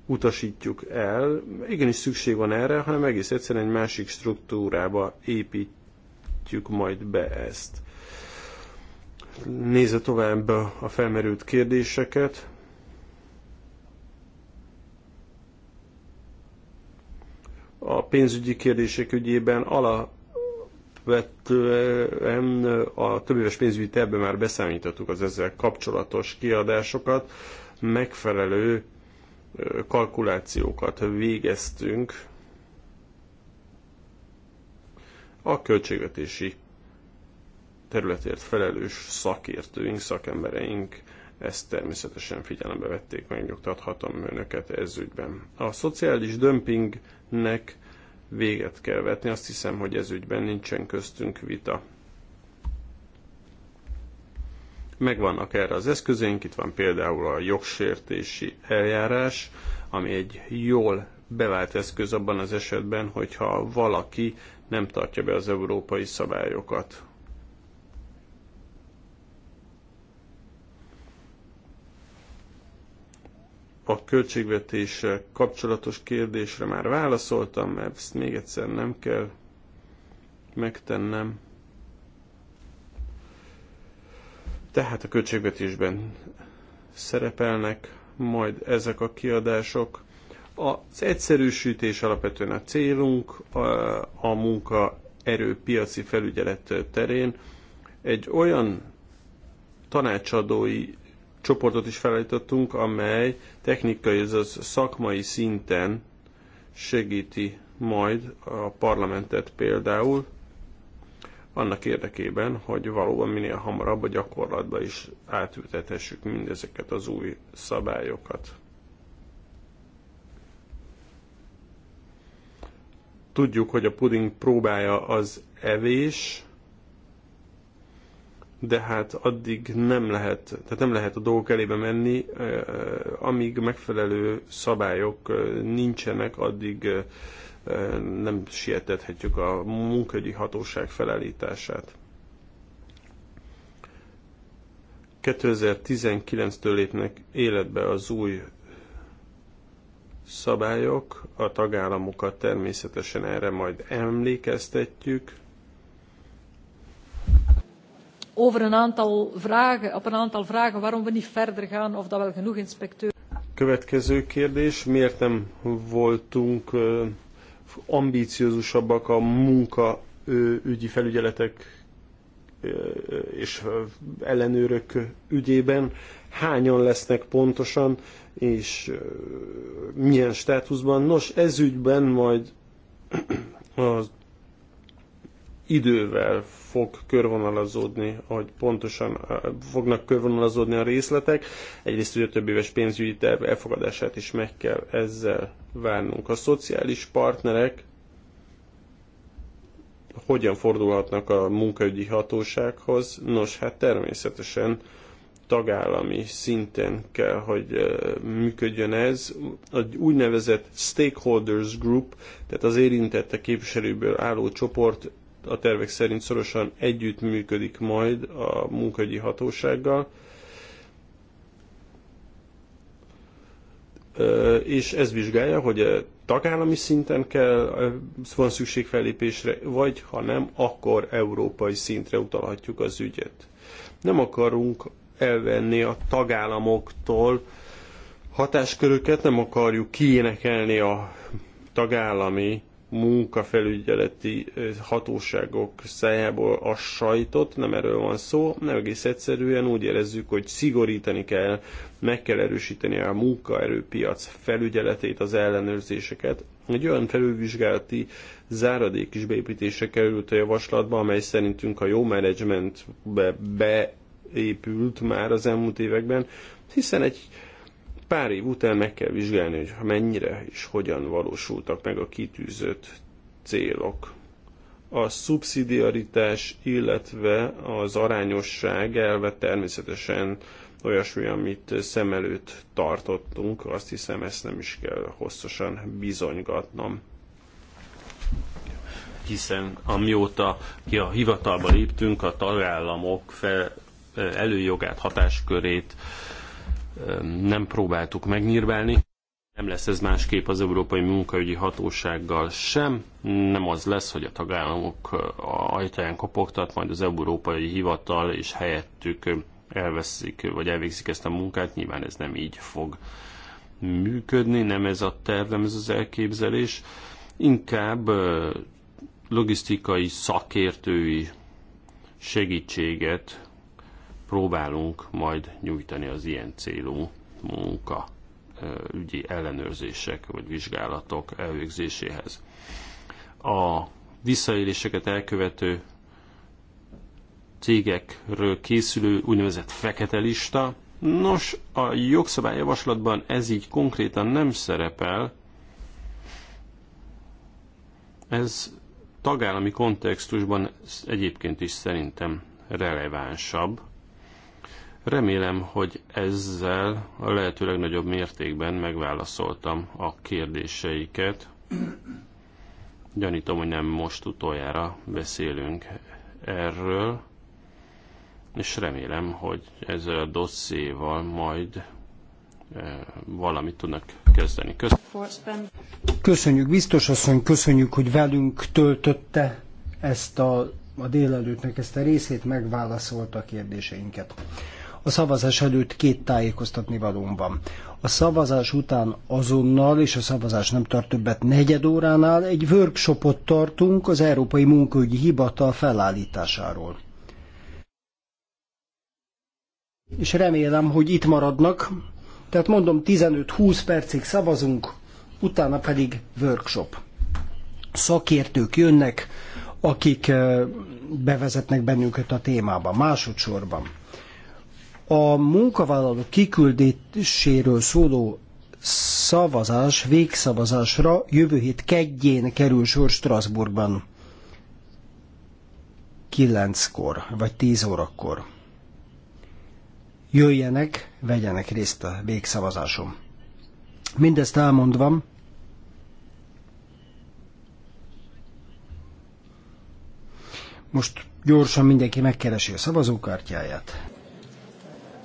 utasítjuk el. Igenis szükség van erre, hanem egész egyszerűen egy másik struktúrába építjük majd be ezt. Nézze tovább a felmerült kérdéseket. A pénzügyi kérdések ügyében alap alapvetően a többéves pénzügyi tervben már beszámítottuk az ezzel kapcsolatos kiadásokat, megfelelő kalkulációkat végeztünk a költségvetési területért felelős szakértőink, szakembereink ezt természetesen figyelembe vették, megnyugtathatom önöket ez ügyben. A szociális dömpingnek véget kell vetni, azt hiszem, hogy ez ügyben nincsen köztünk vita. Megvannak erre az eszközénk, itt van például a jogsértési eljárás, ami egy jól bevált eszköz abban az esetben, hogyha valaki nem tartja be az európai szabályokat. A költségvetéssel kapcsolatos kérdésre már válaszoltam, mert ezt még egyszer nem kell megtennem. Tehát a költségvetésben szerepelnek majd ezek a kiadások. Az egyszerűsítés alapvetően a célunk a, a munka erőpiaci felügyelet terén. Egy olyan tanácsadói csoportot is felállítottunk, amely technikai, azaz szakmai szinten segíti majd a parlamentet például, annak érdekében, hogy valóban minél hamarabb a gyakorlatba is átültethessük mindezeket az új szabályokat. Tudjuk, hogy a puding próbája az evés, de hát addig nem lehet, tehát nem lehet a dolgok elébe menni, eh, amíg megfelelő szabályok eh, nincsenek, addig eh, nem sietethetjük a munkagyi hatóság felállítását. 2019-től lépnek életbe az új szabályok, a tagállamokat természetesen erre majd emlékeztetjük. Over een aantal vragen, op een aantal vragen waarom we niet verder gaan of dat wel genoeg inspecteur. Következő kérdés, miért nem voltunk ambíciózusabbak a munka ügyi felügyeletek és ellenőrök ügyében, hányan lesznek pontosan, és milyen státuszban. Nos, ez ügyben majd az idővel fog körvonalazódni, hogy pontosan fognak körvonalazódni a részletek. Egyrészt hogy a több éves pénzügyi terv elfogadását is meg kell ezzel várnunk. A szociális partnerek hogyan fordulhatnak a munkaügyi hatósághoz? Nos, hát természetesen tagállami szinten kell, hogy működjön ez. A úgynevezett stakeholders group, tehát az érintette képviselőből álló csoport a tervek szerint szorosan együttműködik majd a munkaügyi hatósággal. és ez vizsgálja, hogy tagállami szinten kell, van szükség fellépésre, vagy ha nem, akkor európai szintre utalhatjuk az ügyet. Nem akarunk elvenni a tagállamoktól hatásköröket, nem akarjuk kiénekelni a tagállami munkafelügyeleti hatóságok szájából a sajtot, nem erről van szó, nem egész egyszerűen úgy érezzük, hogy szigorítani kell, meg kell erősíteni a munkaerőpiac felügyeletét, az ellenőrzéseket. Egy olyan felülvizsgálati záradék is beépítése került a javaslatba, amely szerintünk a jó menedzsmentbe beépült már az elmúlt években, hiszen egy Pár év után meg kell vizsgálni, hogy mennyire és hogyan valósultak meg a kitűzött célok. A szubszidiaritás, illetve az arányosság elve természetesen olyasmi, amit szem előtt tartottunk, azt hiszem ezt nem is kell hosszasan bizonygatnom hiszen amióta ki a hivatalba léptünk, a tagállamok fel, előjogát, hatáskörét nem próbáltuk megnyírválni. Nem lesz ez másképp az Európai Munkaügyi Hatósággal sem. Nem az lesz, hogy a tagállamok ajtaján kopogtat, majd az Európai Hivatal és helyettük elveszik, vagy elvégzik ezt a munkát. Nyilván ez nem így fog működni, nem ez a terv, nem ez az elképzelés. Inkább logisztikai szakértői segítséget próbálunk majd nyújtani az ilyen célú munka ügyi ellenőrzések vagy vizsgálatok elvégzéséhez. A visszaéléseket elkövető cégekről készülő úgynevezett fekete lista. Nos, a jogszabályjavaslatban ez így konkrétan nem szerepel. Ez tagállami kontextusban egyébként is szerintem relevánsabb. Remélem, hogy ezzel a lehető legnagyobb mértékben megválaszoltam a kérdéseiket. Gyanítom, hogy nem most utoljára beszélünk erről, és remélem, hogy ezzel a dosszéval majd eh, valamit tudnak kezdeni. Köszönjük. köszönjük, biztos asszony, köszönjük, hogy velünk töltötte ezt a, a délelőttnek ezt a részét, megválaszolta a kérdéseinket. A szavazás előtt két tájékoztatni valóm van. A szavazás után azonnal, és a szavazás nem tart többet negyed óránál, egy workshopot tartunk az Európai Munkaügyi Hivatal felállításáról. És remélem, hogy itt maradnak. Tehát mondom, 15-20 percig szavazunk, utána pedig workshop. Szakértők jönnek, akik eh, bevezetnek bennünket a témába másodszorban. A munkavállalók kiküldéséről szóló szavazás, végszavazásra jövő hét kedjén kerül sor Strasbourgban. 9-kor, vagy 10 órakor. Jöjjenek, vegyenek részt a végszavazásom. Mindezt elmondva, most gyorsan mindenki megkeresi a szavazókártyáját.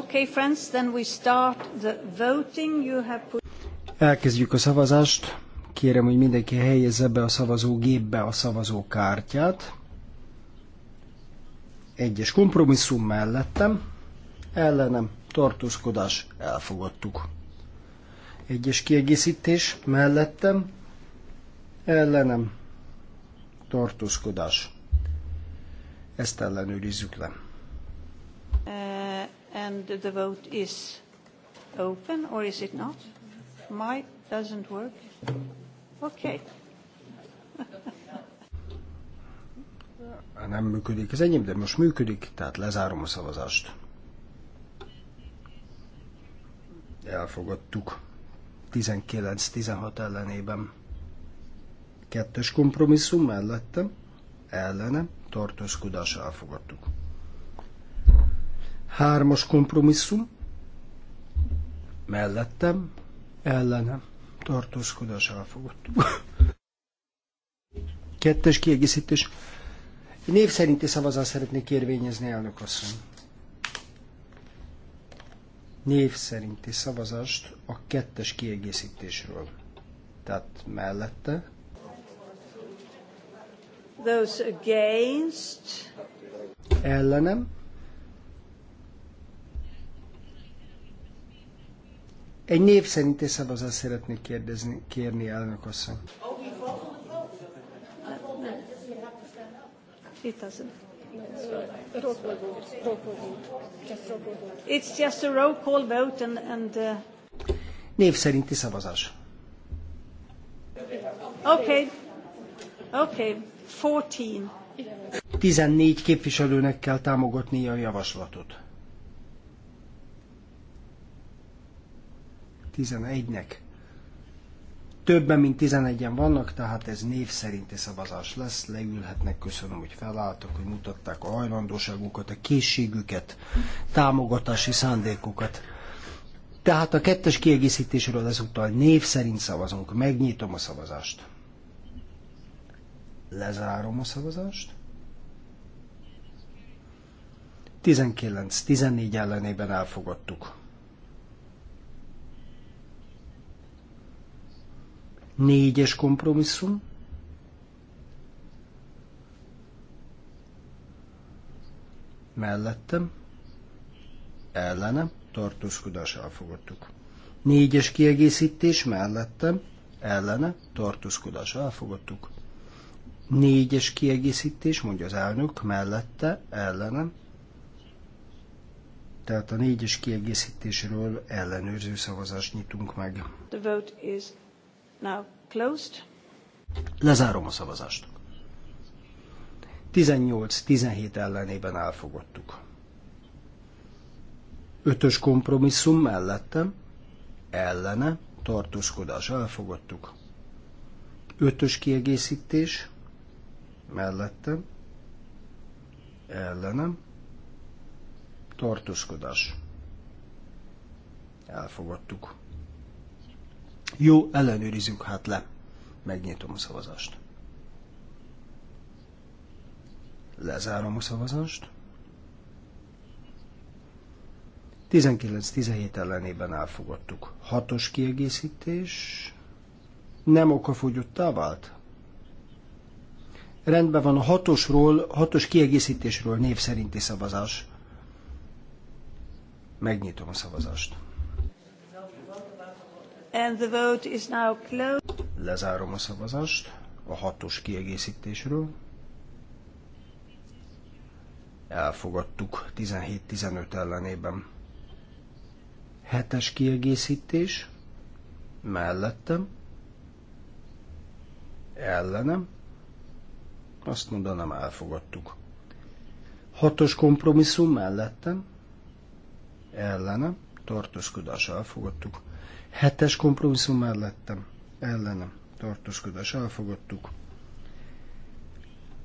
Okay, friends, then we start the voting. You have put... Elkezdjük a szavazást. Kérem, hogy mindenki helyezze be a szavazógépbe a szavazókártyát. Egyes kompromisszum mellettem, ellenem tartózkodás elfogadtuk. Egyes kiegészítés mellettem, ellenem tartózkodás. Ezt ellenőrizzük le. Uh and the vote is open, or is it not? My doesn't work. Okay. Nem működik az enyém, de most működik, tehát lezárom a szavazást. Elfogadtuk. 19-16 ellenében. Kettes kompromisszum mellettem, ellenem, tartózkodás elfogadtuk. Hármas kompromisszum. Mellettem, ellenem, tartózkodás elfogott. Kettes kiegészítés. Név szerinti szavazást szeretnék érvényezni, elnök asszony. Név szerinti szavazást a kettes kiegészítésről. Tehát mellette. Those against. Ellenem Egy név szerinti szavazást szeretnék kérdezni, kérni, elnök asszony. It's just a roll call vote and, and uh... Név szerinti szavazás. Okay. Okay. 14. 14 képviselőnek kell támogatnia a javaslatot. 11-nek. Többen, mint 11-en vannak, tehát ez név szerinti szavazás lesz. Leülhetnek, köszönöm, hogy felálltak, hogy mutatták a hajlandóságukat, a készségüket, támogatási szándékokat. Tehát a kettes kiegészítésről ezúttal név szerint szavazunk. Megnyitom a szavazást. Lezárom a szavazást. 19-14 ellenében elfogadtuk. Négyes kompromisszum. Mellettem. Ellenem. Tartózkodás elfogadtuk. Négyes kiegészítés mellettem. Ellene. Tartózkodás elfogadtuk. Négyes kiegészítés, mondja az elnök, mellette, ellenem, tehát a négyes kiegészítésről ellenőrző szavazást nyitunk meg. The vote is Now closed. Lezárom a szavazást. 18-17 ellenében elfogadtuk. Ötös kompromisszum mellettem, ellene, tartózkodás elfogadtuk. Ötös kiegészítés mellettem, ellenem, tartózkodás elfogadtuk. Jó, ellenőrizzük hát le. Megnyitom a szavazást. Lezárom a szavazást. 19-17 ellenében elfogadtuk. Hatos kiegészítés nem okafogyottá vált? Rendben van, a hatosról, hatos kiegészítésről név szerinti szavazás. Megnyitom a szavazást. And the vote is now closed. Lezárom a szavazást a hatos kiegészítésről. Elfogadtuk 17-15 ellenében. Hetes kiegészítés mellettem, ellenem, azt mondanám elfogadtuk. Hatos kompromisszum mellettem, ellenem, tartózkodás elfogadtuk. Hetes kompromisszum mellettem, ellenem, tartózkodás, elfogadtuk.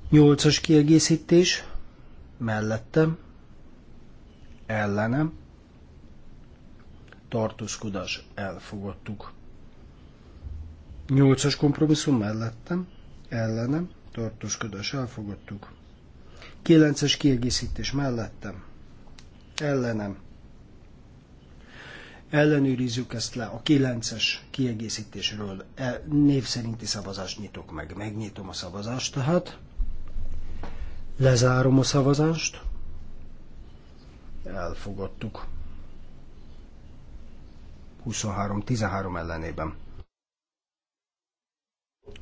Nyolcas kiegészítés, mellettem, ellenem, tartózkodás, elfogadtuk. Nyolcas kompromisszum mellettem, ellenem, tartózkodás, elfogadtuk. Kilences kiegészítés mellettem, ellenem, Ellenőrizzük ezt le a 9-es kiegészítésről. E, név szerinti szavazást nyitok meg. Megnyitom a szavazást tehát. Lezárom a szavazást. Elfogadtuk. 23-13 ellenében.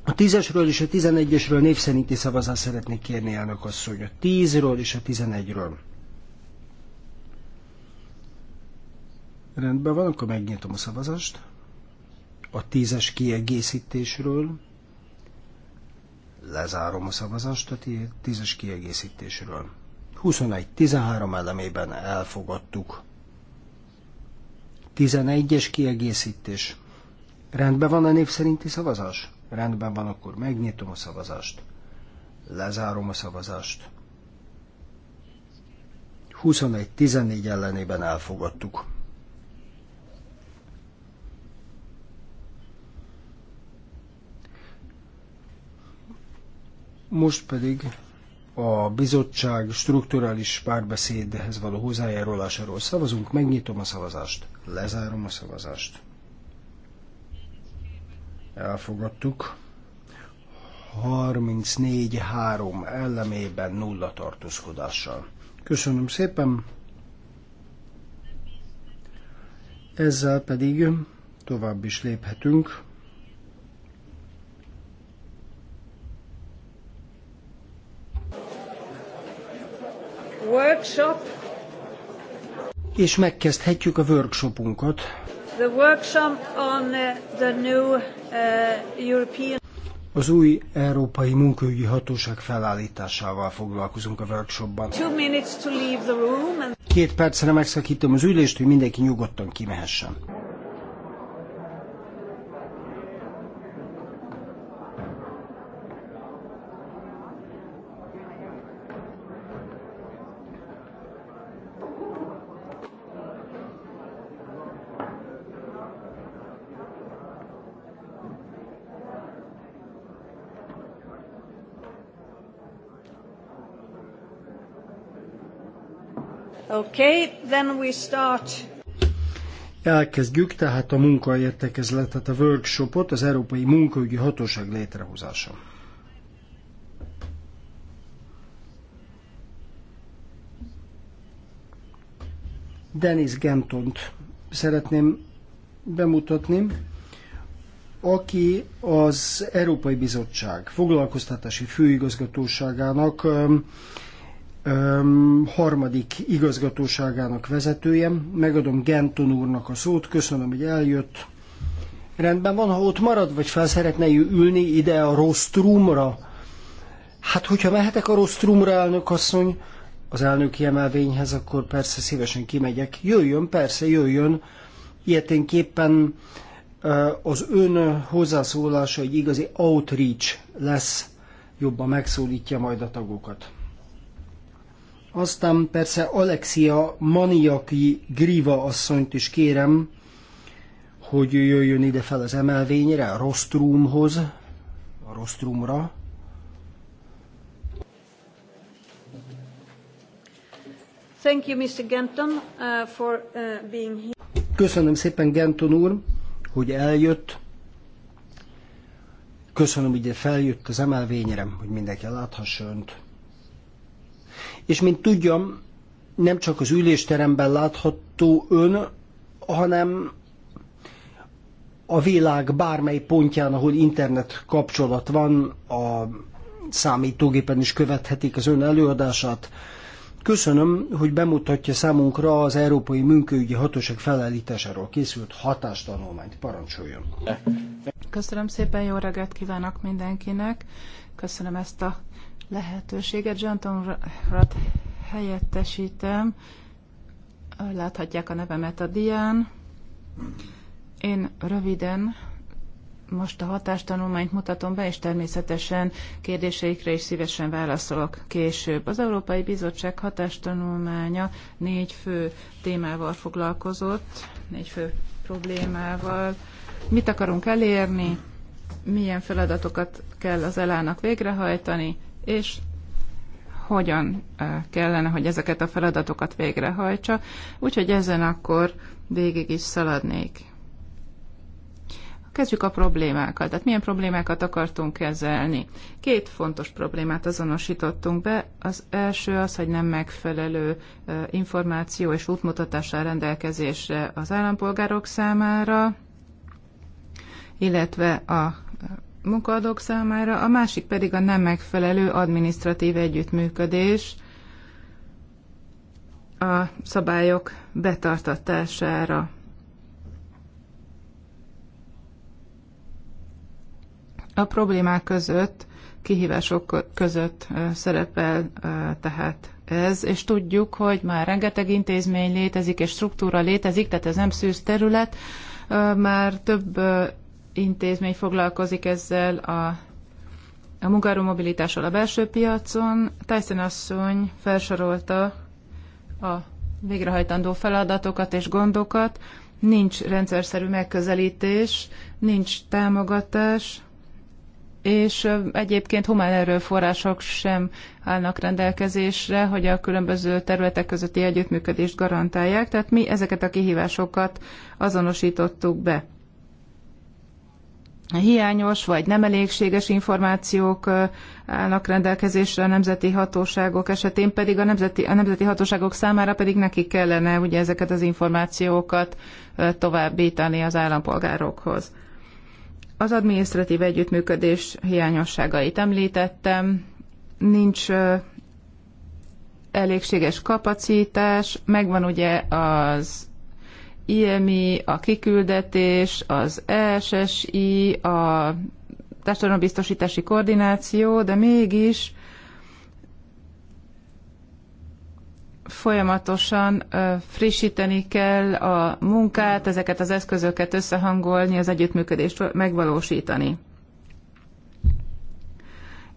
A 10-esről és a 11-esről név szerinti szavazást szeretnék kérni, elnök asszony. A 10-ről és a 11-ről. Rendben van, akkor megnyitom a szavazást. A tízes kiegészítésről. Lezárom a szavazást a tízes kiegészítésről. 21-13 elemében elfogadtuk. 11-es kiegészítés. Rendben van a név szerinti szavazás? Rendben van, akkor megnyitom a szavazást. Lezárom a szavazást. 21-14 ellenében elfogadtuk. Most pedig a bizottság strukturális párbeszédhez való hozzájárulásáról szavazunk. Megnyitom a szavazást. Lezárom a szavazást. Elfogadtuk. 34-3 ellemében nulla tartózkodással. Köszönöm szépen. Ezzel pedig tovább is léphetünk. workshop. És megkezdhetjük a workshopunkat. The workshop on uh, the new uh, European az új Európai Munkaügyi Hatóság felállításával foglalkozunk a workshopban. Két percre megszakítom az ülést, hogy mindenki nyugodtan kimehessen. Okay, then we start. Elkezdjük tehát a munkaértekezletet, a workshopot, az Európai Munkaügyi Hatóság létrehozása. Denis Gentont szeretném bemutatni, aki az Európai Bizottság foglalkoztatási főigazgatóságának um, um, harmadik igazgatóságának vezetője. Megadom Genton úrnak a szót, köszönöm, hogy eljött. Rendben van, ha ott marad, vagy fel szeretne ülni ide a rostrumra? Hát, hogyha mehetek a rostrumra, elnök asszony, az elnöki emelvényhez, akkor persze szívesen kimegyek. Jöjjön, persze, jöjjön. Ilyeténképpen az ön hozzászólása egy igazi outreach lesz, jobban megszólítja majd a tagokat. Aztán persze Alexia Maniaki Griva asszonyt is kérem, hogy jöjjön ide fel az emelvényre, a Rostrumhoz, a Rostrumra. Thank you, Mr. Genton, uh, for uh, being here. Köszönöm szépen, Genton úr, hogy eljött. Köszönöm, hogy feljött az emelvényre, hogy mindenki láthassa önt. És mint tudjam, nem csak az ülésteremben látható ön, hanem a világ bármely pontján, ahol internet kapcsolat van, a számítógépen is követhetik az ön előadását. Köszönöm, hogy bemutatja számunkra az Európai Munkaügyi Hatóság felállításáról készült hatástanulmányt. Parancsoljon! Köszönöm szépen, jó reggelt kívánok mindenkinek! Köszönöm ezt a lehetőséget. John Rat helyettesítem. Láthatják a nevemet a dián. Én röviden most a hatástanulmányt mutatom be, és természetesen kérdéseikre is szívesen válaszolok később. Az Európai Bizottság hatástanulmánya négy fő témával foglalkozott, négy fő problémával. Mit akarunk elérni, milyen feladatokat kell az elának végrehajtani, és hogyan kellene, hogy ezeket a feladatokat végrehajtsa, úgyhogy ezen akkor végig is szaladnék. Kezdjük a problémákat. Tehát milyen problémákat akartunk kezelni? Két fontos problémát azonosítottunk be. Az első az, hogy nem megfelelő információ és útmutatással rendelkezésre az állampolgárok számára, illetve a munkaadók számára, a másik pedig a nem megfelelő administratív együttműködés a szabályok betartatására. A problémák között, kihívások között szerepel tehát ez, és tudjuk, hogy már rengeteg intézmény létezik, és struktúra létezik, tehát ez nem szűz terület, már több intézmény foglalkozik ezzel a, a munkaerő mobilitással a belső piacon. Tyson asszony felsorolta a végrehajtandó feladatokat és gondokat. Nincs rendszerszerű megközelítés, nincs támogatás, és egyébként humán erőforrások sem állnak rendelkezésre, hogy a különböző területek közötti együttműködést garantálják. Tehát mi ezeket a kihívásokat azonosítottuk be hiányos vagy nem elégséges információk állnak rendelkezésre a nemzeti hatóságok esetén, pedig a nemzeti, a nemzeti hatóságok számára pedig neki kellene ugye ezeket az információkat továbbítani az állampolgárokhoz. Az adminisztratív együttműködés hiányosságait említettem, nincs elégséges kapacitás, megvan ugye az IMI, a kiküldetés, az SSI, a társadalombiztosítási koordináció, de mégis folyamatosan frissíteni kell a munkát, ezeket az eszközöket összehangolni, az együttműködést megvalósítani.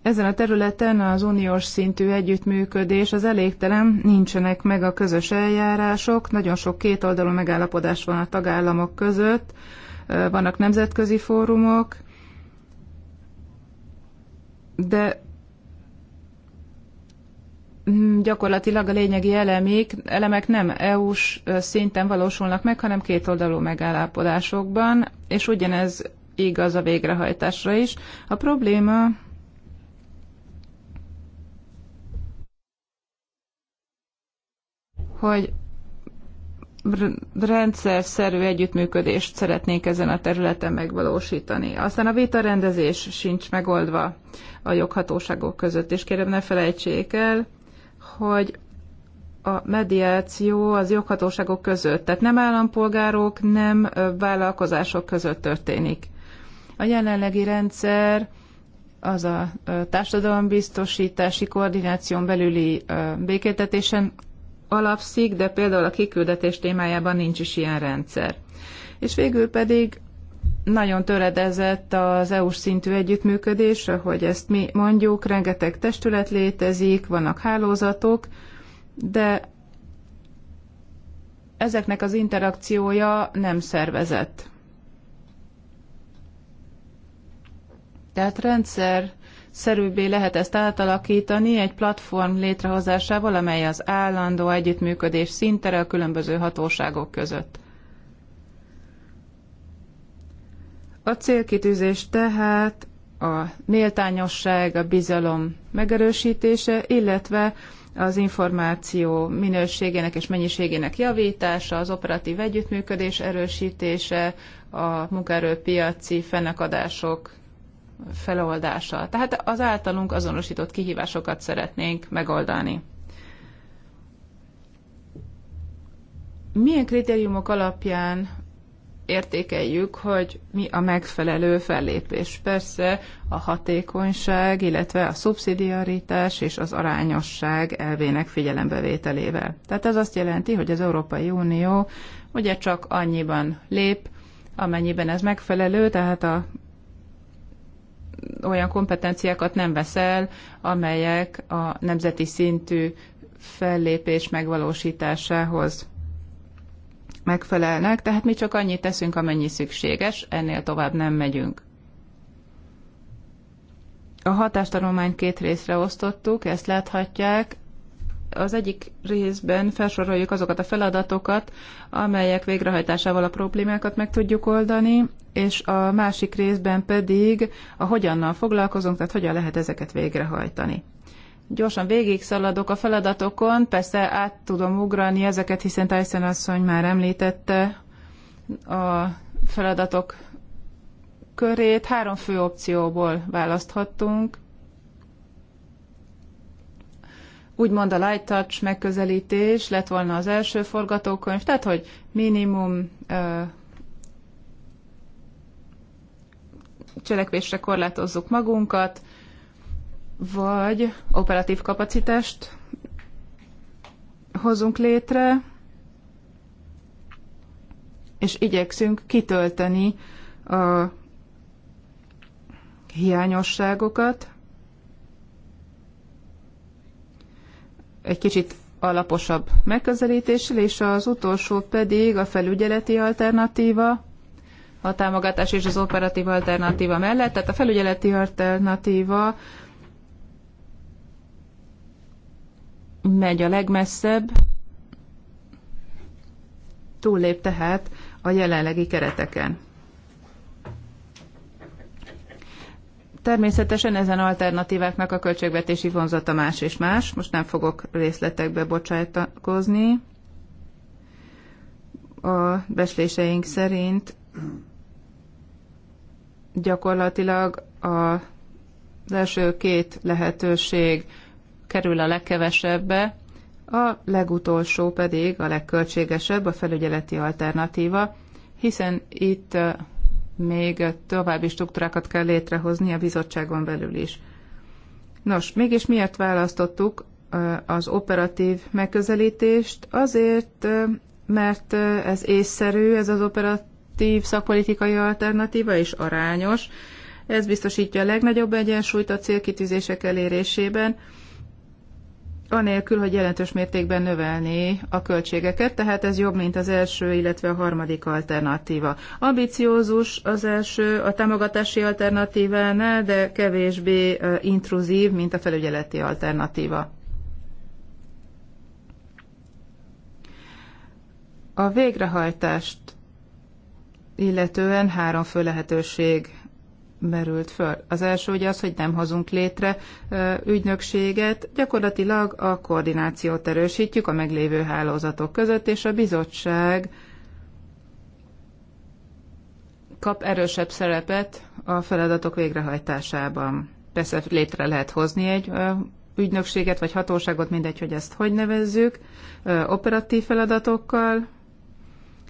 Ezen a területen az uniós szintű együttműködés az elégtelen, nincsenek meg a közös eljárások, nagyon sok kétoldalú megállapodás van a tagállamok között, vannak nemzetközi fórumok, de mm, gyakorlatilag a lényegi elemik, elemek nem EU-s szinten valósulnak meg, hanem kétoldalú megállapodásokban, és ugyanez igaz a végrehajtásra is. A probléma hogy rendszer szerű együttműködést szeretnék ezen a területen megvalósítani. Aztán a vitarendezés sincs megoldva a joghatóságok között, és kérem ne felejtsék el, hogy a mediáció az joghatóságok között, tehát nem állampolgárok, nem vállalkozások között történik. A jelenlegi rendszer az a társadalombiztosítási koordináción belüli békéltetésen alapszik, de például a kiküldetés témájában nincs is ilyen rendszer. És végül pedig nagyon töredezett az EU-s szintű együttműködés, hogy ezt mi mondjuk, rengeteg testület létezik, vannak hálózatok, de ezeknek az interakciója nem szervezett. Tehát rendszer szerűbbé lehet ezt átalakítani egy platform létrehozásával, amely az állandó együttműködés szintere a különböző hatóságok között. A célkitűzés tehát a méltányosság, a bizalom megerősítése, illetve az információ minőségének és mennyiségének javítása, az operatív együttműködés erősítése, a munkaerőpiaci fennakadások feloldása. Tehát az általunk azonosított kihívásokat szeretnénk megoldani. Milyen kritériumok alapján értékeljük, hogy mi a megfelelő fellépés. Persze a hatékonyság, illetve a szubszidiaritás és az arányosság elvének figyelembevételével. Tehát ez azt jelenti, hogy az Európai Unió ugye csak annyiban lép, amennyiben ez megfelelő, tehát a olyan kompetenciákat nem veszel, amelyek a nemzeti szintű fellépés megvalósításához megfelelnek, tehát mi csak annyit teszünk, amennyi szükséges, ennél tovább nem megyünk. A hatástanulmányt két részre osztottuk, ezt láthatják az egyik részben felsoroljuk azokat a feladatokat, amelyek végrehajtásával a problémákat meg tudjuk oldani, és a másik részben pedig a hogyannal foglalkozunk, tehát hogyan lehet ezeket végrehajtani. Gyorsan végig szaladok a feladatokon, persze át tudom ugrani ezeket, hiszen Tyson asszony már említette a feladatok körét. Három fő opcióból választhattunk úgymond a light touch megközelítés lett volna az első forgatókönyv, tehát hogy minimum ö, cselekvésre korlátozzuk magunkat, vagy operatív kapacitást hozunk létre, és igyekszünk kitölteni a hiányosságokat, egy kicsit alaposabb megközelítéssel, és az utolsó pedig a felügyeleti alternatíva, a támogatás és az operatív alternatíva mellett. Tehát a felügyeleti alternatíva megy a legmesszebb, túllép tehát a jelenlegi kereteken. Természetesen ezen alternatíváknak a költségvetési vonzata más és más. Most nem fogok részletekbe bocsájtakozni. A besléseink szerint gyakorlatilag a, az első két lehetőség kerül a legkevesebbe, a legutolsó pedig a legköltségesebb, a felügyeleti alternatíva, hiszen itt még további struktúrákat kell létrehozni a bizottságon belül is. Nos, mégis miért választottuk az operatív megközelítést? Azért, mert ez észszerű, ez az operatív szakpolitikai alternatíva, és arányos. Ez biztosítja a legnagyobb egyensúlyt a célkitűzések elérésében, anélkül, hogy jelentős mértékben növelné a költségeket, tehát ez jobb, mint az első, illetve a harmadik alternatíva. Ambiciózus az első a támogatási alternatívánál, de kevésbé intruzív, mint a felügyeleti alternatíva. A végrehajtást illetően három fő lehetőség merült föl. Az első ugye az, hogy nem hozunk létre ügynökséget, gyakorlatilag a koordinációt erősítjük a meglévő hálózatok között, és a bizottság kap erősebb szerepet a feladatok végrehajtásában. Persze létre lehet hozni egy ügynökséget vagy hatóságot, mindegy, hogy ezt hogy nevezzük, operatív feladatokkal,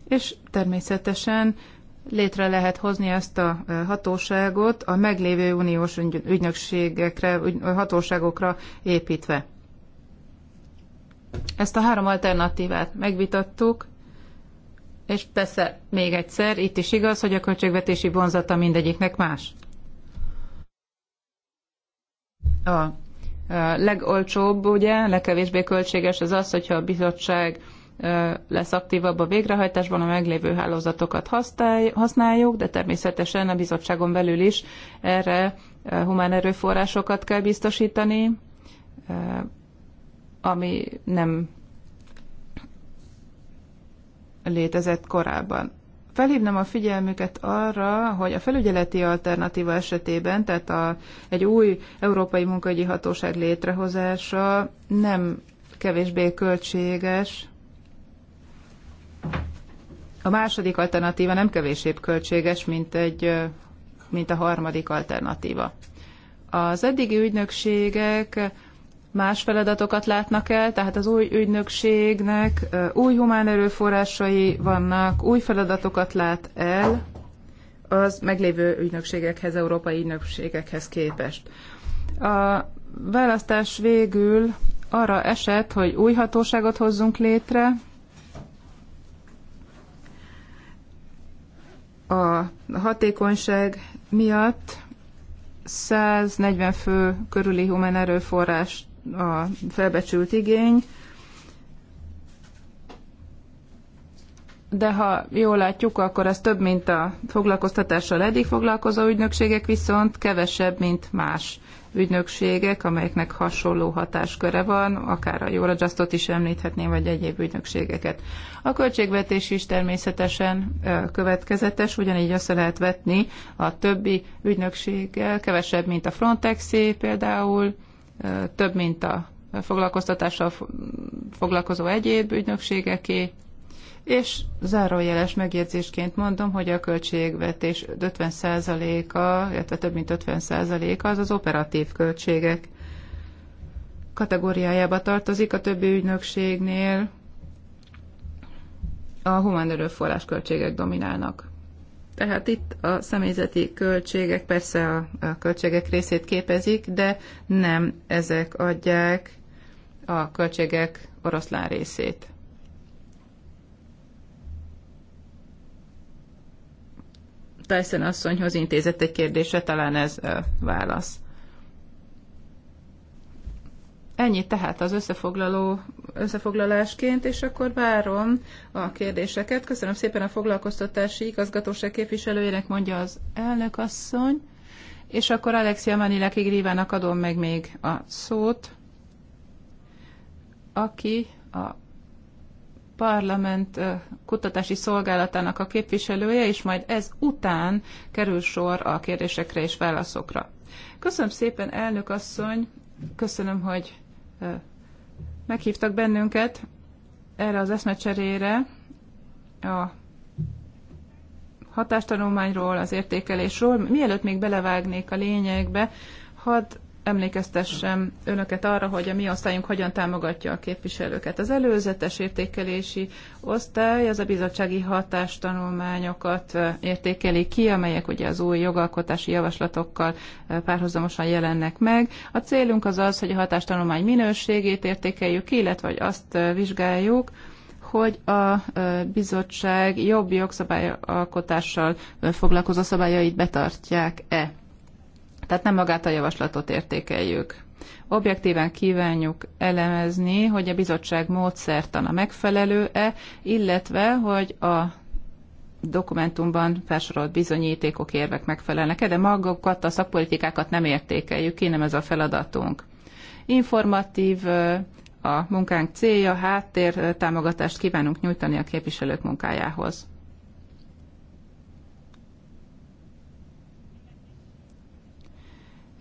és természetesen létre lehet hozni ezt a hatóságot a meglévő uniós ügynökségekre, hatóságokra építve. Ezt a három alternatívát megvitattuk, és persze még egyszer, itt is igaz, hogy a költségvetési vonzata mindegyiknek más. A legolcsóbb, ugye, legkevésbé költséges az az, hogyha a bizottság lesz aktívabb a végrehajtásban, a meglévő hálózatokat használjuk, de természetesen a bizottságon belül is erre humán erőforrásokat kell biztosítani, ami nem létezett korábban. Felhívnám a figyelmüket arra, hogy a felügyeleti alternatíva esetében, tehát a, egy új európai munkahogyi hatóság létrehozása nem kevésbé költséges, a második alternatíva nem kevésébb költséges, mint, egy, mint a harmadik alternatíva. Az eddigi ügynökségek más feladatokat látnak el, tehát az új ügynökségnek új humán erőforrásai vannak, új feladatokat lát el az meglévő ügynökségekhez, európai ügynökségekhez képest. A választás végül arra esett, hogy új hatóságot hozzunk létre, a hatékonyság miatt 140 fő körüli humán erőforrás a felbecsült igény, de ha jól látjuk, akkor az több, mint a foglalkoztatással eddig foglalkozó ügynökségek, viszont kevesebb, mint más ügynökségek, amelyeknek hasonló hatásköre van, akár a Eurojustot is említhetném, vagy egyéb ügynökségeket. A költségvetés is természetesen következetes, ugyanígy össze lehet vetni a többi ügynökséggel, kevesebb, mint a Frontexé például, több, mint a foglalkoztatással foglalkozó egyéb ügynökségeké, és zárójeles megjegyzésként mondom, hogy a költségvetés 50%-a, illetve több mint 50%-a az az operatív költségek kategóriájába tartozik, a többi ügynökségnél a humán erőforrás költségek dominálnak. Tehát itt a személyzeti költségek persze a, a költségek részét képezik, de nem ezek adják a költségek oroszlán részét. Tyson asszonyhoz intézett egy kérdése talán ez válasz. Ennyi tehát az összefoglaló, összefoglalásként, és akkor várom a kérdéseket. Köszönöm szépen a foglalkoztatási igazgatóság képviselőjének, mondja az elnök asszony. És akkor Alexia Manilaki Grívának adom meg még a szót, aki a parlament kutatási szolgálatának a képviselője, és majd ez után kerül sor a kérdésekre és válaszokra. Köszönöm szépen, elnök asszony, köszönöm, hogy meghívtak bennünket erre az eszmecserére a hatástanulmányról, az értékelésről. Mielőtt még belevágnék a lényegbe, hadd emlékeztessem önöket arra, hogy a mi osztályunk hogyan támogatja a képviselőket. Az előzetes értékelési osztály az a bizottsági hatástanulmányokat értékeli ki, amelyek ugye az új jogalkotási javaslatokkal párhuzamosan jelennek meg. A célunk az az, hogy a hatástanulmány minőségét értékeljük ki, illetve hogy azt vizsgáljuk, hogy a bizottság jobb jogszabályalkotással foglalkozó szabályait betartják-e. Tehát nem magát a javaslatot értékeljük. Objektíven kívánjuk elemezni, hogy a bizottság módszertana megfelelő-e, illetve, hogy a dokumentumban felsorolt bizonyítékok, érvek megfelelnek-e, de magukat, a szakpolitikákat nem értékeljük ki, nem ez a feladatunk. Informatív a munkánk célja, háttér támogatást kívánunk nyújtani a képviselők munkájához.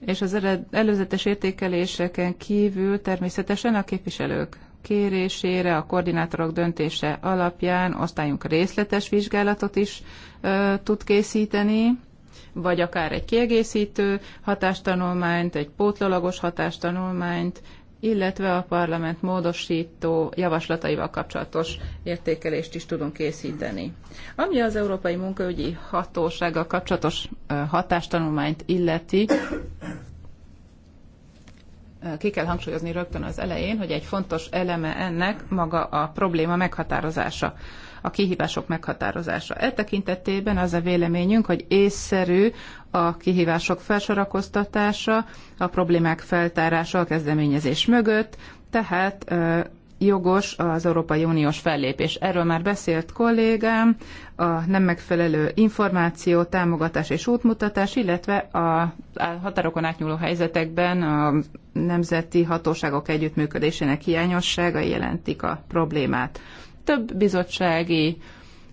és az előzetes értékeléseken kívül természetesen a képviselők kérésére, a koordinátorok döntése alapján osztályunk részletes vizsgálatot is ö, tud készíteni, vagy akár egy kiegészítő hatástanulmányt, egy pótlólagos hatástanulmányt, illetve a parlament módosító javaslataival kapcsolatos értékelést is tudunk készíteni. Ami az Európai Munkaügyi Hatósággal kapcsolatos hatástanulmányt illeti, ki kell hangsúlyozni rögtön az elején, hogy egy fontos eleme ennek maga a probléma meghatározása a kihívások meghatározása. E tekintetében az a véleményünk, hogy észszerű a kihívások felsorakoztatása, a problémák feltárása a kezdeményezés mögött, tehát jogos az Európai Uniós fellépés. Erről már beszélt kollégám, a nem megfelelő információ, támogatás és útmutatás, illetve a határokon átnyúló helyzetekben a nemzeti hatóságok együttműködésének hiányossága jelentik a problémát több bizottsági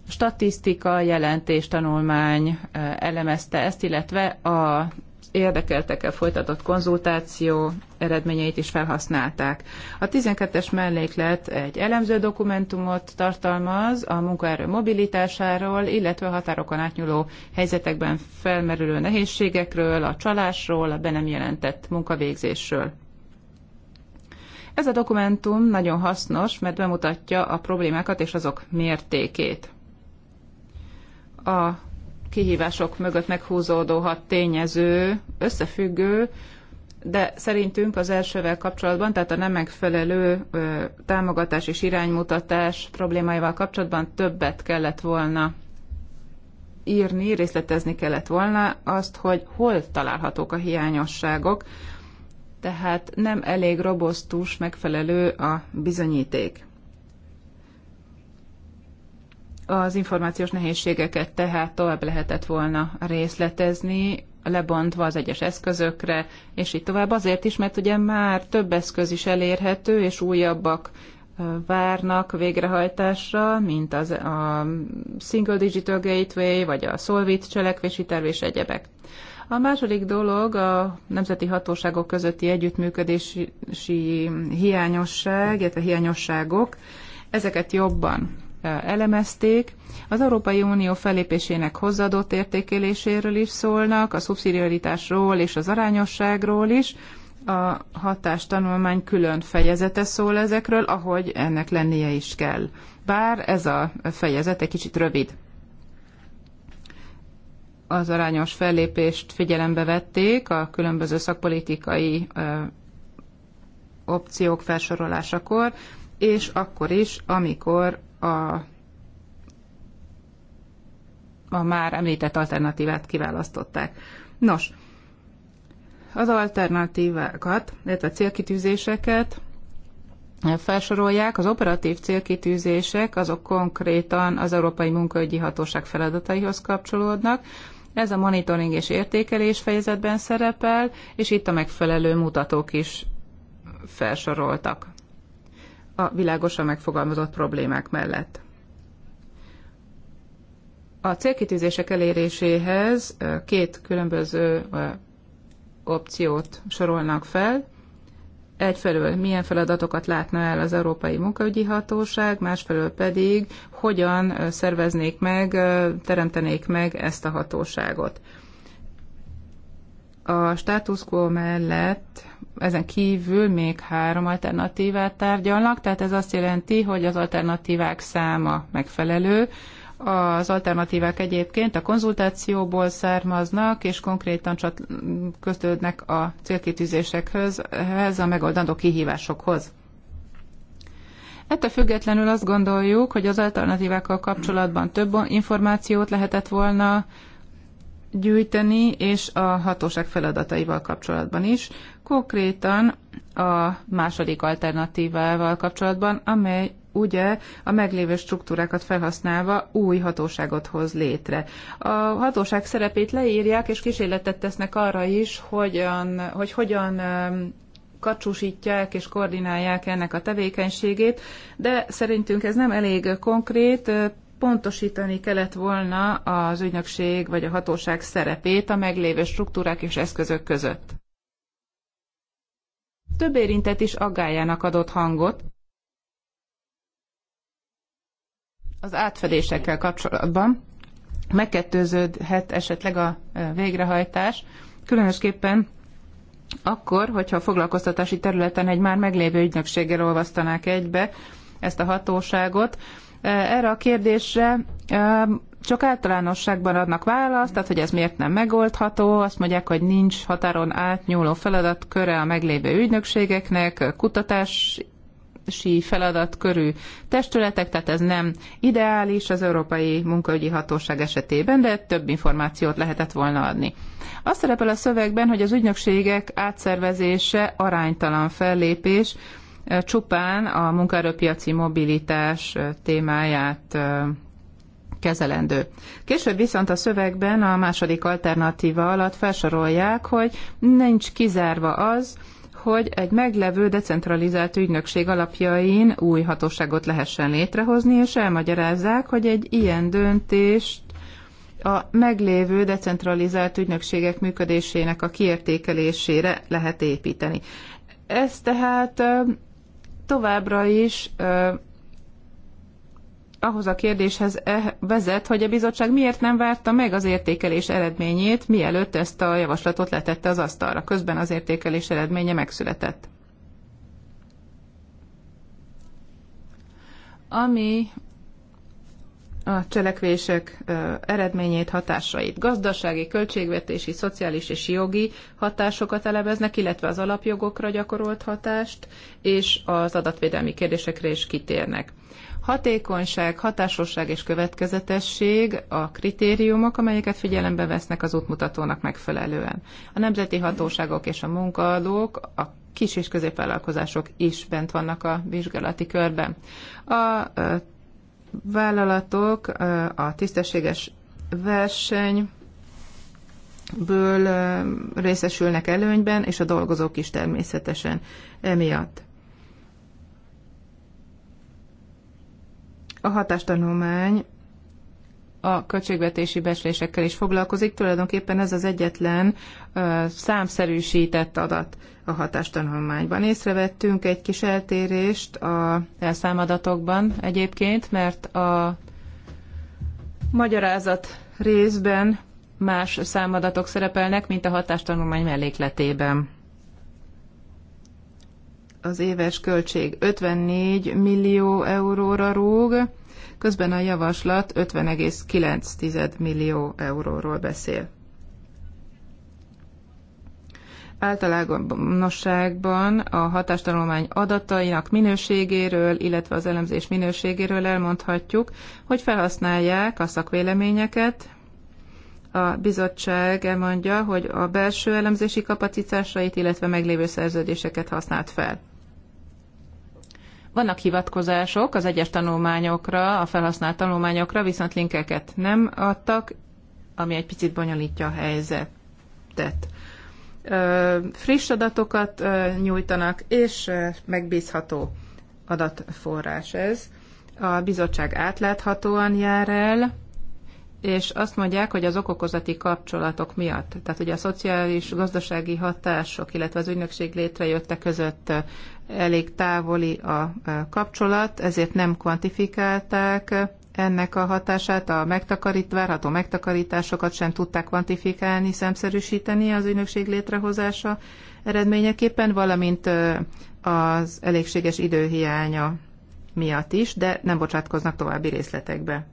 statisztika, jelentés, tanulmány elemezte ezt, illetve a érdekeltekkel folytatott konzultáció eredményeit is felhasználták. A 12-es melléklet egy elemző dokumentumot tartalmaz a munkaerő mobilitásáról, illetve a határokon átnyúló helyzetekben felmerülő nehézségekről, a csalásról, a be nem jelentett munkavégzésről. Ez a dokumentum nagyon hasznos, mert bemutatja a problémákat és azok mértékét. A kihívások mögött meghúzódó hat tényező, összefüggő, de szerintünk az elsővel kapcsolatban, tehát a nem megfelelő ö, támogatás és iránymutatás problémáival kapcsolatban többet kellett volna írni, részletezni kellett volna azt, hogy hol találhatók a hiányosságok, tehát nem elég robosztus, megfelelő a bizonyíték. Az információs nehézségeket tehát tovább lehetett volna részletezni, lebontva az egyes eszközökre, és így tovább. Azért is, mert ugye már több eszköz is elérhető, és újabbak várnak végrehajtásra, mint az a Single Digital Gateway, vagy a Solvit cselekvési terv és egyebek. A második dolog a nemzeti hatóságok közötti együttműködési hiányosság, illetve hiányosságok. Ezeket jobban e, elemezték. Az Európai Unió felépésének hozzáadott értékeléséről is szólnak, a szubszidiaritásról és az arányosságról is. A hatástanulmány külön fejezete szól ezekről, ahogy ennek lennie is kell. Bár ez a fejezet egy kicsit rövid az arányos fellépést figyelembe vették a különböző szakpolitikai opciók felsorolásakor, és akkor is, amikor a, a már említett alternatívát kiválasztották. Nos, az alternatívákat, illetve célkitűzéseket felsorolják. Az operatív célkitűzések azok konkrétan az Európai Munkaügyi Hatóság feladataihoz kapcsolódnak, ez a monitoring és értékelés fejezetben szerepel, és itt a megfelelő mutatók is felsoroltak a világosan megfogalmazott problémák mellett. A célkitűzések eléréséhez két különböző opciót sorolnak fel egyfelől milyen feladatokat látna el az Európai Munkaügyi Hatóság, másfelől pedig hogyan szerveznék meg, teremtenék meg ezt a hatóságot. A status quo mellett ezen kívül még három alternatívát tárgyalnak, tehát ez azt jelenti, hogy az alternatívák száma megfelelő, az alternatívák egyébként a konzultációból származnak, és konkrétan csat- kötődnek a célkitűzésekhez, ehhez a megoldandó kihívásokhoz. Ettől függetlenül azt gondoljuk, hogy az alternatívákkal kapcsolatban több információt lehetett volna gyűjteni, és a hatóság feladataival kapcsolatban is, konkrétan a második alternatívával kapcsolatban, amely ugye a meglévő struktúrákat felhasználva új hatóságot hoz létre. A hatóság szerepét leírják, és kísérletet tesznek arra is, hogyan, hogy hogyan um, kacsúsítják és koordinálják ennek a tevékenységét, de szerintünk ez nem elég konkrét, pontosítani kellett volna az ügynökség vagy a hatóság szerepét a meglévő struktúrák és eszközök között. Több érintett is aggájának adott hangot, az átfedésekkel kapcsolatban megkettőződhet esetleg a e, végrehajtás, különösképpen akkor, hogyha a foglalkoztatási területen egy már meglévő ügynökséggel olvasztanák egybe ezt a hatóságot. E, erre a kérdésre e, csak általánosságban adnak választ, tehát hogy ez miért nem megoldható, azt mondják, hogy nincs határon átnyúló feladatköre a meglévő ügynökségeknek, kutatás sí körű testületek, tehát ez nem ideális az Európai Munkaügyi Hatóság esetében, de több információt lehetett volna adni. Azt szerepel a szövegben, hogy az ügynökségek átszervezése aránytalan fellépés, e, csupán a munkaerőpiaci mobilitás e, témáját e, kezelendő. Később viszont a szövegben a második alternatíva alatt felsorolják, hogy nincs kizárva az, hogy egy meglevő decentralizált ügynökség alapjain új hatóságot lehessen létrehozni, és elmagyarázzák, hogy egy ilyen döntést a meglévő decentralizált ügynökségek működésének a kiértékelésére lehet építeni. Ez tehát továbbra is ahhoz a kérdéshez eh, vezet, hogy a bizottság miért nem várta meg az értékelés eredményét, mielőtt ezt a javaslatot letette az asztalra. Közben az értékelés eredménye megszületett. Ami a cselekvések eh, eredményét, hatásait, gazdasági, költségvetési, szociális és jogi hatásokat elemeznek, illetve az alapjogokra gyakorolt hatást, és az adatvédelmi kérdésekre is kitérnek. Hatékonyság, hatásosság és következetesség a kritériumok, amelyeket figyelembe vesznek az útmutatónak megfelelően. A nemzeti hatóságok és a munkaadók, a kis és középvállalkozások is bent vannak a vizsgálati körben. A vállalatok a tisztességes verseny ből részesülnek előnyben, és a dolgozók is természetesen emiatt. A hatástanulmány a költségvetési becslésekkel is foglalkozik. Tulajdonképpen ez az egyetlen ö, számszerűsített adat a hatástanulmányban. Észrevettünk egy kis eltérést a elszámadatokban egyébként, mert a magyarázat részben más számadatok szerepelnek, mint a hatástanulmány mellékletében az éves költség 54 millió euróra rúg, közben a javaslat 50,9 millió euróról beszél. általánosságban a hatástanulmány adatainak minőségéről, illetve az elemzés minőségéről elmondhatjuk, hogy felhasználják a szakvéleményeket. A bizottság elmondja, hogy a belső elemzési kapacitásait, illetve meglévő szerződéseket használt fel. Vannak hivatkozások az egyes tanulmányokra, a felhasznált tanulmányokra, viszont linkeket nem adtak, ami egy picit bonyolítja a helyzetet. Friss adatokat nyújtanak, és megbízható adatforrás ez. A bizottság átláthatóan jár el, és azt mondják, hogy az okokozati kapcsolatok miatt, tehát ugye a szociális, gazdasági hatások, illetve az ügynökség létrejötte között eh, elég távoli a eh, kapcsolat, ezért nem kvantifikálták eh, ennek a hatását, a megtakarít, várható megtakarításokat sem tudták kvantifikálni, szemszerűsíteni az ügynökség létrehozása eredményeképpen, valamint az elégséges időhiánya miatt is, de nem bocsátkoznak további részletekbe.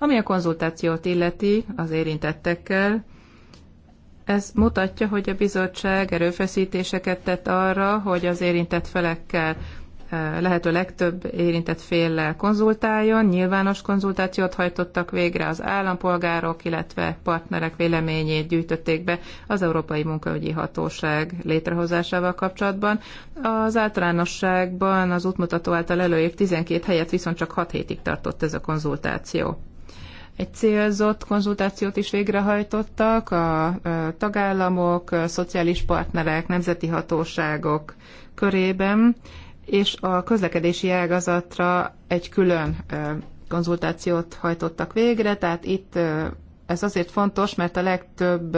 Ami a konzultációt illeti az érintettekkel, ez mutatja, hogy a bizottság erőfeszítéseket tett arra, hogy az érintett felekkel e, lehető legtöbb érintett féllel konzultáljon, nyilvános konzultációt hajtottak végre az állampolgárok, illetve partnerek véleményét gyűjtötték be az Európai Munkaügyi Hatóság létrehozásával kapcsolatban. Az általánosságban az útmutató által előírt 12 helyet viszont csak 6 hétig tartott ez a konzultáció. Egy célzott konzultációt is végrehajtottak a tagállamok, a szociális partnerek, nemzeti hatóságok körében, és a közlekedési ágazatra egy külön konzultációt hajtottak végre, tehát itt ez azért fontos, mert a legtöbb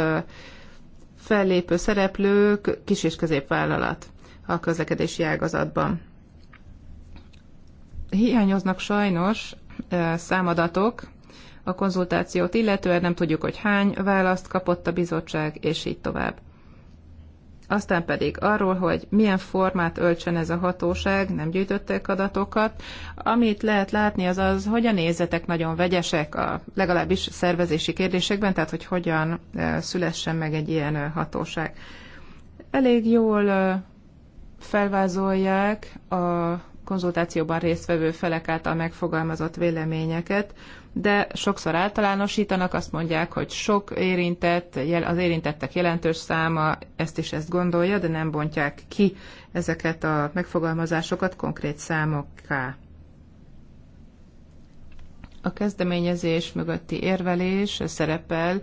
fellépő szereplők kis- és középvállalat a közlekedési ágazatban. Hiányoznak sajnos számadatok a konzultációt illetően, nem tudjuk, hogy hány választ kapott a bizottság, és így tovább. Aztán pedig arról, hogy milyen formát öltsen ez a hatóság, nem gyűjtöttek adatokat. Amit lehet látni, az az, hogy a nézetek nagyon vegyesek, a, legalábbis szervezési kérdésekben, tehát hogy hogyan szülessen meg egy ilyen hatóság. Elég jól felvázolják a konzultációban résztvevő felek által megfogalmazott véleményeket, de sokszor általánosítanak, azt mondják, hogy sok érintett, az érintettek jelentős száma ezt is ezt gondolja, de nem bontják ki ezeket a megfogalmazásokat konkrét számokká. A kezdeményezés mögötti érvelés szerepel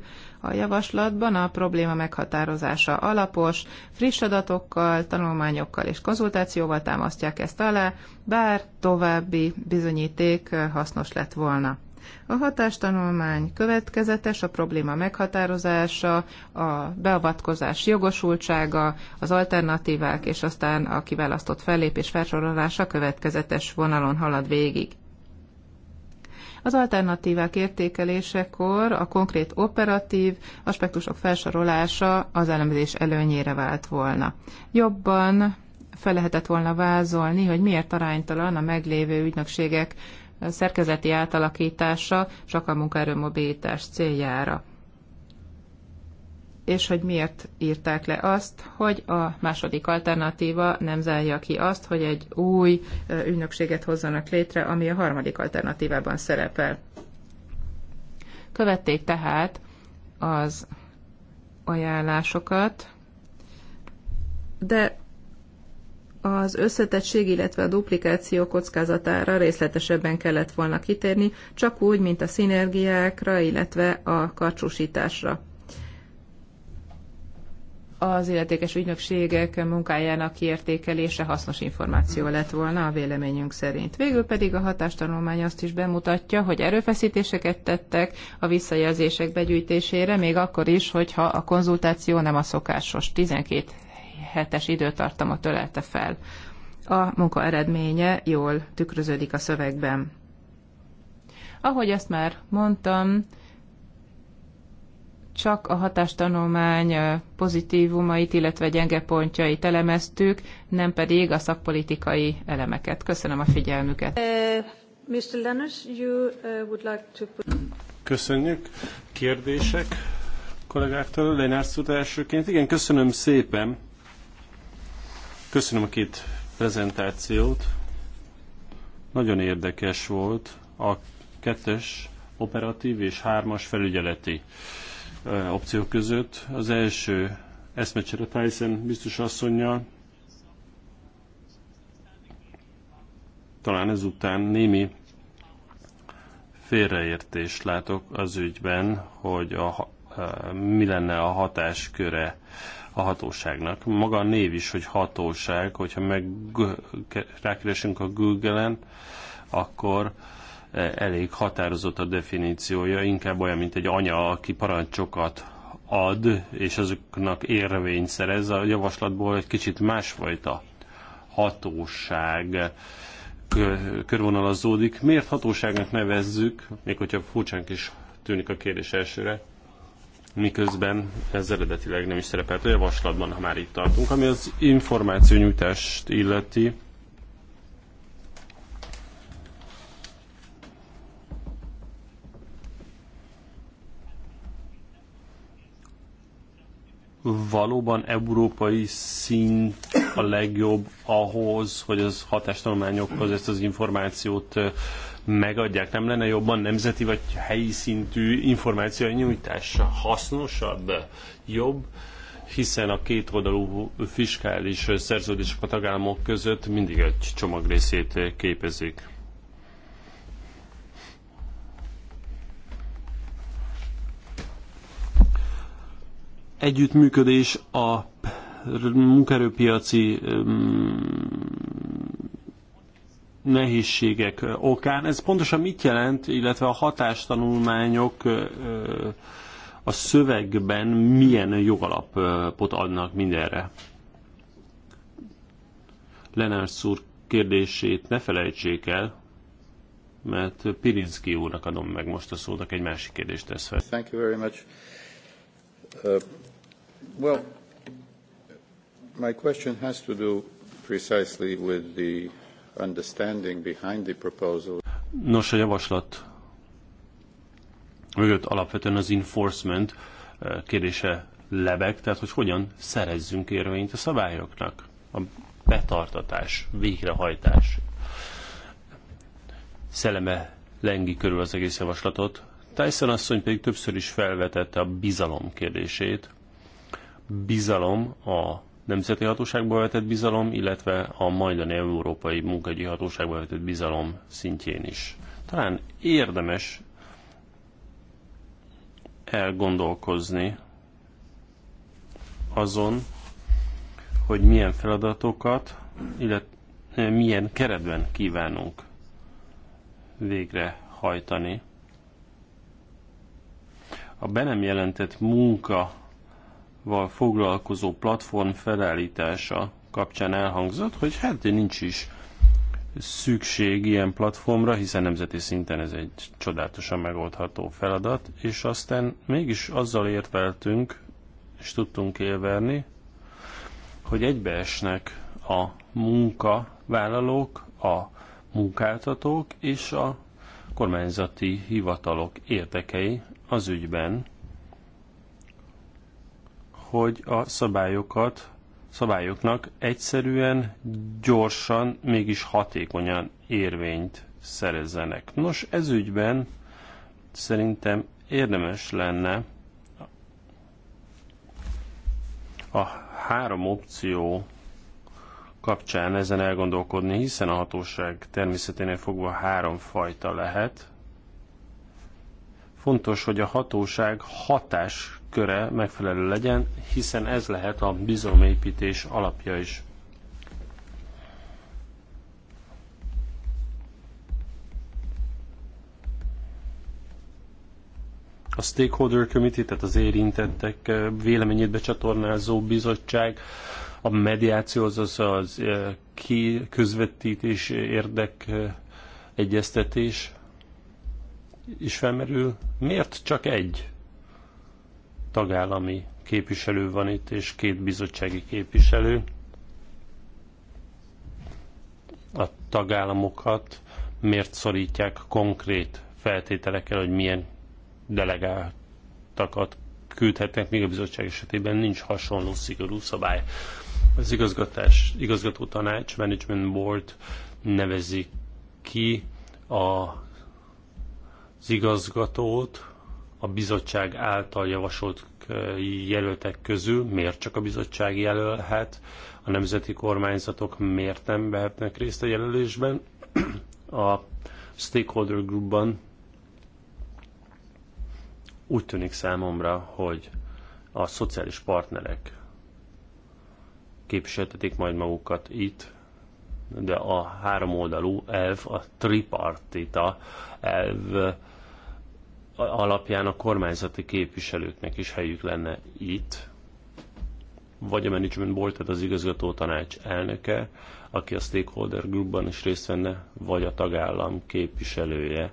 a javaslatban a probléma meghatározása alapos, friss adatokkal, tanulmányokkal és konzultációval támasztják ezt alá, bár további bizonyíték hasznos lett volna. A hatástanulmány következetes, a probléma meghatározása, a beavatkozás jogosultsága, az alternatívák és aztán a kiválasztott fellépés felsorolása következetes vonalon halad végig. Az alternatívák értékelésekor a konkrét operatív aspektusok felsorolása az elemzés előnyére vált volna. Jobban fel lehetett volna vázolni, hogy miért aránytalan a meglévő ügynökségek szerkezeti átalakítása csak a munkaerő mobilitás céljára és hogy miért írták le azt, hogy a második alternatíva nem zárja ki azt, hogy egy új ügynökséget hozzanak létre, ami a harmadik alternatívában szerepel. Követték tehát az ajánlásokat, de az összetettség, illetve a duplikáció kockázatára részletesebben kellett volna kitérni, csak úgy, mint a szinergiákra, illetve a karcsúsításra az illetékes ügynökségek munkájának kiértékelése hasznos információ lett volna a véleményünk szerint. Végül pedig a hatástanulmány azt is bemutatja, hogy erőfeszítéseket tettek a visszajelzések begyűjtésére, még akkor is, hogyha a konzultáció nem a szokásos 12 hetes időtartama tölelte fel. A munka eredménye jól tükröződik a szövegben. Ahogy azt már mondtam, csak a hatástanulmány pozitívumait, illetve gyenge pontjait elemeztük, nem pedig a szakpolitikai elemeket. Köszönöm a figyelmüket. Mr. you would like to Köszönjük. Kérdések kollégáktól. Lenársz úr elsőként. Igen, köszönöm szépen. Köszönöm a két prezentációt. Nagyon érdekes volt a kettes operatív és hármas felügyeleti opciók között. Az első eszmecsere Tyson biztos asszonynal. Talán ezután némi félreértést látok az ügyben, hogy a, a, mi lenne a hatásköre a hatóságnak. Maga a név is, hogy hatóság, hogyha meg rákeresünk a Google-en, akkor uh, elég határozott a definíciója, inkább olyan, mint egy anya, aki parancsokat ad, és azoknak érvény szerez. A javaslatból egy kicsit másfajta hatóság körvonalazódik. Miért hatóságnak nevezzük, még hogyha furcsán is tűnik a kérdés elsőre, miközben ez eredetileg nem is szerepelt a javaslatban, ha már itt tartunk, ami az információnyújtást illeti valóban európai szint a legjobb ahhoz, hogy az hatástanulmányokhoz ezt az információt megadják? Nem lenne jobban nemzeti vagy helyi szintű nyújtása hasznosabb, jobb? hiszen a oldalú fiskális szerződések a tagállamok között mindig egy csomag részét képezik. együttműködés a munkaerőpiaci nehézségek okán. Ez pontosan mit jelent, illetve a hatástanulmányok a szövegben milyen jogalapot adnak mindenre? Lenárs úr kérdését ne felejtsék el, mert Pirinszki úrnak adom meg most a szót, egy másik kérdést tesz fel. Thank you very much. Uh, Well, my question has to do precisely with the understanding behind the proposal. Nos, a javaslat mögött alapvetően az enforcement eh, kérdése lebeg, tehát hogy hogyan szerezzünk érvényt a szabályoknak. A betartatás, végrehajtás Szeleme lengi körül az egész javaslatot. Tyson asszony pedig többször is felvetette a bizalom kérdését, bizalom, a nemzeti hatóságba vetett bizalom, illetve a majdani európai munkahelyi hatóságba vetett bizalom szintjén is. Talán érdemes elgondolkozni azon, hogy milyen feladatokat, illetve eh, milyen keretben kívánunk végrehajtani. A be nem jelentett munka val foglalkozó platform felállítása kapcsán elhangzott, hogy hát nincs is szükség ilyen platformra, hiszen nemzeti szinten ez egy csodálatosan megoldható feladat, és aztán mégis azzal érveltünk, és tudtunk élverni, hogy egybeesnek a munkavállalók, a munkáltatók és a kormányzati hivatalok érdekei az ügyben, hogy a szabályokat, szabályoknak egyszerűen, gyorsan, mégis hatékonyan érvényt szerezzenek. Nos, ez ügyben szerintem érdemes lenne a három opció kapcsán ezen elgondolkodni, hiszen a hatóság természeténél fogva három fajta lehet. Fontos, hogy a hatóság hatás köre megfelelő legyen, hiszen ez lehet a bizalomépítés alapja is. a Stakeholder Committee, tehát az érintettek eh, véleményét becsatornázó bizottság, a mediáció, azaz az eh, ki közvetítés érdek eh, egyeztetés is felmerül. Miért csak egy? tagállami képviselő van itt, és két bizottsági képviselő. A tagállamokat miért szorítják konkrét feltételekkel, hogy milyen delegáltakat küldhetnek, még a bizottság esetében nincs hasonló szigorú szabály. Az igazgatás, igazgató tanács, management board nevezi ki a, az igazgatót, a bizottság által javasolt jelöltek közül miért csak a bizottság jelölhet, a nemzeti kormányzatok miért nem vehetnek részt a jelölésben, a stakeholder groupban úgy tűnik számomra, hogy a szociális partnerek képviseltetik majd magukat itt, de a háromoldalú elv, a tripartita elv alapján a kormányzati képviselőknek is helyük lenne itt, vagy a Management Board, tehát az igazgató tanács elnöke, aki a stakeholder groupban is részt venne, vagy a tagállam képviselője,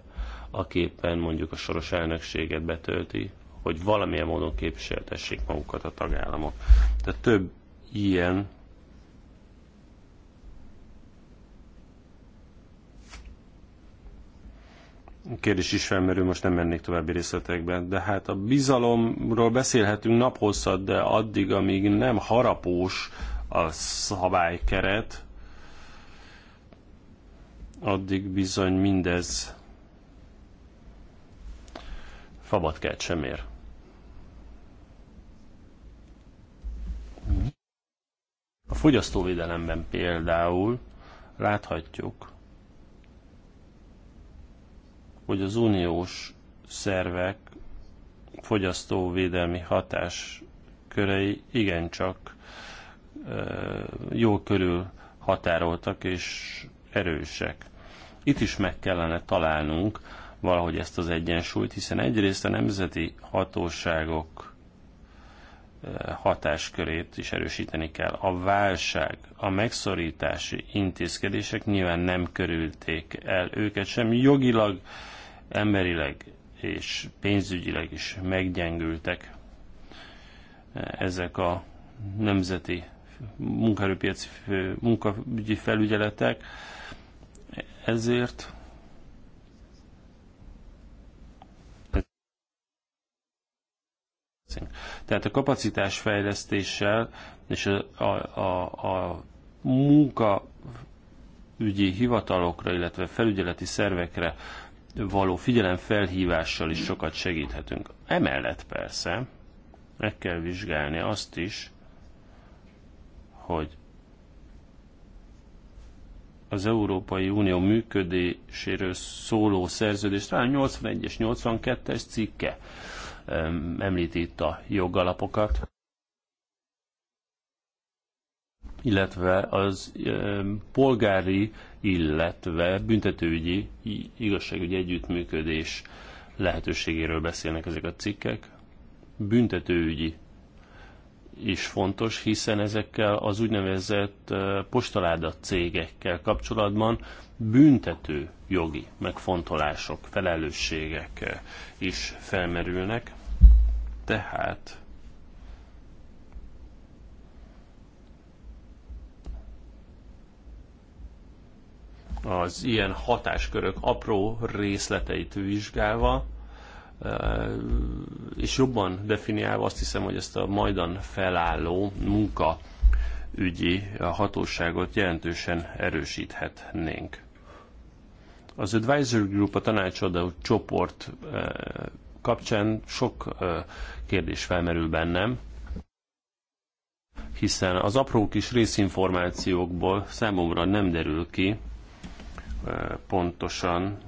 aki éppen mondjuk a soros elnökséget betölti, hogy valamilyen módon képviseltessék magukat a tagállamok. Tehát több ilyen kérdés is felmerül, most nem mennék további részletekbe, de hát a bizalomról beszélhetünk naphosszat, de addig, amíg nem harapós a szabálykeret, addig bizony mindez fabatkát sem ér. A fogyasztóvédelemben például láthatjuk, hogy az uniós szervek fogyasztóvédelmi hatás körei igencsak jó körül határoltak és erősek. Itt is meg kellene találnunk valahogy ezt az egyensúlyt, hiszen egyrészt a nemzeti hatóságok hatáskörét is erősíteni kell. A válság, a megszorítási intézkedések nyilván nem körülték el őket sem jogilag, emberileg és pénzügyileg is meggyengültek eh, ezek a nemzeti munkaerőpiaci eh, munkaügyi felügyeletek, ezért Tehát a kapacitásfejlesztéssel és a, a, a munkaügyi hivatalokra, illetve felügyeleti szervekre való felhívással is sokat segíthetünk. Emellett persze meg kell vizsgálni azt is, hogy az Európai Unió működéséről szóló szerződés, talán 81 es 82-es cikke említi itt a jogalapokat. illetve az polgári, illetve büntetőügyi igazságügyi együttműködés lehetőségéről beszélnek ezek a cikkek. Büntetőügyi is fontos, hiszen ezekkel az úgynevezett postaláda cégekkel kapcsolatban büntető jogi megfontolások, felelősségek is felmerülnek. Tehát az ilyen hatáskörök apró részleteit vizsgálva, és jobban definiálva azt hiszem, hogy ezt a majdan felálló munka ügyi hatóságot jelentősen erősíthetnénk. Az Advisory Group, a tanácsadó csoport kapcsán sok kérdés felmerül bennem, hiszen az apró kis részinformációkból számomra nem derül ki, pontosan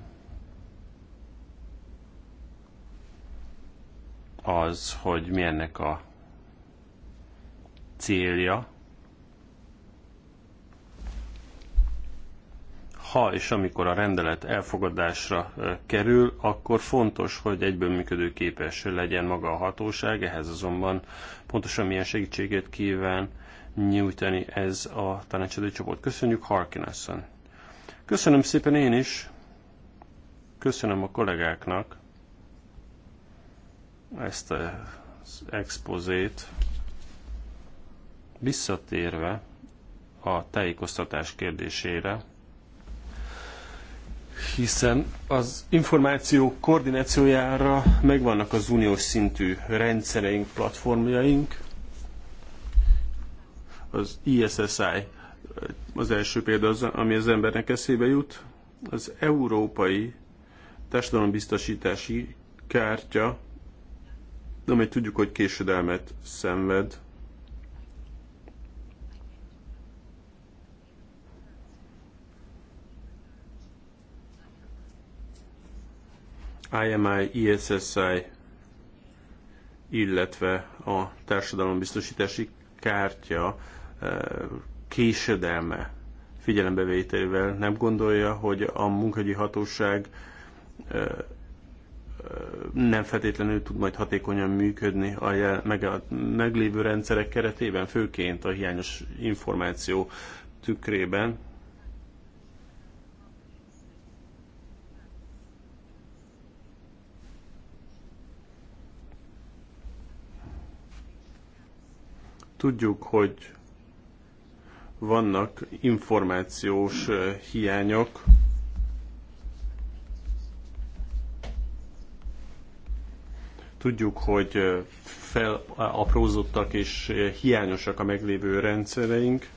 az, hogy mi ennek a célja, ha és amikor a rendelet elfogadásra kerül, akkor fontos, hogy egyből működőképes legyen maga a hatóság, ehhez azonban pontosan milyen segítséget kíván nyújtani ez a tanácsadó csoport. Köszönjük, Harkin asszony! Köszönöm szépen én is. Köszönöm a kollégáknak ezt az expozét. Visszatérve a tájékoztatás kérdésére, hiszen az információ koordinációjára megvannak az uniós szintű rendszereink, platformjaink, az ISSI az első példa az, ami az embernek eszébe jut, az európai társadalombiztosítási kártya, amely tudjuk, hogy késedelmet szenved. IMI, ISSI, illetve a társadalombiztosítási kártya eh, késedelme figyelembevételével nem gondolja, hogy a munkahogyi hatóság nem feltétlenül tud majd hatékonyan működni a, jel, meg a meglévő rendszerek keretében, főként a hiányos információ tükrében. Tudjuk, hogy vannak információs hiányok, tudjuk, hogy felaprózottak és hiányosak a meglévő rendszereink.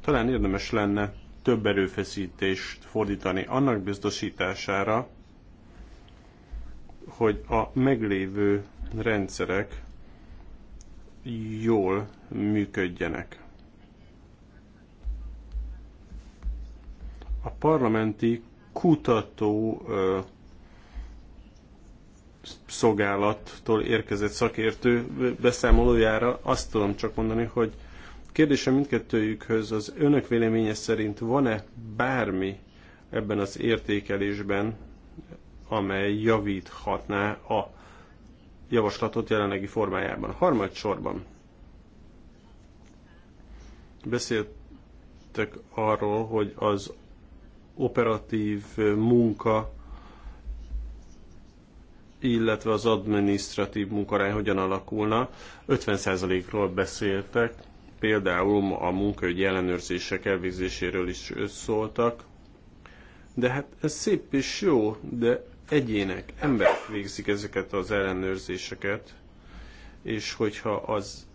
Talán érdemes lenne több erőfeszítést fordítani annak biztosítására, hogy a meglévő rendszerek jól működjenek. A parlamenti kutató szolgálattól érkezett szakértő beszámolójára azt tudom csak mondani, hogy kérdésem mindkettőjükhöz az önök véleménye szerint van-e bármi ebben az értékelésben, amely javíthatná a javaslatot jelenlegi formájában. Harmad sorban beszéltek arról, hogy az operatív munka, illetve az adminisztratív munkarány hogyan alakulna. 50%-ról beszéltek, például a munkaügyi ellenőrzések elvégzéséről is szóltak. De hát ez szép és jó, de egyének, emberek végzik ezeket az ellenőrzéseket, és hogyha az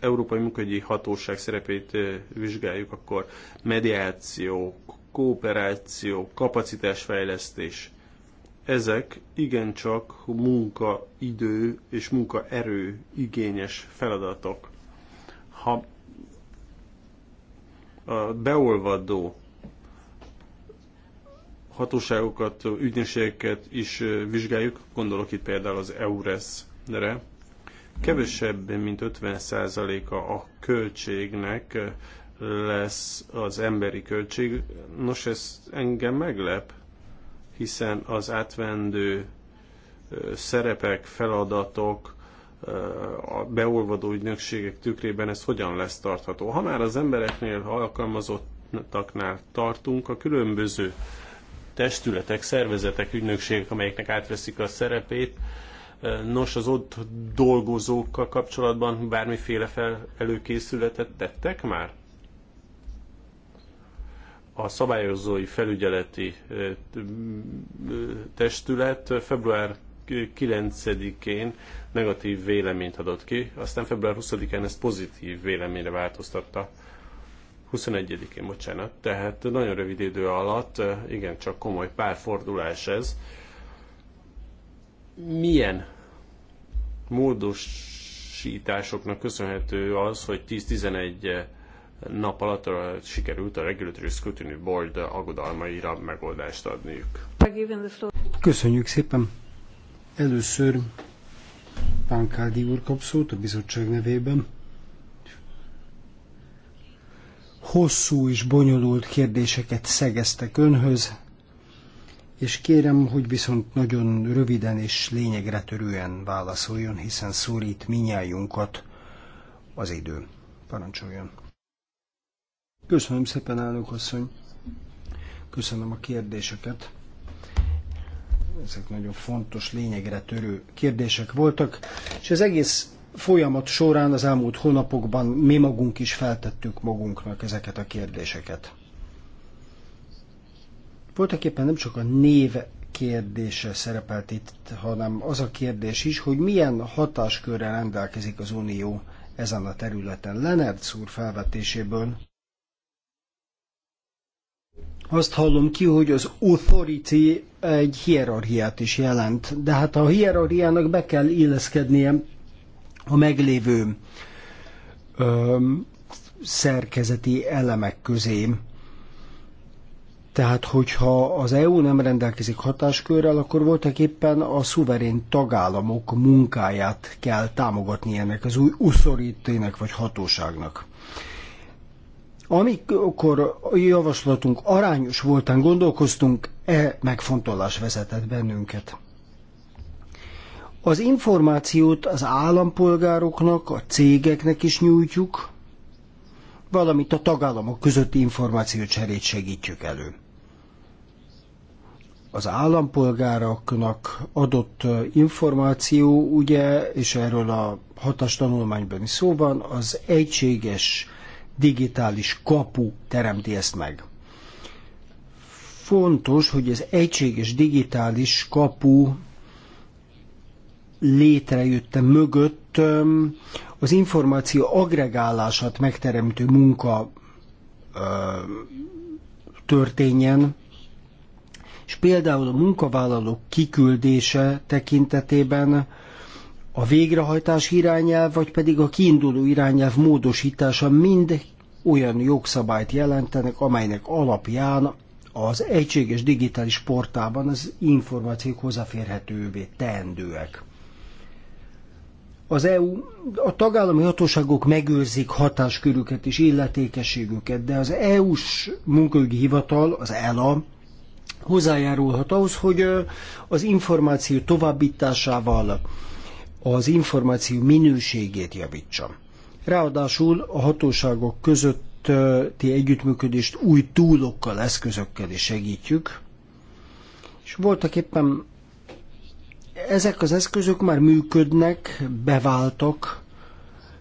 Európai Munkahogyi Hatóság szerepét vizsgáljuk, akkor mediáció, kooperáció, kapacitásfejlesztés, ezek igencsak munkaidő és munkaerő igényes feladatok. Ha a beolvadó hatóságokat, ügynökségeket is vizsgáljuk, gondolok itt például az EURES-re. Kevesebb, mint 50%-a a költségnek lesz az emberi költség. Nos, ez engem meglep, hiszen az átvendő szerepek, feladatok, a beolvadó ügynökségek tükrében ez hogyan lesz tartható. Ha már az embereknél ha alkalmazottaknál tartunk, a különböző testületek, szervezetek, ügynökségek, amelyeknek átveszik a szerepét. Nos, az ott dolgozókkal kapcsolatban bármiféle fel, előkészületet tettek már? A szabályozói felügyeleti testület február 9-én negatív véleményt adott ki, aztán február 20-án ezt pozitív véleményre változtatta 21-én, bocsánat, tehát nagyon rövid idő alatt, eh, igen, csak komoly párfordulás ez. Milyen módosításoknak köszönhető az, hogy 10-11 eh, nap alatt eh, sikerült a Regulatory Scrutiny Board aggodalmaira megoldást adniuk. Köszönjük szépen! Először Pánkádi úr kap szót a bizottság nevében. hosszú és bonyolult kérdéseket szegeztek önhöz, és kérem, hogy viszont nagyon röviden és lényegre törően válaszoljon, hiszen szorít minnyájunkat az idő. Parancsoljon. Köszönöm szépen, elnök asszony. Köszönöm a kérdéseket. Ezek nagyon fontos, lényegre törő kérdések voltak, és az egész folyamat során az elmúlt hónapokban mi magunk is feltettük magunknak ezeket a kérdéseket. Voltak éppen nem csak a név kérdése szerepelt itt, hanem az a kérdés is, hogy milyen hatáskörrel rendelkezik az Unió ezen a területen. Lenert úr felvetéséből azt hallom ki, hogy az authority egy hierarchiát is jelent, de hát a hierarchiának be kell illeszkednie a meglévő szerkezeti elemek közé. Tehát, hogyha az EU nem rendelkezik hatáskörrel, akkor voltak éppen a szuverén tagállamok munkáját kell támogatni ennek az új uszorítének vagy hatóságnak. Amikor a javaslatunk arányos voltán gondolkoztunk, e megfontolás vezetett bennünket. Az információt az állampolgároknak, a cégeknek is nyújtjuk, valamint a tagállamok közötti információcserét segítjük elő. Az állampolgároknak adott információ, ugye, és erről a hatas tanulmányban is szó van, az egységes digitális kapu teremti ezt meg. Fontos, hogy az egységes digitális kapu létrejötte mögött az információ agregálását megteremtő munka történjen, és például a munkavállalók kiküldése tekintetében a végrehajtás irányelv, vagy pedig a kiinduló irányelv módosítása mind olyan jogszabályt jelentenek, amelynek alapján az egységes digitális portában az információk hozzáférhetővé teendőek. Az EU, a tagállami hatóságok megőrzik hatáskörüket és illetékességüket, de az EU-s munkaügyi hivatal, az ELA, hozzájárulhat ahhoz, hogy az információ továbbításával az információ minőségét javítsa. Ráadásul a hatóságok közötti együttműködést új túlokkal, eszközökkel is segítjük, és voltak éppen ezek az eszközök már működnek, beváltak,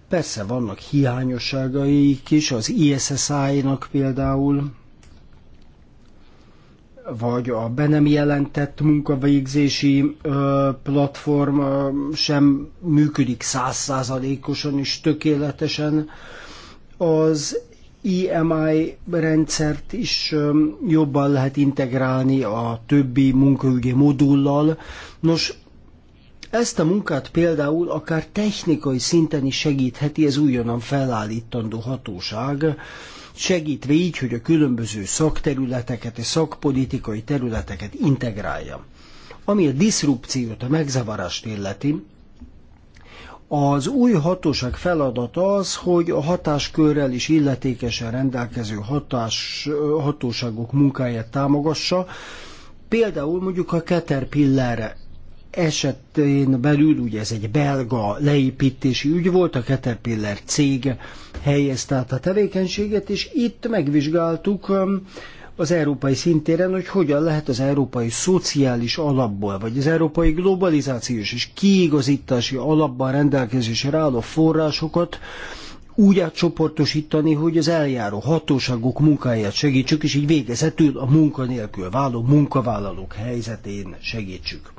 Persze vannak hiányosságaik is, az ISSI-nak például, vagy a be nem jelentett munkavégzési platform sem működik százszázalékosan és tökéletesen. Az EMI rendszert is jobban lehet integrálni a többi munkaügyi modullal. Nos, ezt a munkát például akár technikai szinten is segítheti az újonnan felállítandó hatóság, segítve így, hogy a különböző szakterületeket és szakpolitikai területeket integrálja. Ami a diszrupciót, a megzavarást illeti, az új hatóság feladata az, hogy a hatáskörrel is illetékesen rendelkező hatás, hatóságok munkáját támogassa, Például mondjuk a Caterpillar esetén belül, ugye ez egy belga leépítési ügy volt, a Caterpillar cég helyezte át a tevékenységet, és itt megvizsgáltuk um, az európai szintéren, hogy hogyan lehet az európai szociális alapból, vagy az európai globalizációs és kiigazítási alapban rendelkezésre álló forrásokat úgy átcsoportosítani, hogy az eljáró hatóságok munkáját segítsük, és így végezetül a munkanélkül váló munkavállalók helyzetén segítsük.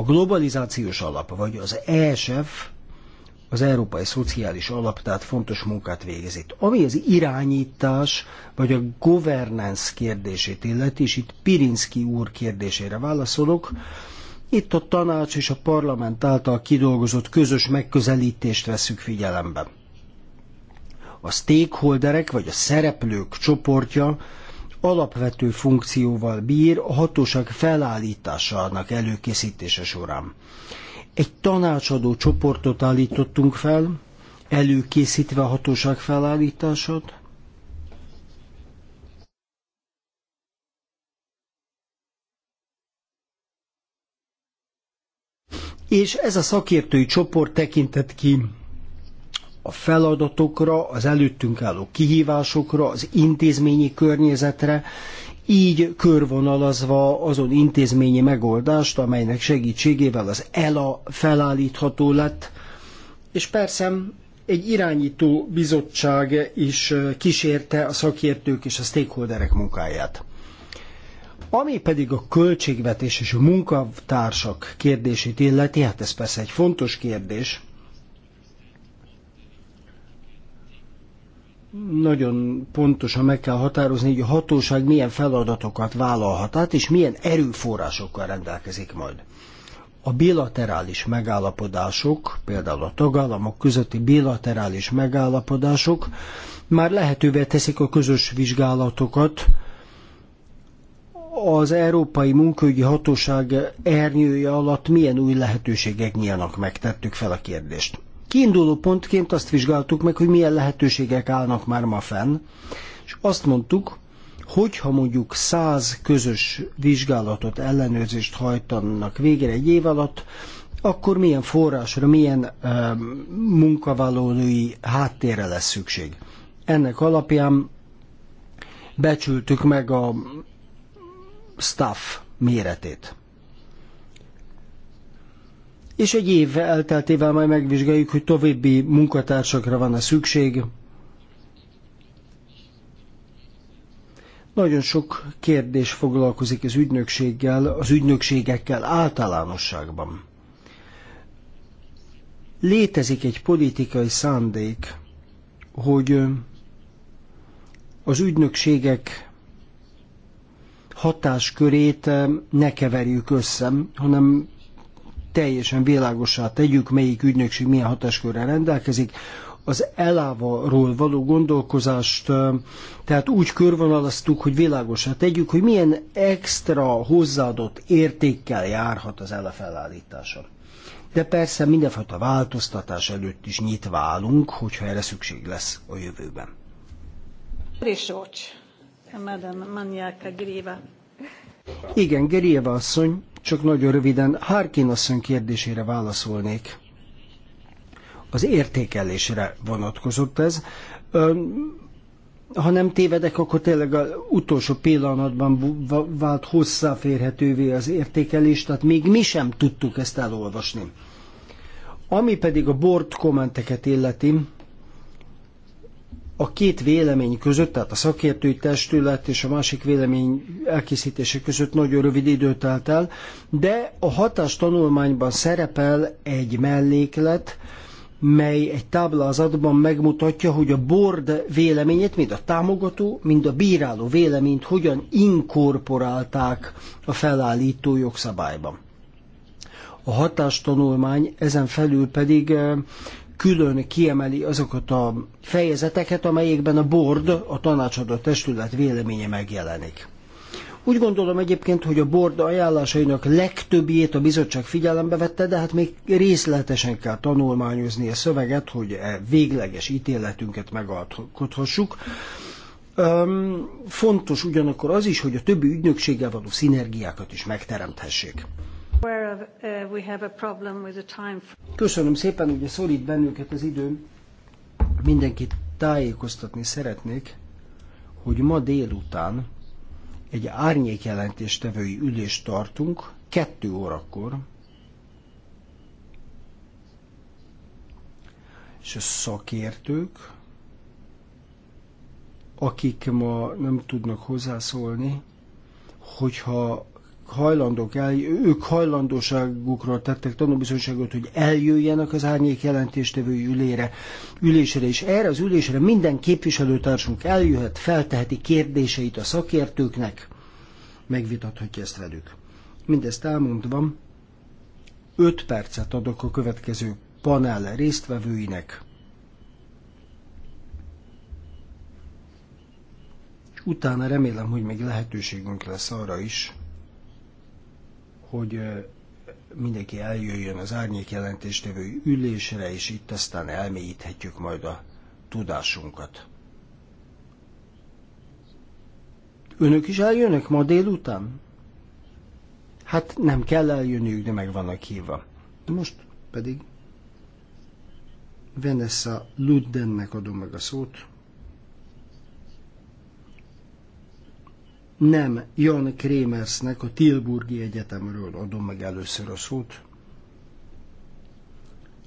A globalizációs alap, vagy az ESF, az Európai Szociális Alap, tehát fontos munkát végez itt. Ami az irányítás, vagy a governance kérdését illeti, és itt Pirinski úr kérdésére válaszolok, itt a tanács és a parlament által kidolgozott közös megközelítést veszük figyelembe. A stakeholderek, vagy a szereplők csoportja, alapvető funkcióval bír a hatóság felállításának előkészítése során. Egy tanácsadó csoportot állítottunk fel, előkészítve a hatóság felállítását, és ez a szakértői csoport tekintett ki a feladatokra, az előttünk álló kihívásokra, az intézményi környezetre, így körvonalazva azon intézményi megoldást, amelynek segítségével az ELA felállítható lett, és persze egy irányító bizottság is kísérte a szakértők és a stakeholderek munkáját. Ami pedig a költségvetés és a munkatársak kérdését illeti, hát ez persze egy fontos kérdés, nagyon pontosan meg kell határozni, hogy a hatóság milyen feladatokat vállalhat át, és milyen erőforrásokkal rendelkezik majd. A bilaterális megállapodások, például a tagállamok közötti bilaterális megállapodások már lehetővé teszik a közös vizsgálatokat, az Európai Munkaügyi Hatóság ernyője alatt milyen új lehetőségek nyílnak meg? Tettük fel a kérdést kiinduló pontként azt vizsgáltuk meg, hogy milyen lehetőségek állnak már ma fenn, és azt mondtuk, hogyha mondjuk száz közös vizsgálatot, ellenőrzést hajtanak végre egy év alatt, akkor milyen forrásra, milyen e, munkavállalói háttérre lesz szükség. Ennek alapján becsültük meg a staff méretét és egy év elteltével majd megvizsgáljuk, hogy további munkatársakra van-e szükség. Nagyon sok kérdés foglalkozik az ügynökséggel, az ügynökségekkel általánosságban. Létezik egy politikai szándék, hogy az ügynökségek hatáskörét ne keverjük össze, hanem teljesen világosá tegyük, melyik ügynökség milyen hatáskörrel rendelkezik, az elávaról való gondolkozást, tehát úgy körvonalaztuk, hogy világosá tegyük, hogy milyen extra hozzáadott értékkel járhat az ele felállítása. De persze mindenfajta változtatás előtt is nyitva állunk, hogyha erre szükség lesz a jövőben. Igen, Gerieva asszony csak nagyon röviden Harkin asszony kérdésére válaszolnék. Az értékelésre vonatkozott ez. Ha nem tévedek, akkor tényleg az utolsó pillanatban vált hozzáférhetővé az értékelés, tehát még mi sem tudtuk ezt elolvasni. Ami pedig a board kommenteket illeti, a két vélemény között, tehát a szakértői testület és a másik vélemény elkészítése között nagyon rövid időt telt el, de a hatástanulmányban szerepel egy melléklet, mely egy táblázatban megmutatja, hogy a board véleményét, mind a támogató, mind a bíráló véleményt hogyan inkorporálták a felállító jogszabályban. A hatástanulmány ezen felül pedig eh, külön kiemeli azokat a fejezeteket, amelyekben a board, a tanácsadó testület véleménye megjelenik. Úgy gondolom egyébként, hogy a board ajánlásainak legtöbbjét a bizottság figyelembe vette, de hát még részletesen kell tanulmányozni a szöveget, hogy e végleges ítéletünket megalkothassuk. Um, fontos ugyanakkor az is, hogy a többi ügynökséggel való szinergiákat is megteremthessék. Uh, Köszönöm szépen, ugye szorít bennünket az időm Mindenkit tájékoztatni szeretnék, hogy ma délután egy árnyékjelentéstevői ülést tartunk, kettő órakor, és a szakértők, akik ma nem tudnak hozzászólni, hogyha hajlandók el, ők hajlandóságukról tettek tanúbizonyságot, hogy eljöjjenek az árnyék jelentéstevő ülére, ülésre, és erre az ülésre minden képviselőtársunk eljöhet, felteheti kérdéseit a szakértőknek, megvitathatja ezt velük. Mindezt elmondva, 5 percet adok a következő panel résztvevőinek. Utána remélem, hogy még lehetőségünk lesz arra is, hogy mindenki eljöjjön az árnyék jelentéstevő ülésre, és itt aztán elmélyíthetjük majd a tudásunkat. Önök is eljönnek ma délután? Hát nem kell eljönniük, de meg vannak hívva. De most pedig Vanessa Luddennek adom meg a szót, nem Jan Krémersnek a Tilburgi Egyetemről adom meg először a szót.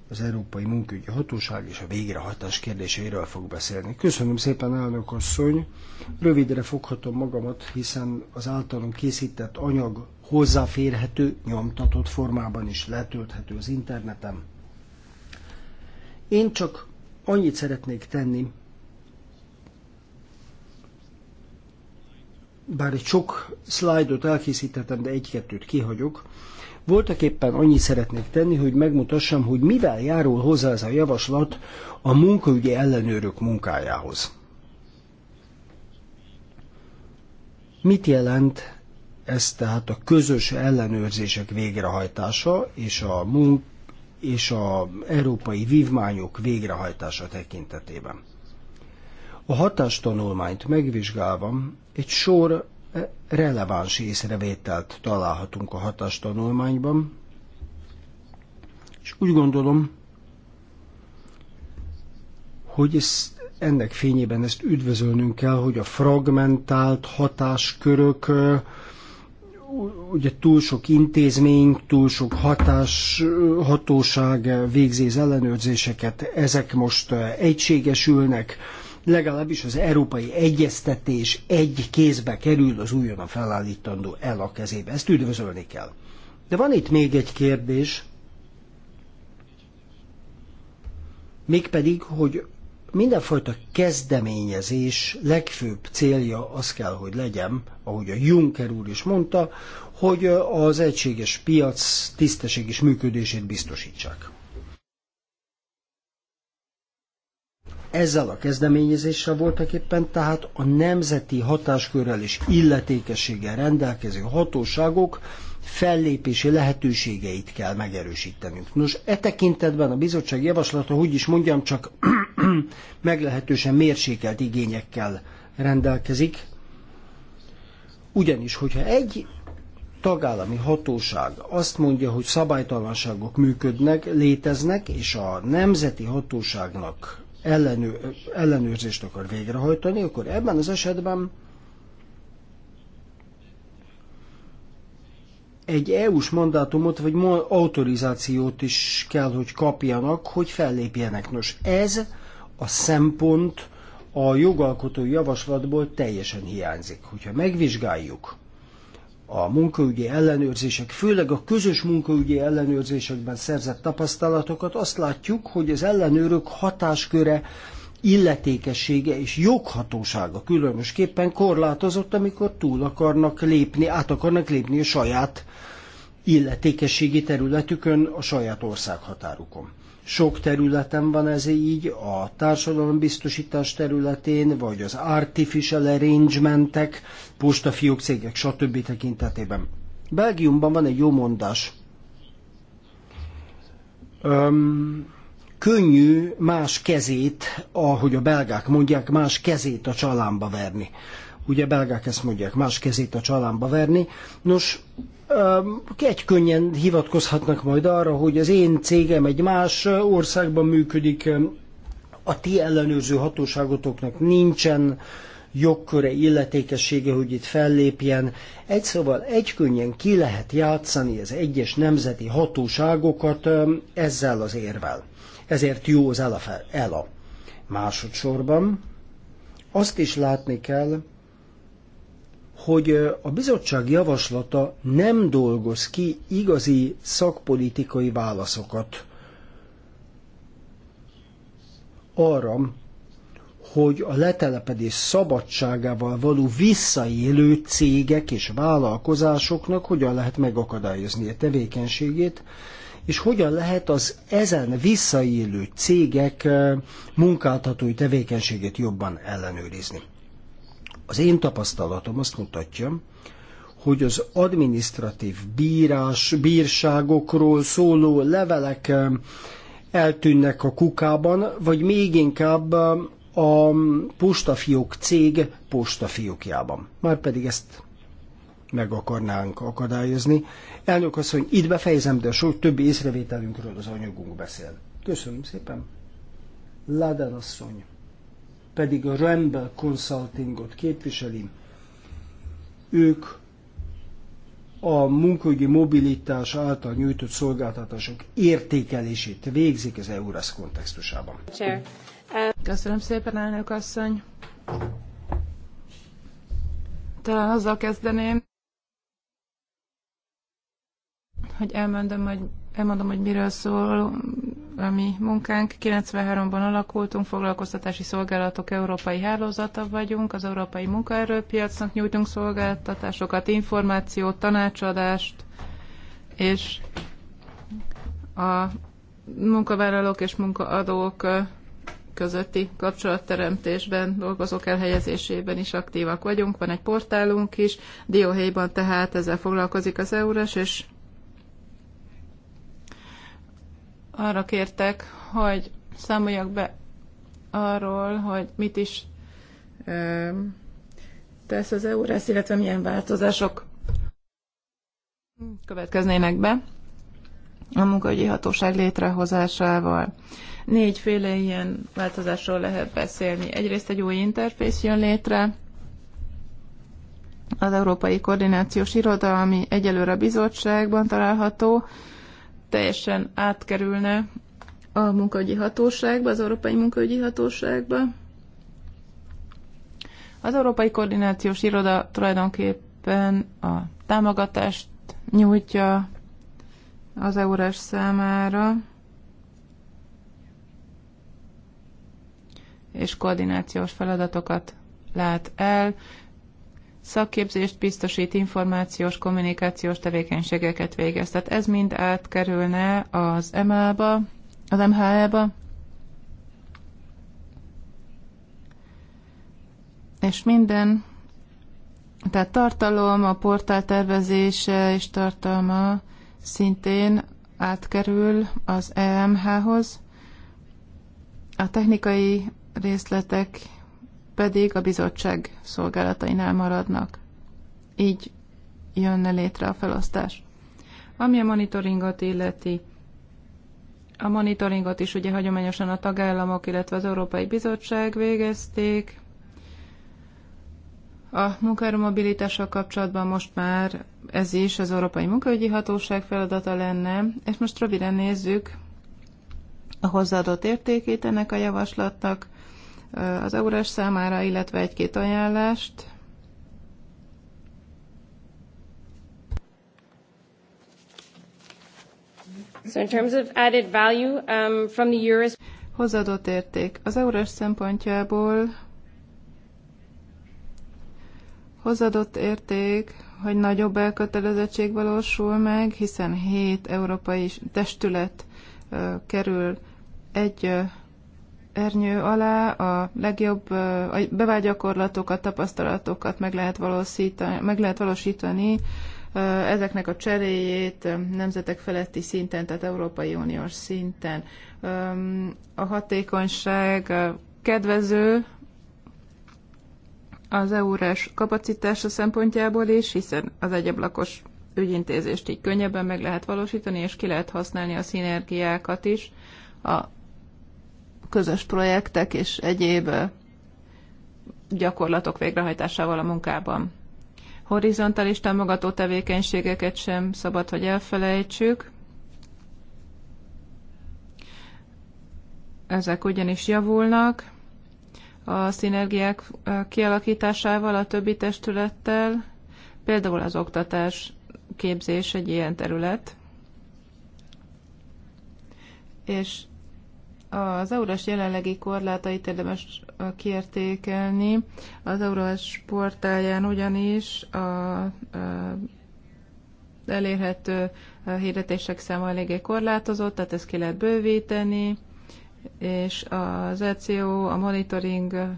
Az Európai Munkügyi Hatóság és a végrehajtás kérdéseiről fog beszélni. Köszönöm szépen, elnök asszony. Rövidre foghatom magamat, hiszen az általam készített anyag hozzáférhető, nyomtatott formában is letölthető az interneten. Én csak annyit szeretnék tenni, bár egy sok szlájdot elkészítettem, de egy-kettőt kihagyok. Voltak éppen annyit szeretnék tenni, hogy megmutassam, hogy mivel járul hozzá ez a javaslat a munkaügyi ellenőrök munkájához. Mit jelent ez tehát a közös ellenőrzések végrehajtása és a munk és a európai vívmányok végrehajtása tekintetében? A hatástanulmányt megvizsgálva egy sor e, releváns észrevételt találhatunk a hatástanulmányban, és úgy gondolom, hogy ezt, ennek fényében ezt üdvözölnünk kell, hogy a fragmentált hatáskörök, e, ugye túl sok intézmény, túl sok hatás, e, hatóság végzi az ellenőrzéseket, ezek most egységesülnek, legalábbis az európai egyeztetés egy kézbe kerül az újonnan felállítandó el a kezébe. Ezt üdvözölni kell. De van itt még egy kérdés, mégpedig, hogy mindenfajta kezdeményezés legfőbb célja az kell, hogy legyen, ahogy a Juncker úr is mondta, hogy az egységes piac tisztességes működését biztosítsák. ezzel a kezdeményezéssel voltak éppen, tehát a nemzeti hatáskörrel és illetékességgel rendelkező hatóságok fellépési lehetőségeit kell megerősítenünk. Nos, e tekintetben a bizottság javaslata, hogy is mondjam, csak meglehetősen mérsékelt igényekkel rendelkezik, ugyanis, hogyha egy tagállami hatóság azt mondja, hogy szabálytalanságok működnek, léteznek, és a nemzeti hatóságnak ellenő, ellenőrzést akar végrehajtani, akkor ebben az esetben egy EU-s mandátumot vagy autorizációt is kell, hogy kapjanak, hogy fellépjenek. Nos, ez a szempont a jogalkotó javaslatból teljesen hiányzik. Hogyha megvizsgáljuk a munkaügyi ellenőrzések, főleg a közös munkaügyi ellenőrzésekben szerzett tapasztalatokat, azt látjuk, hogy az ellenőrök hatásköre, illetékessége és joghatósága különösképpen korlátozott, amikor túl akarnak lépni, át akarnak lépni a saját illetékességi területükön, a saját országhatárukon. Sok területen van ez így, a társadalombiztosítás területén, vagy az artificial arrangementek, postafiók cégek, stb. tekintetében. Belgiumban van egy jó mondás. Öm, könnyű más kezét, ahogy a belgák mondják, más kezét a csalámba verni. Ugye belgák ezt mondják, más kezét a csalámba verni. Nos, egy könnyen hivatkozhatnak majd arra, hogy az én cégem egy más országban működik, a ti ellenőrző hatóságotoknak nincsen jogköre, illetékessége, hogy itt fellépjen. Egy szóval egy könnyen ki lehet játszani az egyes nemzeti hatóságokat ezzel az érvel. Ezért jó az ELA. Másodszorban azt is látni kell, hogy a bizottság javaslata nem dolgoz ki igazi szakpolitikai válaszokat arra, hogy a letelepedés szabadságával való visszaélő cégek és vállalkozásoknak hogyan lehet megakadályozni a tevékenységét, és hogyan lehet az ezen visszaélő cégek munkáltatói tevékenységét jobban ellenőrizni. Az én tapasztalatom azt mutatja, hogy az administratív bírás, bírságokról szóló levelek eh, eltűnnek a kukában, vagy még inkább eh, a postafiók cég postafiókjában. pedig ezt meg akarnánk akadályozni. Elnök asszony, itt befejezem, de a sok többi észrevételünkről az anyagunk beszél. Köszönöm szépen. Ládár asszony pedig a Rambel Consultingot képviseli. Ők a munkahogyi mobilitás által nyújtott szolgáltatások értékelését végzik az EURASZ kontextusában. Uh, Köszönöm szépen, elnök asszony. Talán azzal kezdeném, hogy elmondom, hogy elmondom, hogy miről szól, a mi munkánk. 93-ban alakultunk, foglalkoztatási szolgálatok európai hálózata vagyunk, az európai munkaerőpiacnak nyújtunk szolgáltatásokat, információt, tanácsadást, és a munkavállalók és munkaadók közötti kapcsolatteremtésben, dolgozók elhelyezésében is aktívak vagyunk. Van egy portálunk is, Dióhéjban tehát ezzel foglalkozik az EURES, és arra kértek, hogy számoljak be arról, hogy mit is ö, tesz az EURES, illetve milyen változások következnének be a munkahogyi hatóság létrehozásával. Négyféle ilyen változásról lehet beszélni. Egyrészt egy új interfész jön létre, az Európai Koordinációs Iroda, ami egyelőre a bizottságban található, teljesen átkerülne a munkaügyi hatóságba, az Európai Munkaügyi Hatóságba. Az Európai Koordinációs Iroda tulajdonképpen a támogatást nyújtja az eurás számára, és koordinációs feladatokat lát el, szakképzést biztosít, információs, kommunikációs tevékenységeket végez. Tehát ez mind átkerülne az ma ba az MHE-ba, és minden, tehát tartalom, a portál tervezése és tartalma szintén átkerül az EMH-hoz. A technikai részletek pedig a bizottság szolgálatainál maradnak. Így jönne létre a felosztás. Ami a monitoringot illeti, a monitoringot is ugye hagyományosan a tagállamok, illetve az Európai Bizottság végezték. A munkaerőmobilitással kapcsolatban most már ez is az Európai Munkaügyi Hatóság feladata lenne, és most röviden nézzük a hozzáadott értékét ennek a javaslatnak az eurás számára, illetve egy-két ajánlást. So in terms of added value um, from the euros... Hozzáadott érték. Az eurós szempontjából hozzáadott érték, hogy nagyobb elkötelezettség valósul meg, hiszen 7 európai testület kerül egy ernyő alá a legjobb a bevált gyakorlatokat, tapasztalatokat meg lehet, meg lehet valósítani, ezeknek a cseréjét nemzetek feletti szinten, tehát Európai Uniós szinten. A hatékonyság kedvező az eurás kapacitása szempontjából is, hiszen az egyablakos ügyintézést így könnyebben meg lehet valósítani, és ki lehet használni a szinergiákat is a közös projektek és egyéb gyakorlatok végrehajtásával a munkában. Horizontális támogató tevékenységeket sem szabad, hogy elfelejtsük. Ezek ugyanis javulnak a szinergiák kialakításával, a többi testülettel, például az oktatás képzés egy ilyen terület, és az eurós jelenlegi korlátait érdemes kiértékelni. Az eurós portáján ugyanis a, a elérhető hirdetések száma eléggé korlátozott, tehát ezt ki lehet bővíteni, és az ECO, a monitoring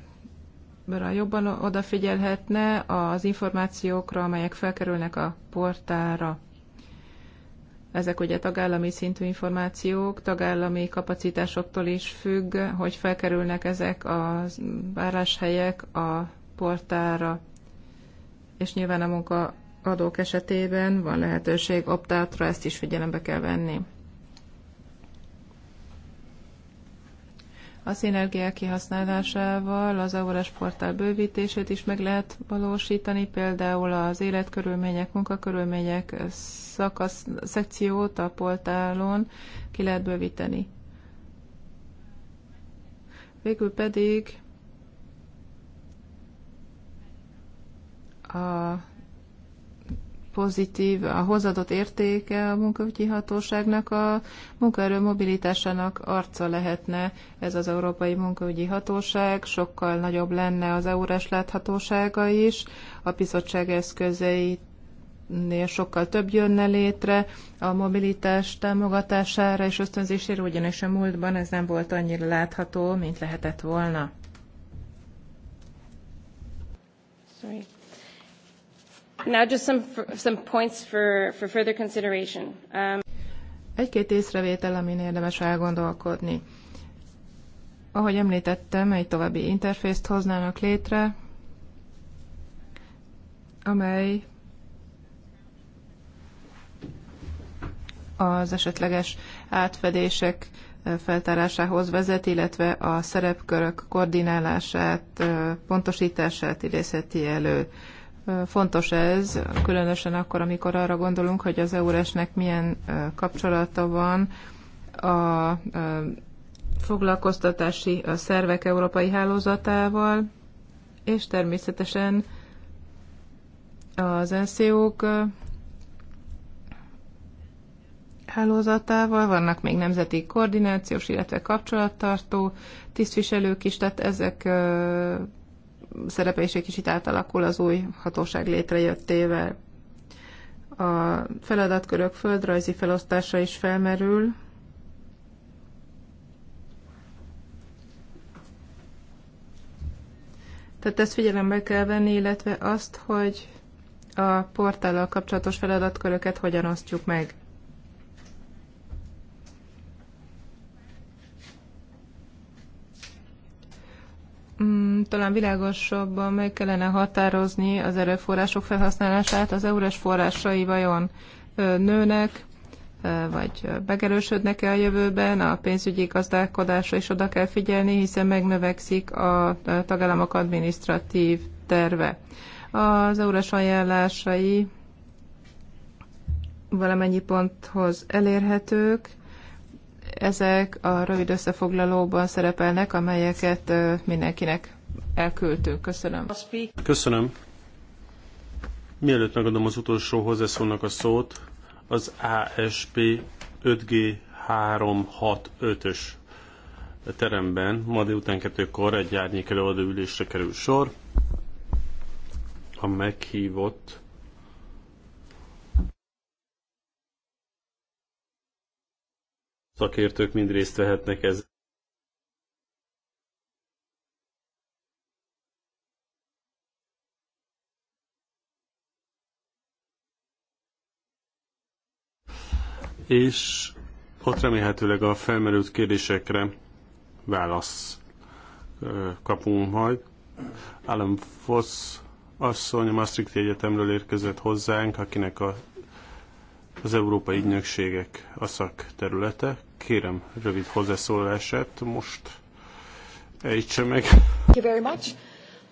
jobban odafigyelhetne az információkra, amelyek felkerülnek a portára. Ezek ugye tagállami szintű információk, tagállami kapacitásoktól is függ, hogy felkerülnek ezek a válláshelyek a portára. És nyilván a munkaadók esetében van lehetőség optátra, ezt is figyelembe kell venni. a szinergiák kihasználásával az Aura sporttal bővítését is meg lehet valósítani, például az életkörülmények, munkakörülmények szakasz, szekciót a portálon ki lehet bővíteni. Végül pedig a pozitív a hozadott értéke a munkaügyi hatóságnak, a munkaerő mobilitásának arca lehetne ez az Európai Munkaügyi Hatóság, sokkal nagyobb lenne az eurás láthatósága is, a bizottság eszközeit sokkal több jönne létre a mobilitás támogatására és ösztönzésére, ugyanis a múltban ez nem volt annyira látható, mint lehetett volna. Sorry. Now just some, some points for, for further consideration. Um... Egy-két észrevétel, amin érdemes elgondolkodni. Ahogy említettem, egy további interfészt hoznának létre, amely az esetleges átfedések feltárásához vezet, illetve a szerepkörök koordinálását, pontosítását idézheti elő. Fontos ez, különösen akkor, amikor arra gondolunk, hogy az EURES-nek milyen kapcsolata van a foglalkoztatási szervek európai hálózatával, és természetesen az NCO-k hálózatával, vannak még nemzeti koordinációs, illetve kapcsolattartó tisztviselők is, tehát ezek szerepe is egy kicsit átalakul az új hatóság létrejöttével. A feladatkörök földrajzi felosztása is felmerül, Tehát ezt figyelembe kell venni, illetve azt, hogy a portállal kapcsolatos feladatköröket hogyan osztjuk meg. Mm, talán világosabban meg kellene határozni az erőforrások felhasználását, az eurós forrásai vajon nőnek, vagy megerősödnek-e a jövőben, a pénzügyi gazdálkodásra is oda kell figyelni, hiszen megnövekszik a tagállamok adminisztratív terve. Az eurós ajánlásai valamennyi ponthoz elérhetők, ezek a rövid összefoglalóban szerepelnek, amelyeket mindenkinek elküldtünk. Köszönöm. Köszönöm. Mielőtt megadom az utolsó hozzászólnak a szót, az ASP 5G 365-ös teremben ma délután kettőkor egy árnyék előadó ülésre kerül sor. A meghívott szakértők mind részt vehetnek ez. És ott remélhetőleg a felmerült kérdésekre válasz kapunk majd. Alan Foss asszony a Maastrichti Egyetemről érkezett hozzánk, akinek a az európai ügynökségek aszak területe, Kérem rövid hozzászólását most ejtse meg. Thank you very much.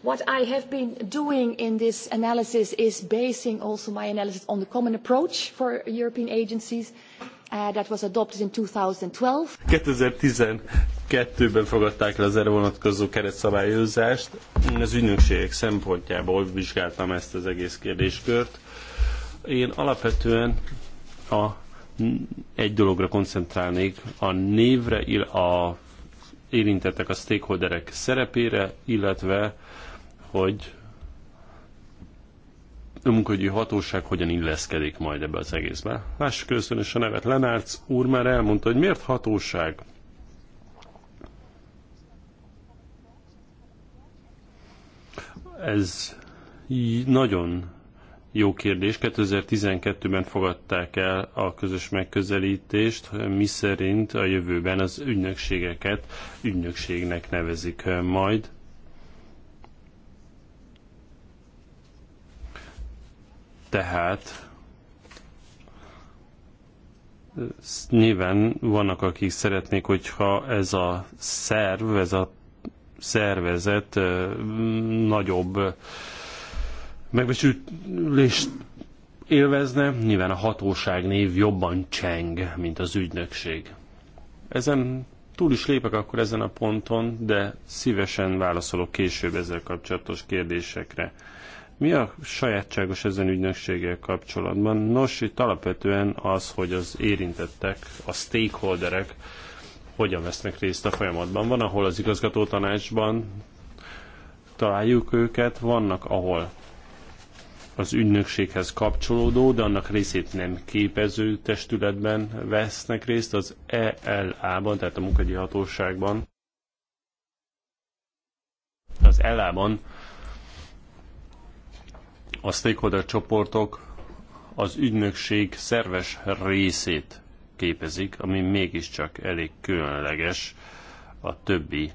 What I have been doing in this analysis is basing also my analysis on the common approach for European agencies uh, that was adopted in 2012. 2012-ben fogadták el az erre vonatkozó keretszabályozást. Az ügynökségek szempontjából vizsgáltam ezt az egész kérdéskört. Én alapvetően a, egy dologra koncentrálnék, a névre, a érintettek a stakeholderek szerepére, illetve hogy a munkahogyi hatóság hogyan illeszkedik majd ebbe az egészbe. Lássuk köszönös a nevet. Lenárc úr már elmondta, hogy miért hatóság? Ez nagyon jó kérdés. 2012-ben fogadták el a közös megközelítést, mi szerint a jövőben az ügynökségeket ügynökségnek nevezik majd. Tehát nyilván vannak, akik szeretnék, hogyha ez a szerv, ez a szervezet nagyobb megbecsülést élvezne, nyilván a hatóság név jobban cseng, mint az ügynökség. Ezen túl is lépek akkor ezen a ponton, de szívesen válaszolok később ezzel kapcsolatos kérdésekre. Mi a sajátságos ezen ügynökséggel kapcsolatban? Nos, itt alapvetően az, hogy az érintettek, a stakeholderek hogyan vesznek részt a folyamatban. Van, ahol az igazgató tanácsban találjuk őket, vannak, ahol az ügynökséghez kapcsolódó, de annak részét nem képező testületben vesznek részt, az ELA-ban, tehát a munkahelyi hatóságban. Az ELA-ban a stakeholder csoportok az ügynökség szerves részét képezik, ami mégiscsak elég különleges a többi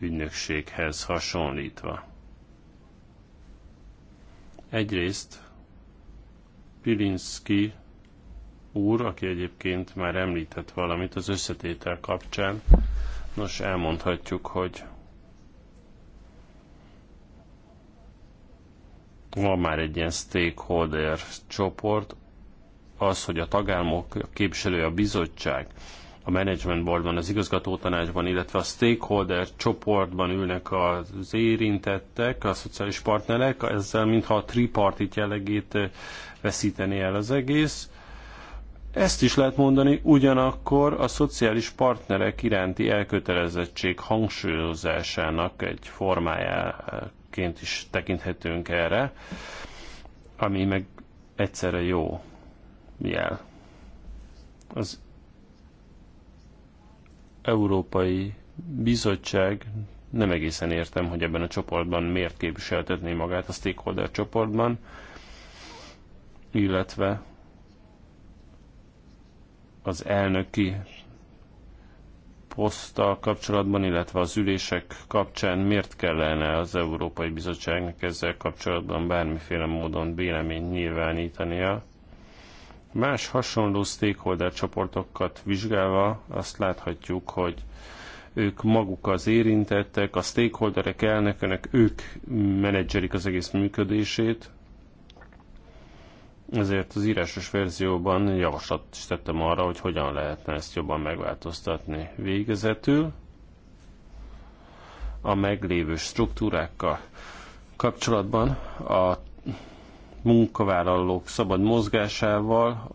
ügynökséghez hasonlítva. Egyrészt Pilinszki úr, aki egyébként már említett valamit az összetétel kapcsán, nos elmondhatjuk, hogy van már egy ilyen stakeholder csoport, az, hogy a tagállamok képviselője a bizottság a Management Boardban, az igazgató tanácsban, illetve a stakeholder csoportban ülnek az érintettek, a szociális partnerek, ezzel mintha a tripartit jellegét eh, veszíteni el az egész. Ezt is lehet mondani, ugyanakkor a szociális partnerek iránti elkötelezettség hangsúlyozásának egy formájáként is tekinthetünk erre, ami meg egyszerre jó jel. Az Európai Bizottság nem egészen értem, hogy ebben a csoportban miért képviseltetné magát a stakeholder csoportban, illetve az elnöki poszttal kapcsolatban, illetve az ülések kapcsán miért kellene az Európai Bizottságnak ezzel kapcsolatban bármiféle módon véleményt nyilvánítania? Más hasonló stakeholder csoportokat vizsgálva azt láthatjuk, hogy ők maguk az érintettek, a stakeholderek elnökönek, ők menedzserik az egész működését, ezért az írásos verzióban javaslat is tettem arra, hogy hogyan lehetne ezt jobban megváltoztatni végezetül. A meglévő struktúrákkal kapcsolatban a munkavállalók szabad mozgásával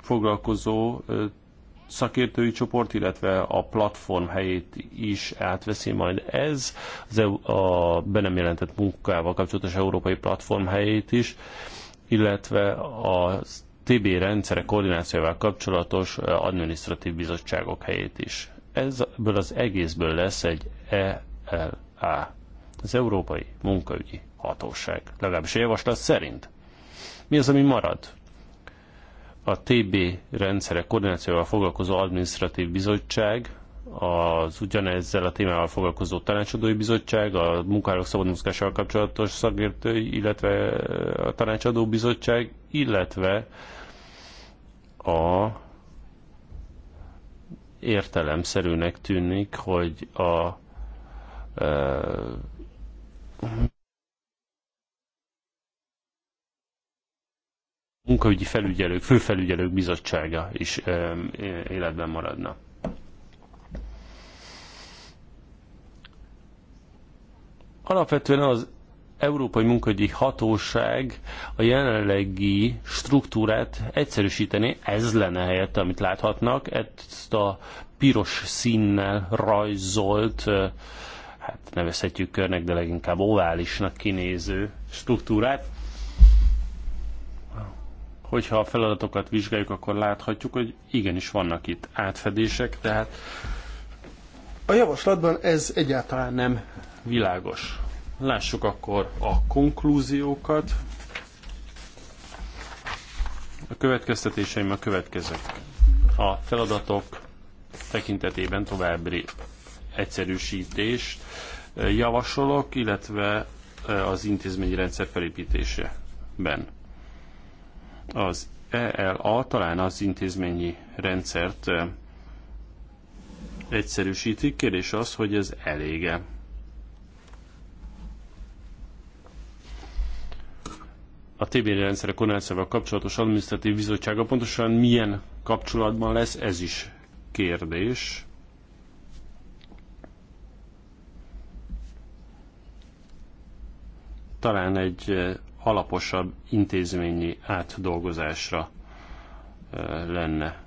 foglalkozó szakértői csoport, illetve a platform helyét is átveszi majd ez, az a be nem jelentett munkával kapcsolatos európai platform helyét is, illetve a TB rendszerek koordinációval kapcsolatos adminisztratív bizottságok helyét is. Ebből az egészből lesz egy ELA, az Európai Munkaügyi hatóság, legalábbis a javaslat szerint. Mi az, ami marad? A TB rendszerek koordinációval foglalkozó adminisztratív bizottság, az ugyanezzel a témával foglalkozó tanácsadói bizottság, a munkárok szabad kapcsolatos szakértői, illetve a tanácsadó bizottság, illetve a értelemszerűnek tűnik, hogy a a e, munkaügyi felügyelők, főfelügyelők bizottsága is életben maradna. Alapvetően az Európai munkaügyi Hatóság a jelenlegi struktúrát egyszerűsíteni, ez lenne helyette, amit láthatnak, ezt a piros színnel rajzolt, hát nevezhetjük körnek, de leginkább oválisnak kinéző struktúrát hogyha a feladatokat vizsgáljuk, akkor láthatjuk, hogy igenis vannak itt átfedések, tehát a javaslatban ez egyáltalán nem világos. Lássuk akkor a konklúziókat. A következtetéseim a következők. A feladatok tekintetében további egyszerűsítést eh, javasolok, illetve eh, az intézményi rendszer felépítésében. Az ELA talán az intézményi rendszert egyszerűsítik. Kérdés az, hogy ez elége. a TB rendszerek koronációval kapcsolatos adminisztratív bizottsága pontosan milyen kapcsolatban lesz, ez is kérdés. Talán egy alaposabb intézményi átdolgozásra lenne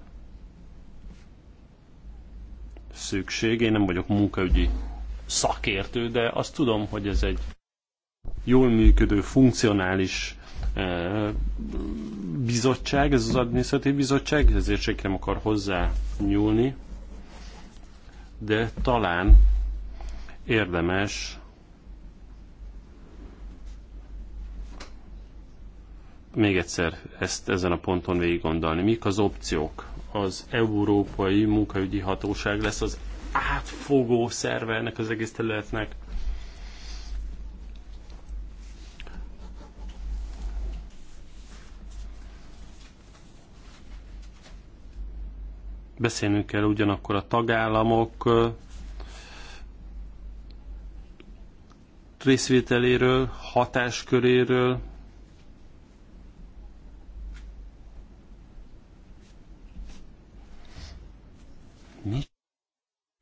szükség. Én nem vagyok munkaügyi szakértő, de azt tudom, hogy ez egy jól működő, funkcionális bizottság, ez az adminisztratív bizottság, ezért csak nem akar hozzá nyúlni, de talán érdemes még egyszer ezt ezen a ponton végig gondolni. Mik az opciók? Az Európai Munkaügyi Hatóság lesz az átfogó szerve ennek az egész területnek. Beszélnünk kell ugyanakkor a tagállamok részvételéről, hatásköréről,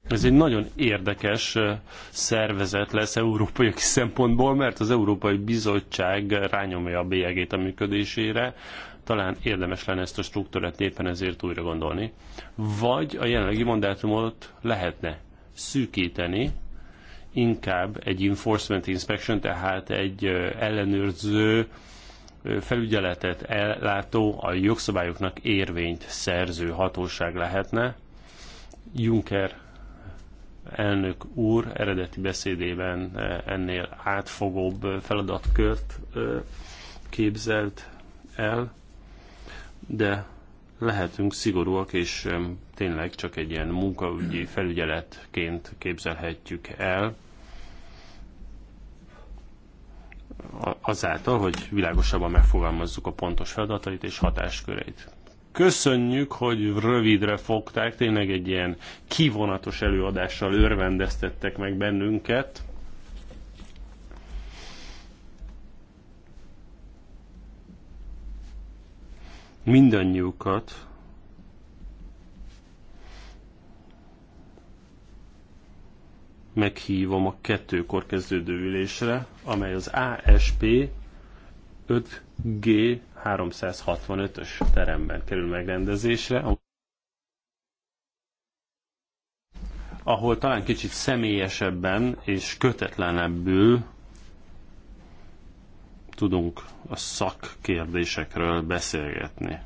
Ez egy nagyon érdekes szervezet lesz európai szempontból, mert az Európai Bizottság rányomja a bélyegét a működésére. Talán érdemes lenne ezt a struktúrát éppen ezért újra gondolni. Vagy a jelenlegi mandátumot lehetne szűkíteni, inkább egy enforcement inspection, tehát egy ellenőrző felügyeletet ellátó, a jogszabályoknak érvényt szerző hatóság lehetne, Juncker elnök úr eredeti beszédében eh, ennél átfogóbb eh, feladatkört eh, képzelt el, de lehetünk szigorúak, és tényleg csak egy ilyen munkaügyi felügyeletként képzelhetjük el, azáltal, hogy világosabban megfogalmazzuk a pontos feladatait és hatásköreit. Köszönjük, hogy rövidre fogták, tényleg egy ilyen kivonatos előadással örvendeztettek meg bennünket. Mindannyiukat. meghívom a kettőkor kezdődő ülésre, amely az ASP 5 G 365-ös teremben kerül megrendezésre, ahol talán kicsit személyesebben és kötetlenebbül tudunk a szakkérdésekről beszélgetni.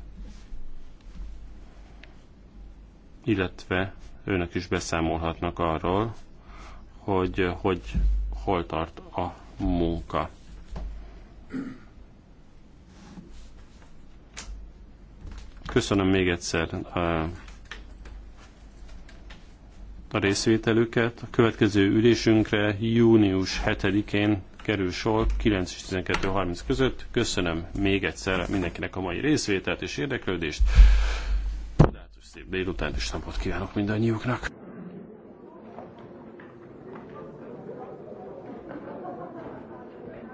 Illetve őnek is beszámolhatnak arról, hogy, hogy hol tart a munka. Köszönöm még egyszer a, a részvételüket. A következő ülésünkre június 7-én kerül sor 9 és 12.30 között. Köszönöm még egyszer mindenkinek a mai részvételt és érdeklődést. Csodálatos szép és napot kívánok mindannyiuknak!